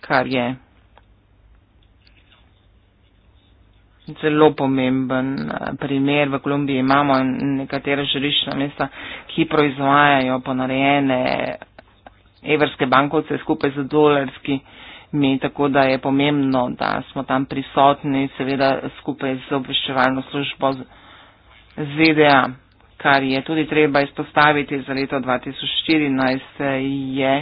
kar je zelo pomemben primer. V Kolumbiji imamo nekatera žrišna mesta, ki proizvajajo ponarejene evrske bankovce skupaj z dolarskimi, tako da je pomembno, da smo tam prisotni, seveda skupaj z obveščevalno službo ZDA, kar je tudi treba izpostaviti za leto 2014, je,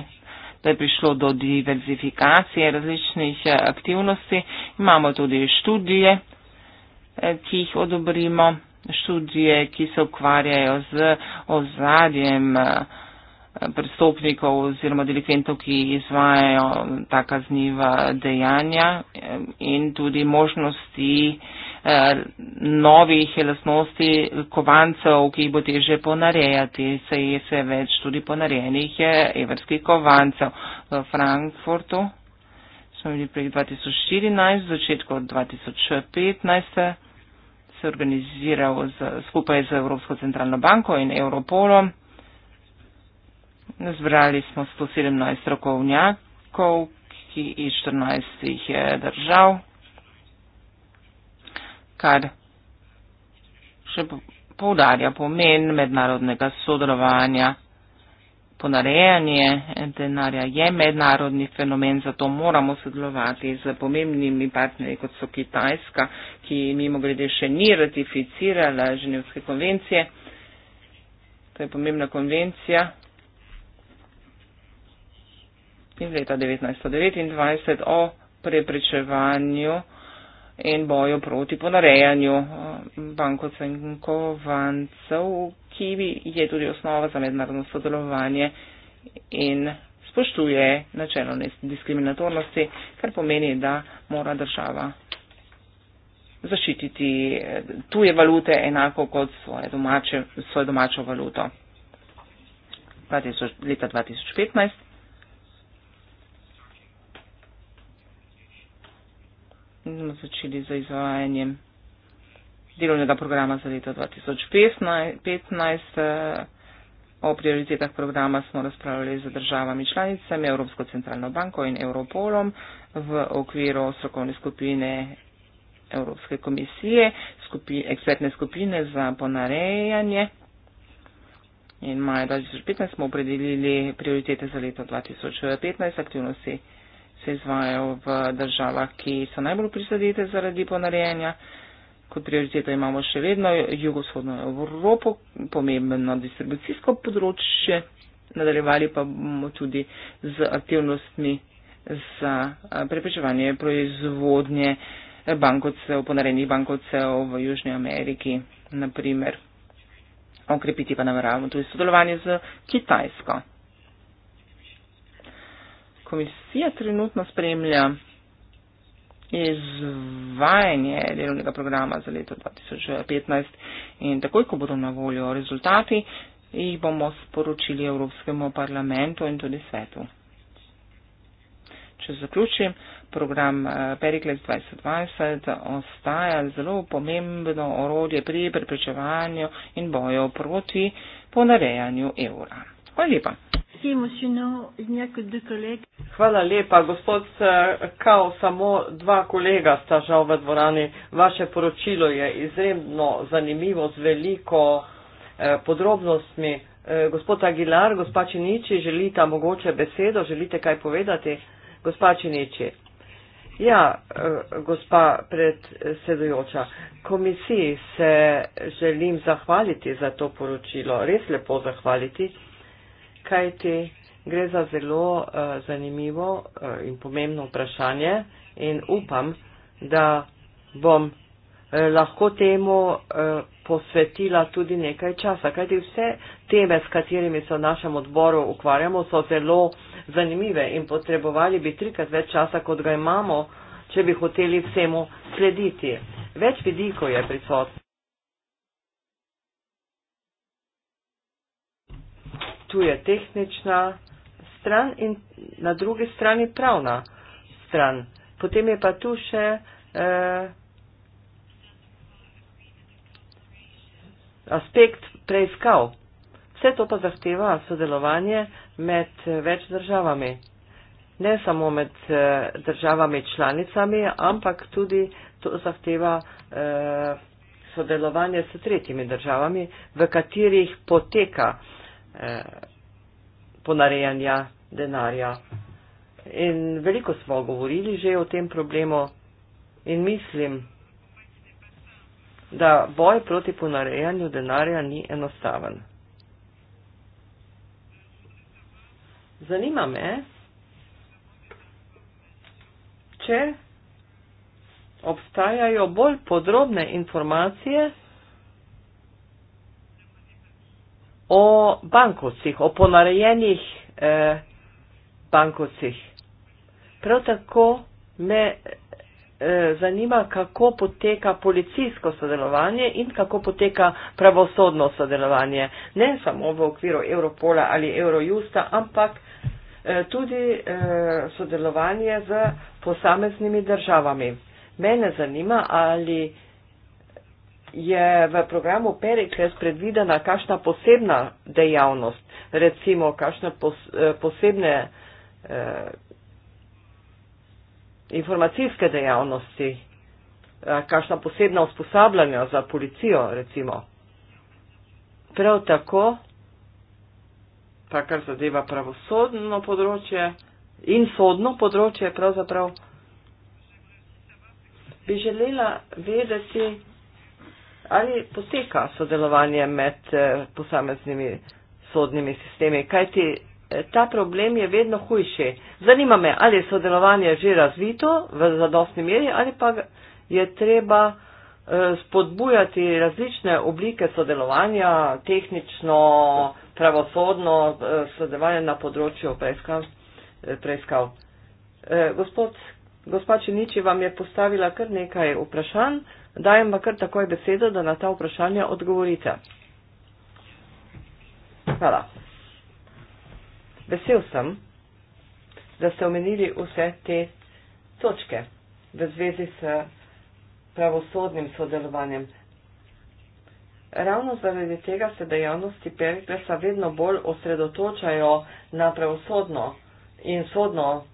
da je prišlo do diverzifikacije različnih eh, aktivnosti. Imamo tudi študije, eh, ki jih odobrimo študije, ki se ukvarjajo z ozadjem eh, prestopnikov oziroma delikventov, ki izvajajo ta kazniva dejanja eh, in tudi možnosti eh, novih lasnosti kovancev, ki jih bo teže ponarejati. Se je se več tudi ponarejenih evrskih kovancev v Frankfurtu. Smo bili prek 2014, v začetku 2015 se organiziral z, skupaj z Evropsko centralno banko in Europolom. Zbrali smo 117 strokovnjakov iz 14 eh, držav, kar še poudarja pomen mednarodnega sodelovanja ponarejanje denarja je mednarodni fenomen, zato moramo sodelovati z pomembnimi partnerji, kot so Kitajska, ki mimo grede še ni ratificirala Ženevske konvencije. To je pomembna konvencija. In leta 1929 o preprečevanju in boju proti ponarejanju eh, bankovcev in kovancev v Kivi je tudi osnova za mednarodno sodelovanje in spoštuje načelo diskriminatornosti, kar pomeni, da mora država zaščititi eh, tuje valute enako kot svoje domače, svojo domačo valuto. 2000, leta 2015 smo začeli z izvajanjem delovnega programa za leto 2015. Eh, o prioritetah programa smo razpravljali z državami članicami, Evropsko centralno banko in Europolom v okviru strokovne skupine Evropske komisije, skupine, ekspertne skupine za ponarejanje. In maja 2015 smo opredelili prioritete za leto 2015, aktivnosti se izvajajo v državah, ki so najbolj prizadete zaradi ponarejanja. Kot prioriteto imamo še vedno jugoshodno Evropo, pomembno distribucijsko področje. Nadaljevali pa bomo tudi z aktivnostmi za eh, preprečevanje proizvodnje bankovcev, ponarejenih bankovcev v Južni Ameriki, naprimer. Okrepiti pa nameravamo tudi sodelovanje z Kitajsko komisija trenutno spremlja izvajanje delovnega programa za leto 2015 in takoj, ko bodo na voljo rezultati, jih bomo sporočili Evropskemu parlamentu in tudi svetu. Če zaključim, program eh, Pericles 2020 ostaja zelo pomembno orodje pri preprečevanju in boju proti ponarejanju evra. Hvala lepa. Hvala lepa, gospod eh, Kao, samo dva kolega sta žal v dvorani. Vaše poročilo je izredno zanimivo z veliko eh, podrobnostmi. Eh, gospod Aguilar, gospa Činiči, želite mogoče besedo, želite kaj povedati? Gospa Činiči. Ja, eh, gospa predsedujoča, komisiji se želim zahvaliti za to poročilo, res lepo zahvaliti kajti gre za zelo uh, zanimivo uh, in pomembno vprašanje in upam, da bom eh, lahko temu eh, posvetila tudi nekaj časa, kajti vse teme, s katerimi se v našem odboru ukvarjamo, so zelo zanimive in potrebovali bi trikrat več časa, kot ga imamo, če bi hoteli vsemu slediti. Več vidikov je prisotno. tu je tehnična stran in na drugi strani pravna stran. Potem je pa tu še eh, aspekt preiskav. Vse to pa zahteva sodelovanje med eh, več državami. Ne samo med eh, državami članicami, ampak tudi to zahteva eh, sodelovanje s tretjimi državami, v katerih poteka eh, Eh, ponarejanja denarja. In veliko smo govorili že o tem problemu in mislim, da boj proti ponarejanju denarja ni enostaven. Zanima me, če obstajajo bolj podrobne informacije, o bankovcih, o ponarejenih eh, bankovcih. Prav tako me eh, zanima, kako poteka policijsko sodelovanje in kako poteka pravosodno sodelovanje, ne samo v okviru Europola ali Eurojusta, ampak eh, tudi eh, sodelovanje z posameznimi državami. Mene zanima, ali je v programu Perikles predvidena kakšna posebna dejavnost, recimo kakšne pos, eh, posebne eh, informacijske dejavnosti, eh, kakšna posebna usposabljanja za policijo, recimo. Prav tako, pa kar zadeva pravosodno področje in sodno področje, pravzaprav bi želela vedeti, ali poteka sodelovanje med eh, posameznimi sodnimi sistemi, kajti eh, ta problem je vedno hujši. Zanima me, ali je sodelovanje že razvito v zadostni meri ali pa je treba eh, spodbujati različne oblike sodelovanja, tehnično, pravosodno, sodelovanje na področju preiskav. preiskav. Gospod, gospa Činiči vam je postavila kar nekaj vprašanj dajem pa kar takoj besedo, da na ta vprašanja odgovorite. Hvala. Vesel sem, da ste omenili vse te točke v zvezi s pravosodnim sodelovanjem. Ravno zaradi tega se dejavnosti Periklesa vedno bolj osredotočajo na pravosodno in sodno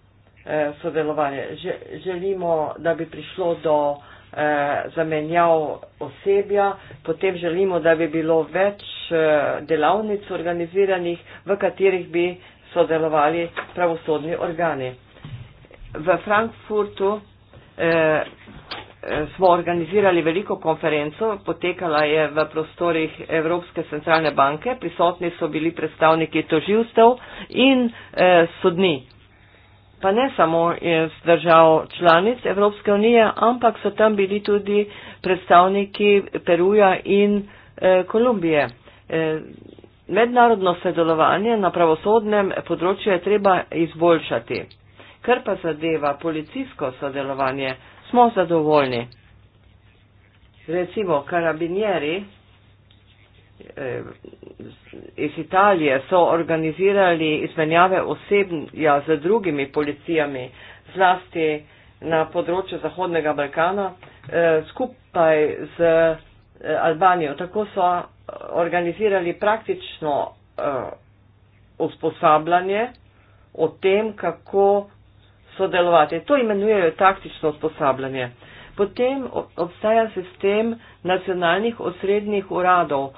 eh, sodelovanje. Že, želimo, da bi prišlo do eh, Eh, zamenjav osebja, potem želimo, da bi bilo več eh, delavnic organiziranih, v katerih bi sodelovali pravosodni organi. V Frankfurtu eh, smo organizirali veliko konferenco, potekala je v prostorih Evropske centralne banke, prisotni so bili predstavniki toživstev in sodni pa ne samo iz držav članic Evropske unije, ampak so tam bili tudi predstavniki Peruja in e, Kolumbije. E, mednarodno sodelovanje na pravosodnem področju je treba izboljšati. Kar pa zadeva policijsko sodelovanje, smo zadovoljni. Recimo, karabinjeri, eh, iz Italije so organizirali izmenjave osebja z drugimi policijami, zlasti na področju Zahodnega Balkana, eh, skupaj z eh, Albanijo. Tako so eh, organizirali praktično usposabljanje o tem, kako sodelovati. To imenujejo taktično usposabljanje. Potem obstaja sistem nacionalnih osrednjih uradov,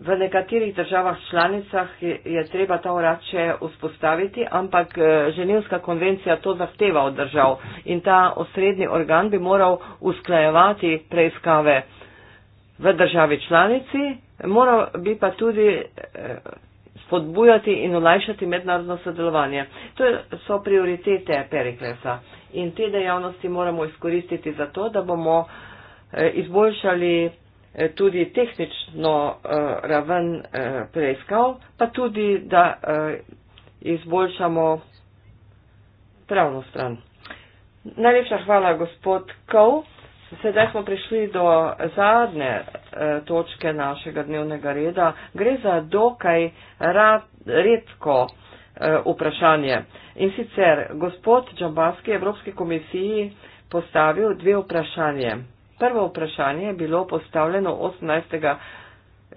V nekaterih državah članicah je, je treba ta urad še vzpostaviti, ampak eh, Ženevska konvencija to zahteva od držav in ta osrednji organ bi moral usklajevati preiskave v državi članici, moral bi pa tudi eh, spodbujati in olajšati mednarodno sodelovanje. To so prioritete Periklesa in te dejavnosti moramo izkoristiti za to, da bomo eh, izboljšali Eh, tudi tehnično eh, raven eh, preiskav, pa tudi, da izboljšamo pravno stran. Najlepša hvala, gospod Kov. Sedaj smo prišli do zadnje točke našega dnevnega reda. Gre za dokaj redko vprašanje. In sicer gospod Džambaski Evropski komisiji postavil dve vprašanje prvo vprašanje je bilo postavljeno 18.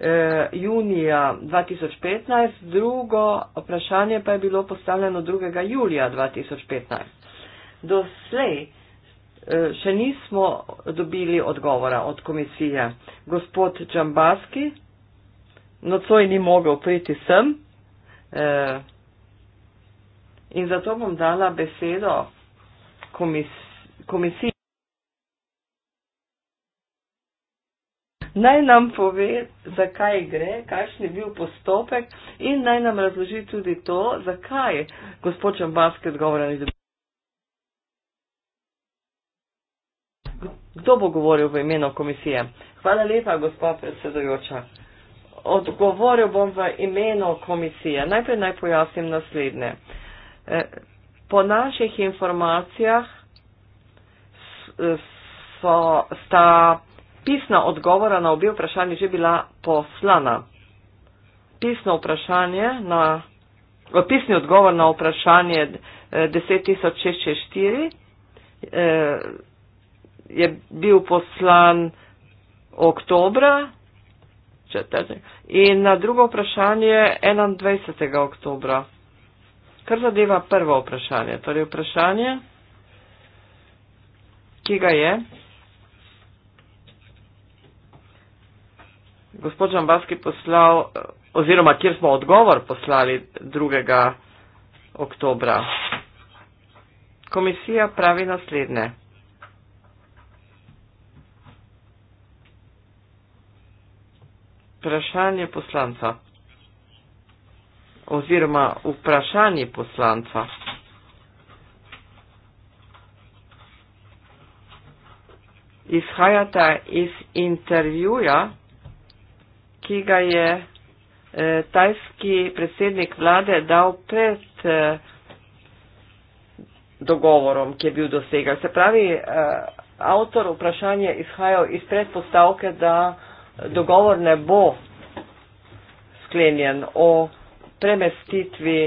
Eh, junija 2015, drugo vprašanje pa je bilo postavljeno 2. julija 2015. Doslej eh, še nismo dobili odgovora od komisije. Gospod Džambaski, nocoj ni mogel priti sem. Eh, in zato bom dala besedo komisiji. naj nam pove, zakaj gre, kakšen je bil postopek in naj nam razloži tudi to, zakaj gospod Čambaske odgovora ni dobil. Kdo bo govoril v imenu komisije? Hvala lepa, gospod predsedujoča. Odgovoril bom v imenu komisije. Najprej naj pojasnim naslednje. Eh, po naših informacijah eh, so, sta pisna odgovora na obe vprašanje že bila poslana. Pisno vprašanje na, pisni odgovor na vprašanje 10.664 eh, eh, je bil poslan oktobra in na drugo vprašanje 21. oktobra. Kar zadeva prvo vprašanje, torej vprašanje, ki ga je gospod Žambaski poslal, oziroma kjer smo odgovor poslali 2. oktobra. Komisija pravi naslednje. Vprašanje poslanca. Oziroma vprašanje poslanca. Izhajate iz intervjuja, ki ga je eh, tajski predsednik vlade dal pred eh, dogovorom, ki je bil dosegan. Se pravi, eh, avtor vprašanja izhajal iz predpostavke, da dogovor ne bo sklenjen o premestitvi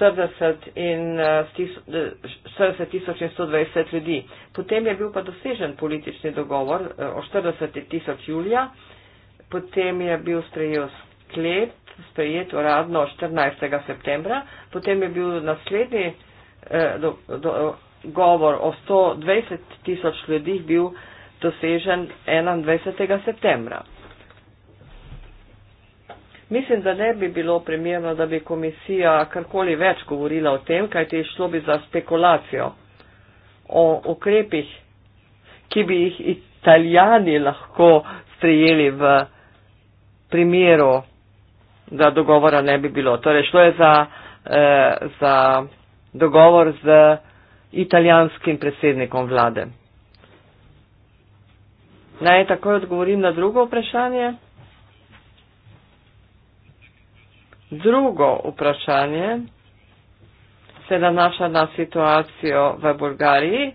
40 in 40 eh, tisoč in 120 ljudi. Potem je bil pa dosežen politični dogovor eh, o 40 tisoč julija potem je bil sprejel sklep, sprejet uradno 14. septembra, potem je bil naslednji eh, do, do, govor o 120 tisoč ljudih bil dosežen 21. septembra. Mislim, da ne bi bilo primerno, da bi komisija karkoli več govorila o tem, kaj ti šlo bi za spekulacijo o ukrepih, ki bi jih italijani lahko sprejeli v primeru, da dogovora ne bi bilo. Torej, šlo je za, eh, za dogovor z italijanskim predsednikom vlade. Naj takoj odgovorim na drugo vprašanje. Drugo vprašanje se nanaša na situacijo v Bulgariji.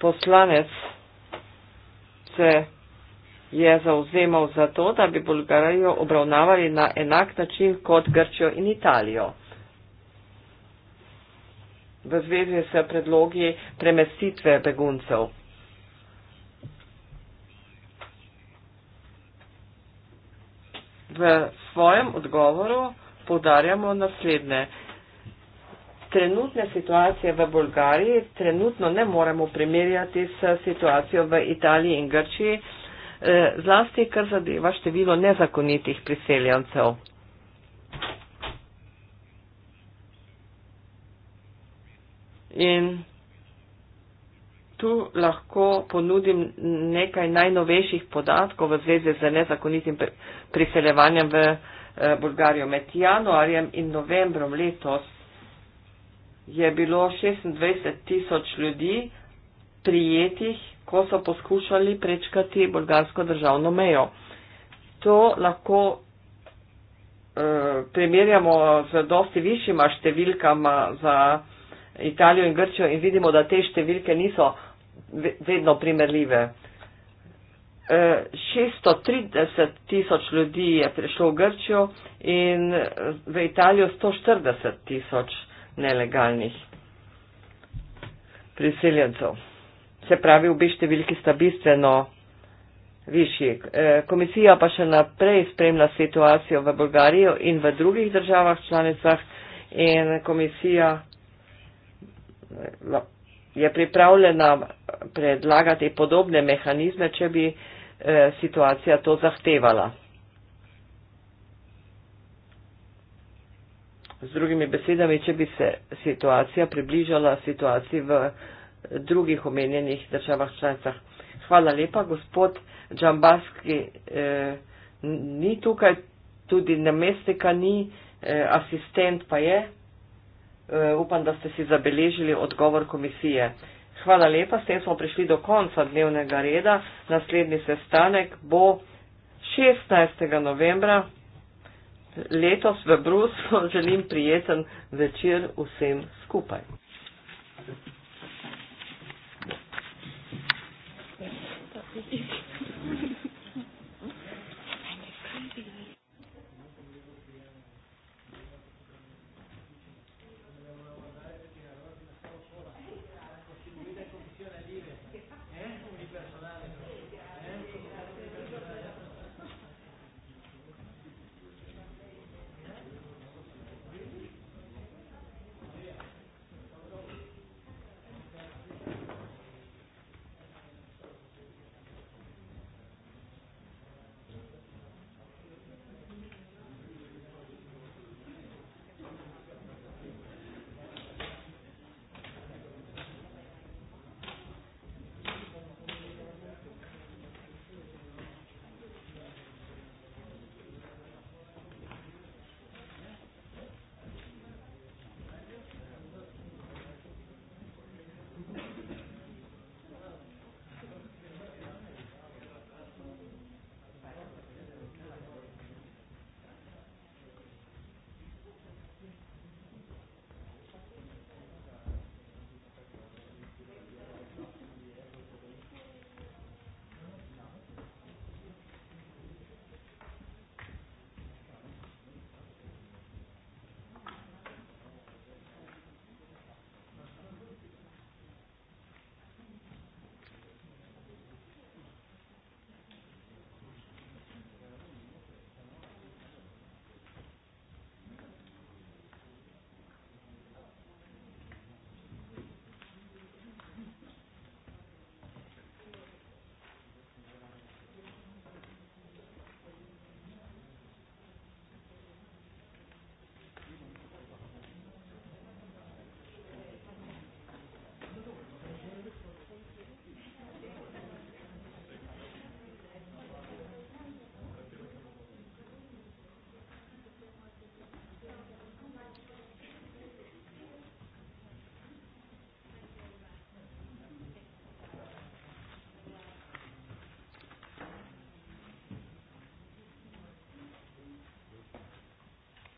Poslanec se je zauzemal za to, da bi Bulgarijo obravnavali na enak način kot Grčijo in Italijo. V zvezi s predlogi premestitve beguncev. V svojem odgovoru podarjamo naslednje. Trenutne situacije v Bulgariji trenutno ne moremo primerjati s situacijo v Italiji in Grčiji, Eh, zlasti kar zadeva število nezakonitih priseljancev. In tu lahko ponudim nekaj najnovejših podatkov v zvezi z nezakonitim priseljevanjem v eh, Bulgarijo. Med januarjem in novembrom letos je bilo 26 tisoč ljudi, prijetih, ko so poskušali prečkati bolgarsko državno mejo. To lahko eh, primerjamo z dosti višjima številkama za Italijo in Grčijo in vidimo, da te številke niso vedno primerljive. E, eh, 630 tisoč ljudi je prišlo v Grčijo in eh, v Italijo 140 tisoč nelegalnih priseljencev se pravi, obi številki sta bistveno višji. Eh, komisija pa še naprej spremlja situacijo v Bolgarijo in v drugih državah članicah in komisija eh, je pripravljena predlagati podobne mehanizme, če bi eh, situacija to zahtevala. Z drugimi besedami, če bi se situacija približala situaciji v drugih omenjenih državah članicah. Hvala lepa, gospod Džambaski eh, ni tukaj, tudi namestnika ni, eh, asistent pa je. Eh, upam, da ste si zabeležili odgovor komisije. Hvala lepa, s tem smo prišli do konca dnevnega reda. Naslednji sestanek bo 16. novembra letos v Bruslu. (laughs) Želim prijeten večer vsem skupaj.